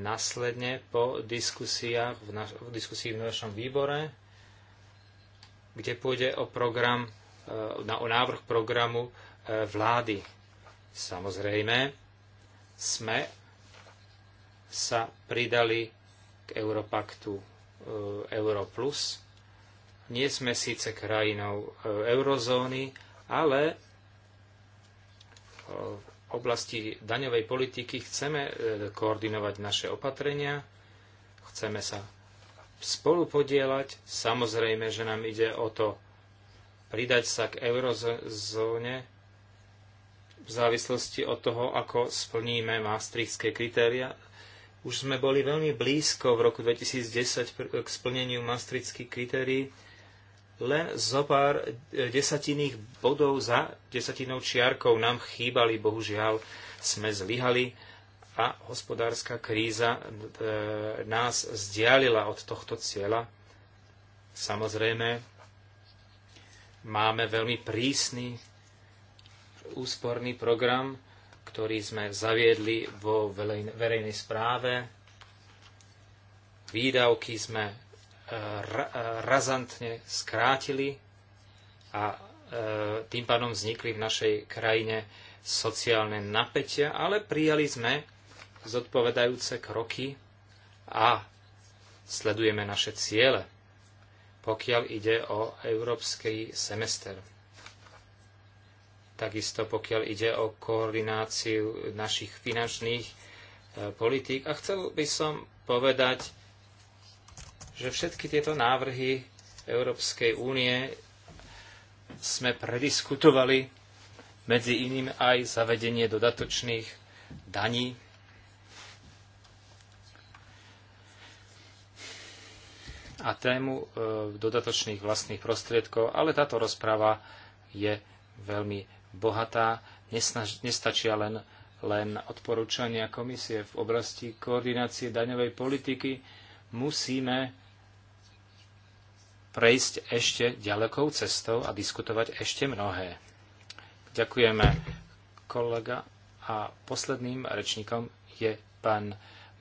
následne po diskusiách v, naš- v diskusii v našom výbore, kde pôjde o program, e, na, o návrh programu e, vlády. Samozrejme, sme sa pridali k Europaktu Europlus. Nie sme síce krajinou e, eurozóny, ale e, v oblasti daňovej politiky chceme e, koordinovať naše opatrenia, chceme sa spolupodielať. Samozrejme, že nám ide o to pridať sa k eurozóne v závislosti od toho, ako splníme maastrichtské kritéria. Už sme boli veľmi blízko v roku 2010 k splneniu maastrichtských kritérií len zo pár e, desatinných bodov za desatinou čiarkou nám chýbali, bohužiaľ sme zlyhali a hospodárska kríza e, nás zdialila od tohto cieľa. Samozrejme, máme veľmi prísny úsporný program, ktorý sme zaviedli vo verejnej správe. Výdavky sme razantne skrátili a e, tým pádom vznikli v našej krajine sociálne napätia, ale prijali sme zodpovedajúce kroky a sledujeme naše ciele, pokiaľ ide o európsky semester. Takisto pokiaľ ide o koordináciu našich finančných e, politík. A chcel by som povedať, že všetky tieto návrhy Európskej únie sme prediskutovali medzi iným aj zavedenie dodatočných daní. a tému e, dodatočných vlastných prostriedkov, ale táto rozprava je veľmi bohatá. Nesnaž, nestačia len, len odporúčania komisie v oblasti koordinácie daňovej politiky. Musíme prejsť ešte ďalekou cestou a diskutovať ešte mnohé. Ďakujeme kolega a posledným rečníkom je pán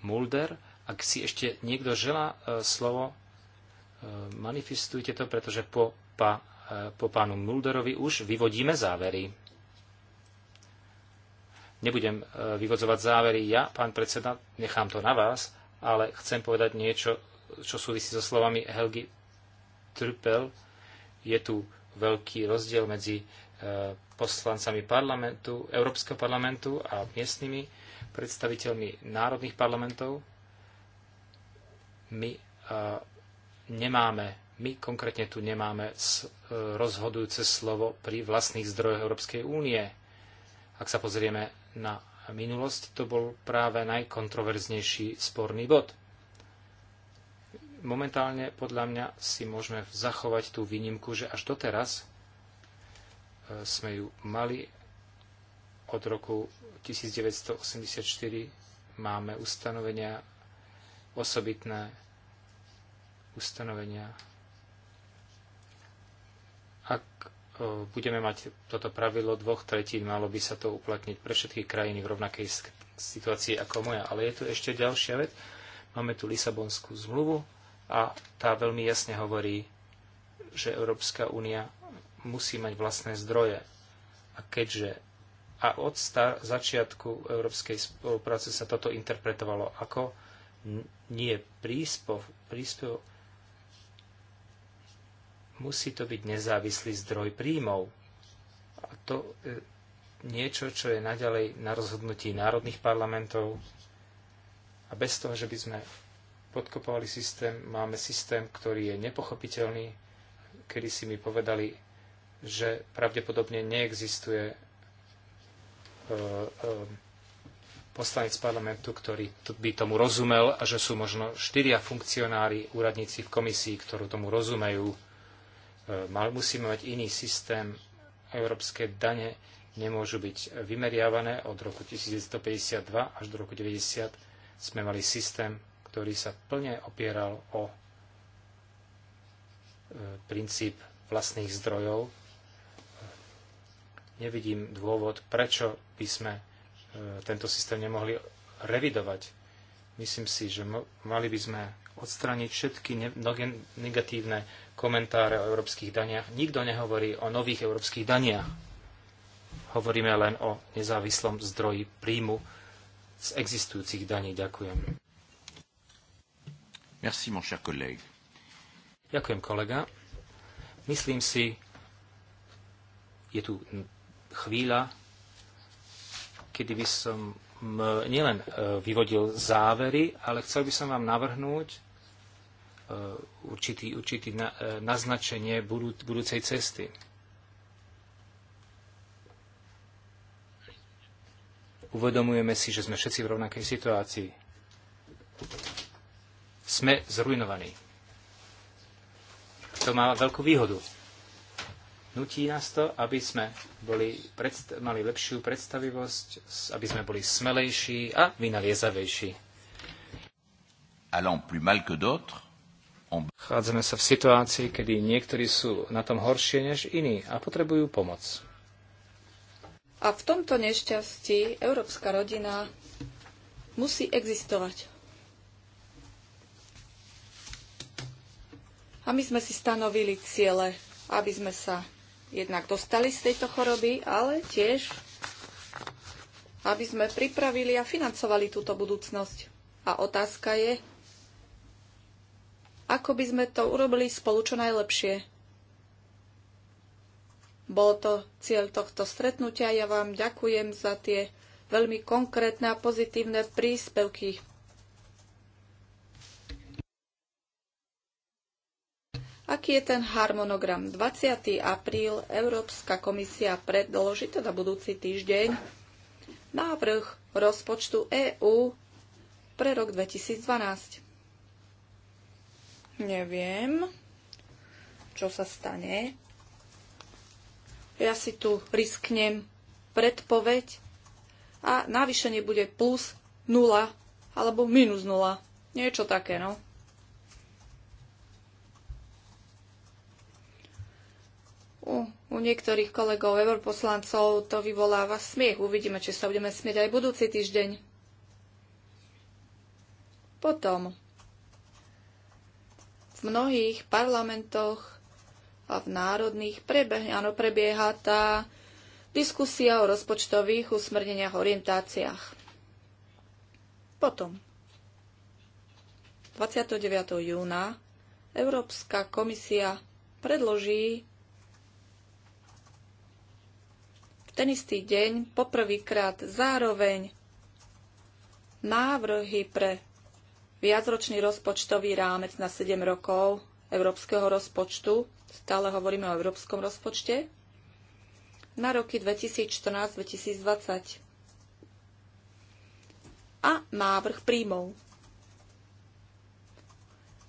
Mulder. Ak si ešte niekto želá e, slovo, e, manifestujte to, pretože po, pa, e, po pánu Mulderovi už vyvodíme závery. Nebudem vyvodzovať závery ja, pán predseda, nechám to na vás, ale chcem povedať niečo, čo súvisí so slovami Helgi trpel. Je tu veľký rozdiel medzi e, poslancami parlamentu, Európskeho parlamentu a miestnymi predstaviteľmi národných parlamentov. My e, nemáme my konkrétne tu nemáme e, rozhodujúce slovo pri vlastných zdrojoch Európskej únie. Ak sa pozrieme na minulosť, to bol práve najkontroverznejší sporný bod momentálne podľa mňa si môžeme zachovať tú výnimku, že až doteraz e, sme ju mali od roku 1984 máme ustanovenia osobitné ustanovenia. Ak e, budeme mať toto pravidlo dvoch tretín, malo by sa to uplatniť pre všetky krajiny v rovnakej situácii ako moja. Ale je tu ešte ďalšia vec. Máme tu Lisabonskú zmluvu, a tá veľmi jasne hovorí, že Európska únia musí mať vlastné zdroje. A keďže a od star- začiatku európskej spolupráce sa toto interpretovalo ako nie príspov, príspev, musí to byť nezávislý zdroj príjmov. A to e, niečo, čo je naďalej na rozhodnutí národných parlamentov a bez toho, že by sme podkopovali systém. Máme systém, ktorý je nepochopiteľný. Kedy si mi povedali, že pravdepodobne neexistuje e, e, poslanec parlamentu, ktorý by tomu rozumel a že sú možno štyria funkcionári, úradníci v komisii, ktorú tomu rozumejú. E, musíme mať iný systém. Európske dane nemôžu byť vymeriavané od roku 1952 až do roku 1990 sme mali systém, ktorý sa plne opieral o e, princíp vlastných zdrojov. E, nevidím dôvod, prečo by sme e, tento systém nemohli revidovať. Myslím si, že mali by sme odstrániť všetky negatívne komentáre o európskych daniach. Nikto nehovorí o nových európskych daniach. Hovoríme len o nezávislom zdroji príjmu z existujúcich daní. Ďakujem. Merci, mon cher collègue. Ďakujem, kolega. Myslím si, je tu chvíľa, kedy by som nielen e, vyvodil závery, ale chcel by som vám navrhnúť e, určitý, určitý e, naznačenie budúcej cesty. Uvedomujeme si, že sme všetci v rovnakej situácii. Sme zrujnovaní. To má veľkú výhodu. Nutí nás to, aby sme boli, mali lepšiu predstavivosť, aby sme boli smelejší a vynaliezavejší. Allant plus mal que d'autres, Chádzame sa v situácii, kedy niektorí sú na tom horšie než iní a potrebujú pomoc. A v tomto nešťastí európska rodina musí existovať. A my sme si stanovili ciele, aby sme sa jednak dostali z tejto choroby, ale tiež, aby sme pripravili a financovali túto budúcnosť. A otázka je, ako by sme to urobili spolu čo najlepšie. Bol to cieľ tohto stretnutia. Ja vám ďakujem za tie veľmi konkrétne a pozitívne príspevky. Aký je ten harmonogram? 20. apríl Európska komisia predloží, teda budúci týždeň, návrh rozpočtu EÚ pre rok 2012. Neviem, čo sa stane. Ja si tu risknem predpoveď a navýšenie bude plus 0 alebo minus 0. Niečo také, no. u, u niektorých kolegov europoslancov to vyvoláva smiech. Uvidíme, či sa budeme smieť aj budúci týždeň. Potom v mnohých parlamentoch a v národných prebehne, áno, prebieha tá diskusia o rozpočtových usmerneniach, orientáciách. Potom 29. júna Európska komisia predloží ten istý deň poprvýkrát zároveň návrhy pre viacročný rozpočtový rámec na 7 rokov európskeho rozpočtu, stále hovoríme o európskom rozpočte, na roky 2014-2020 a návrh príjmov.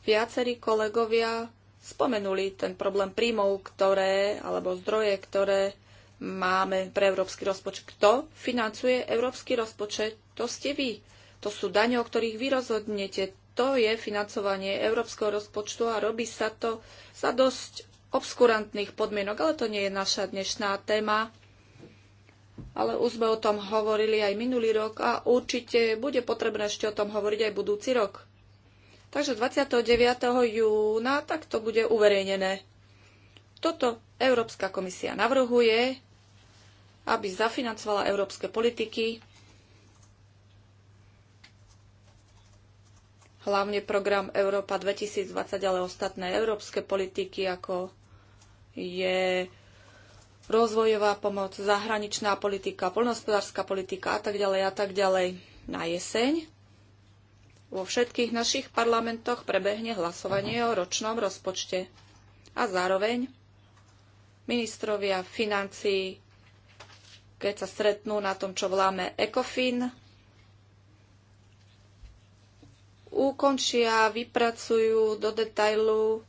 Viacerí kolegovia spomenuli ten problém príjmov, ktoré, alebo zdroje, ktoré máme pre európsky rozpočet. Kto financuje európsky rozpočet? To ste vy. To sú dane, o ktorých vy rozhodnete. To je financovanie európskeho rozpočtu a robí sa to za dosť obskurantných podmienok, ale to nie je naša dnešná téma. Ale už sme o tom hovorili aj minulý rok a určite bude potrebné ešte o tom hovoriť aj budúci rok. Takže 29. júna tak to bude uverejnené. Toto Európska komisia navrhuje aby zafinancovala európske politiky, hlavne program Európa 2020, ale ostatné európske politiky, ako je rozvojová pomoc, zahraničná politika, poľnohospodárska politika a tak ďalej a tak ďalej. Na jeseň vo všetkých našich parlamentoch prebehne hlasovanie o ročnom rozpočte. A zároveň ministrovia financií keď sa stretnú na tom, čo voláme ECOFIN, ukončia, vypracujú do detailu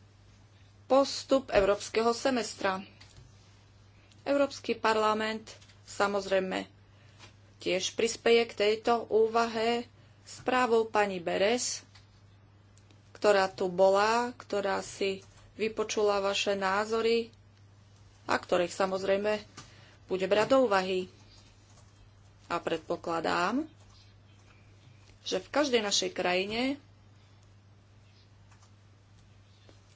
postup európskeho semestra. Európsky parlament samozrejme tiež prispeje k tejto úvahe správou pani Beres, ktorá tu bola, ktorá si vypočula vaše názory a ktorých samozrejme bude brať do úvahy. A predpokladám, že v každej našej krajine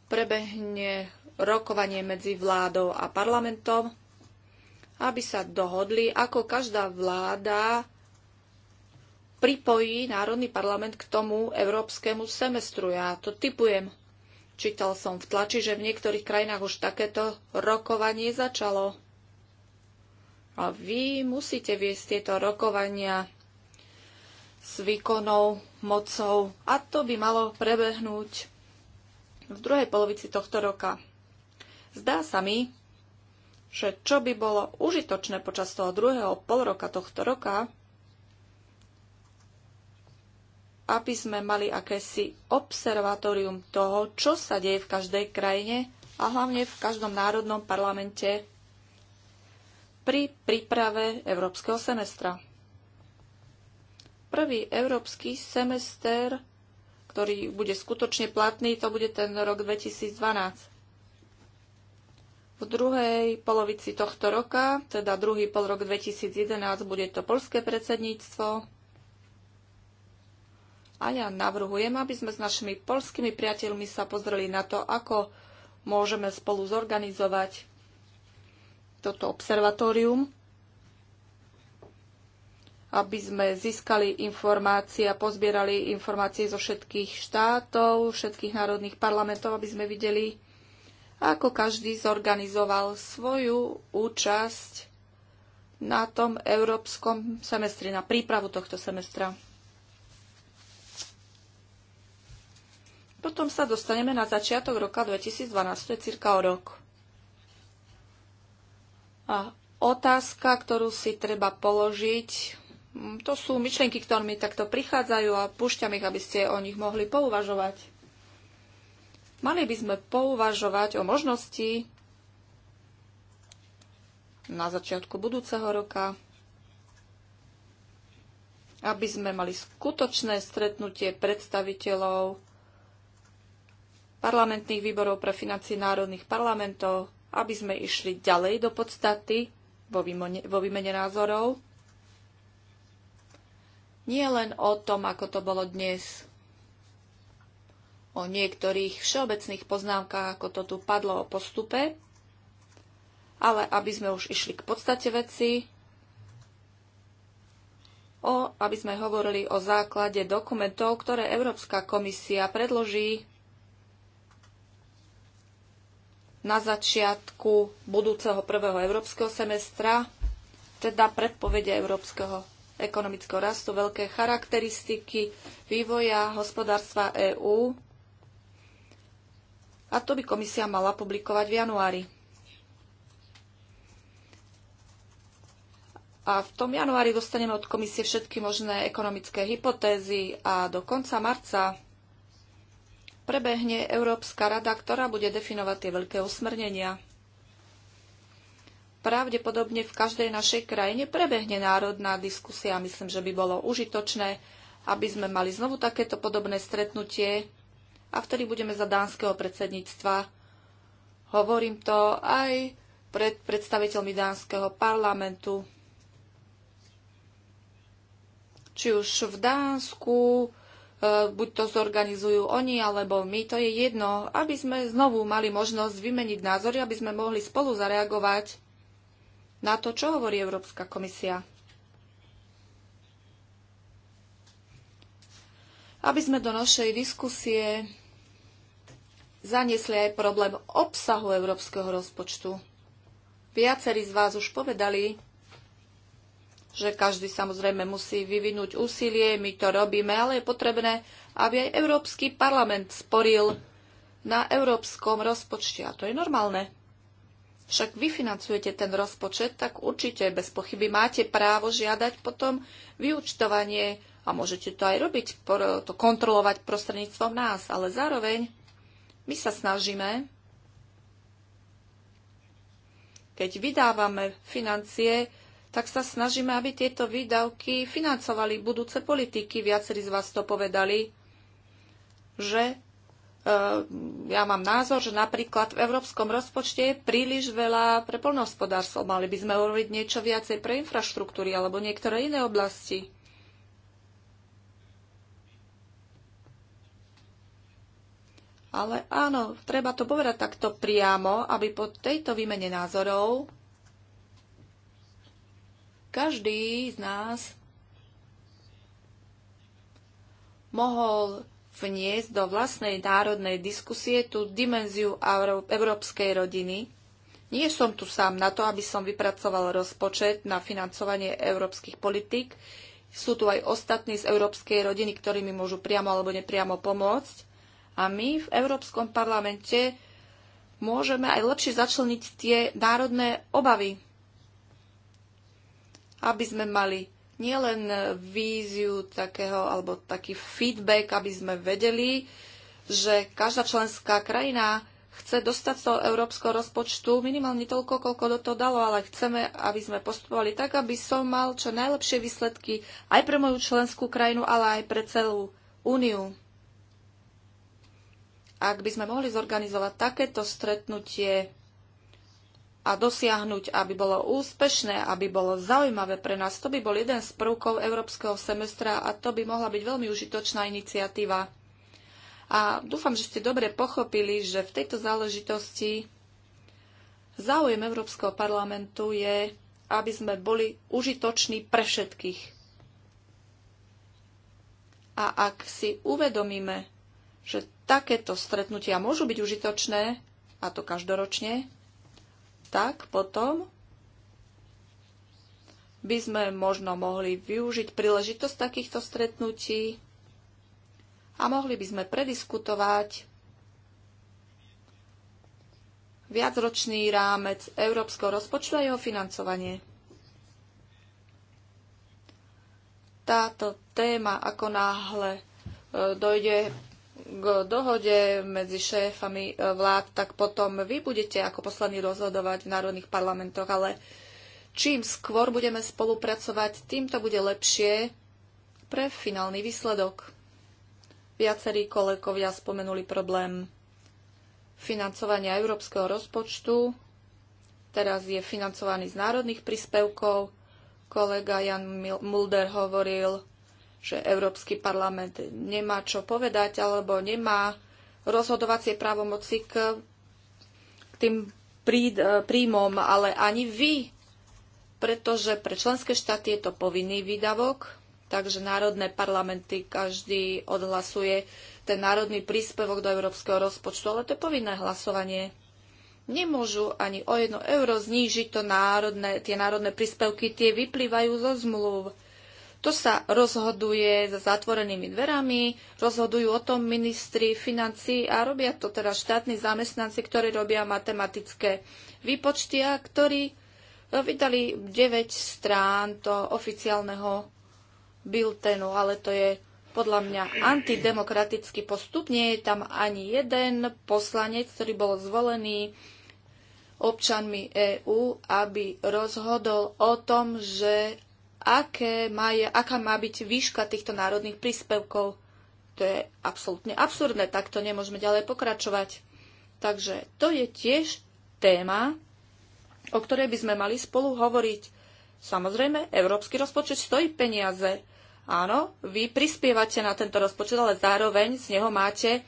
prebehne rokovanie medzi vládou a parlamentom, aby sa dohodli, ako každá vláda pripojí Národný parlament k tomu európskemu semestru. Ja to typujem. Čítal som v tlači, že v niektorých krajinách už takéto rokovanie začalo. A vy musíte viesť tieto rokovania s výkonou, mocou a to by malo prebehnúť v druhej polovici tohto roka. Zdá sa mi, že čo by bolo užitočné počas toho druhého polroka tohto roka, aby sme mali akési observatórium toho, čo sa deje v každej krajine a hlavne v každom národnom parlamente pri príprave európskeho semestra. Prvý európsky semester, ktorý bude skutočne platný, to bude ten rok 2012. V druhej polovici tohto roka, teda druhý pol rok 2011, bude to polské predsedníctvo. A ja navrhujem, aby sme s našimi polskými priateľmi sa pozreli na to, ako môžeme spolu zorganizovať toto observatórium, aby sme získali informácie a pozbierali informácie zo všetkých štátov, všetkých národných parlamentov, aby sme videli, ako každý zorganizoval svoju účasť na tom európskom semestri, na prípravu tohto semestra. Potom sa dostaneme na začiatok roka 2012, to je cirka o rok. A otázka, ktorú si treba položiť, mm, to sú myšlienky, ktoré mi takto prichádzajú a púšťam ich, aby ste o nich mohli pouvažovať. Mali by sme pouvažovať o možnosti na začiatku budúceho roka, aby sme mali skutočné stretnutie predstaviteľov parlamentných výborov pre financie národných parlamentov, aby sme išli ďalej do podstaty vo, výmone, vo výmene názorov. Nie len o tom, ako to bolo dnes, o niektorých všeobecných poznámkach, ako to tu padlo o postupe, ale aby sme už išli k podstate veci, o, aby sme hovorili o základe dokumentov, ktoré Európska komisia predloží na začiatku budúceho prvého európskeho semestra, teda predpovede európskeho ekonomického rastu, veľké charakteristiky vývoja hospodárstva EÚ. A to by komisia mala publikovať v januári. A v tom januári dostaneme od komisie všetky možné ekonomické hypotézy a do konca marca prebehne Európska rada, ktorá bude definovať tie veľké usmernenia. Pravdepodobne v každej našej krajine prebehne národná diskusia. Myslím, že by bolo užitočné, aby sme mali znovu takéto podobné stretnutie a vtedy budeme za dánskeho predsedníctva. Hovorím to aj pred predstaviteľmi dánskeho parlamentu. Či už v Dánsku, E, buď to zorganizujú oni alebo my, to je jedno, aby sme znovu mali možnosť vymeniť názory, aby sme mohli spolu zareagovať na to, čo hovorí Európska komisia. Aby sme do našej diskusie zaniesli aj problém obsahu európskeho rozpočtu. Viacerí z vás už povedali, že každý samozrejme musí vyvinúť úsilie, my to robíme, ale je potrebné, aby aj Európsky parlament sporil na európskom rozpočte. A to je normálne. Však vy financujete ten rozpočet, tak určite bez pochyby máte právo žiadať potom vyučtovanie a môžete to aj robiť, to kontrolovať prostredníctvom nás, ale zároveň my sa snažíme, keď vydávame financie, tak sa snažíme, aby tieto výdavky financovali budúce politiky. Viacerí z vás to povedali, že e, ja mám názor, že napríklad v európskom rozpočte je príliš veľa pre polnohospodárstvo. Mali by sme urobiť niečo viacej pre infraštruktúry alebo niektoré iné oblasti. Ale áno, treba to povedať takto priamo, aby po tejto výmene názorov každý z nás mohol vniesť do vlastnej národnej diskusie tú dimenziu európskej rodiny. Nie som tu sám na to, aby som vypracoval rozpočet na financovanie európskych politík. Sú tu aj ostatní z európskej rodiny, ktorí mi môžu priamo alebo nepriamo pomôcť. A my v Európskom parlamente môžeme aj lepšie začlniť tie národné obavy aby sme mali nielen víziu takého, alebo taký feedback, aby sme vedeli, že každá členská krajina chce dostať z toho európskeho rozpočtu minimálne toľko, koľko do toho dalo, ale chceme, aby sme postupovali tak, aby som mal čo najlepšie výsledky aj pre moju členskú krajinu, ale aj pre celú úniu. Ak by sme mohli zorganizovať takéto stretnutie a dosiahnuť, aby bolo úspešné, aby bolo zaujímavé pre nás. To by bol jeden z prvkov európskeho semestra a to by mohla byť veľmi užitočná iniciatíva. A dúfam, že ste dobre pochopili, že v tejto záležitosti záujem Európskeho parlamentu je, aby sme boli užitoční pre všetkých. A ak si uvedomíme, že takéto stretnutia môžu byť užitočné, a to každoročne, tak potom by sme možno mohli využiť príležitosť takýchto stretnutí a mohli by sme prediskutovať viacročný rámec európskeho rozpočtu a jeho financovanie. Táto téma, ako náhle e, dojde k dohode medzi šéfami eh, vlád, tak potom vy budete ako poslaní rozhodovať v národných parlamentoch, ale čím skôr budeme spolupracovať, tým to bude lepšie pre finálny výsledok. Viacerí kolegovia spomenuli problém financovania európskeho rozpočtu. Teraz je financovaný z národných príspevkov. Kolega Jan Mulder hovoril že Európsky parlament nemá čo povedať alebo nemá rozhodovacie právomoci k, k tým prí, e, príjmom, ale ani vy, pretože pre členské štáty je to povinný výdavok, takže národné parlamenty každý odhlasuje ten národný príspevok do európskeho rozpočtu, ale to je povinné hlasovanie. Nemôžu ani o jedno euro znížiť to národné, tie národné príspevky, tie vyplývajú zo zmluv. To sa rozhoduje za zatvorenými dverami, rozhodujú o tom ministri financí a robia to teda štátni zamestnanci, ktorí robia matematické výpočty a ktorí e, vydali 9 strán to oficiálneho biltenu, ale to je podľa mňa antidemokratický postup. Nie je tam ani jeden poslanec, ktorý bol zvolený občanmi EÚ, aby rozhodol o tom, že aké má je, aká má byť výška týchto národných príspevkov. To je absolútne absurdné, takto nemôžeme ďalej pokračovať. Takže to je tiež téma, o ktorej by sme mali spolu hovoriť. Samozrejme, európsky rozpočet stojí peniaze. Áno, vy prispievate na tento rozpočet, ale zároveň z neho máte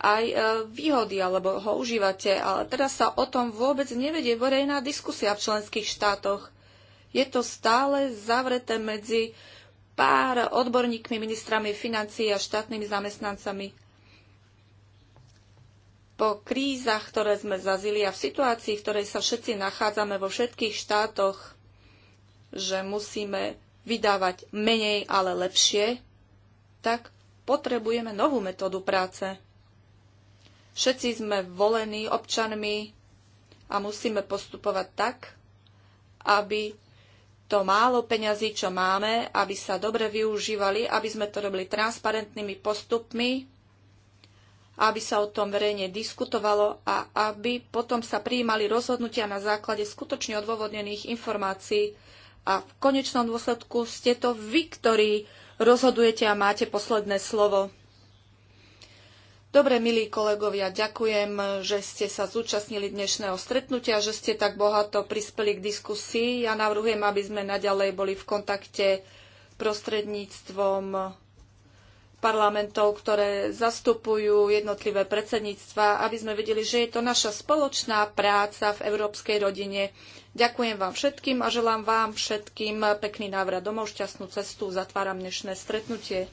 aj e, výhody, alebo ho užívate. Ale teraz sa o tom vôbec nevedie verejná diskusia v členských štátoch je to stále zavreté medzi pár odborníkmi, ministrami financií a štátnymi zamestnancami. Po krízach, ktoré sme zazili a v situácii, v ktorej sa všetci nachádzame vo všetkých štátoch, že musíme vydávať menej, ale lepšie, tak potrebujeme novú metódu práce. Všetci sme volení občanmi a musíme postupovať tak, aby to málo peňazí, čo máme, aby sa dobre využívali, aby sme to robili transparentnými postupmi, aby sa o tom verejne diskutovalo a aby potom sa prijímali rozhodnutia na základe skutočne odôvodnených informácií. A v konečnom dôsledku ste to vy, ktorí rozhodujete a máte posledné slovo. Dobre, milí kolegovia, ďakujem, že ste sa zúčastnili dnešného stretnutia, že ste tak bohato prispeli k diskusii. Ja navrhujem, aby sme naďalej boli v kontakte prostredníctvom parlamentov, ktoré zastupujú jednotlivé predsedníctva, aby sme vedeli, že je to naša spoločná práca v európskej rodine. Ďakujem vám všetkým a želám vám všetkým pekný návrat domov, šťastnú cestu. Zatváram dnešné stretnutie.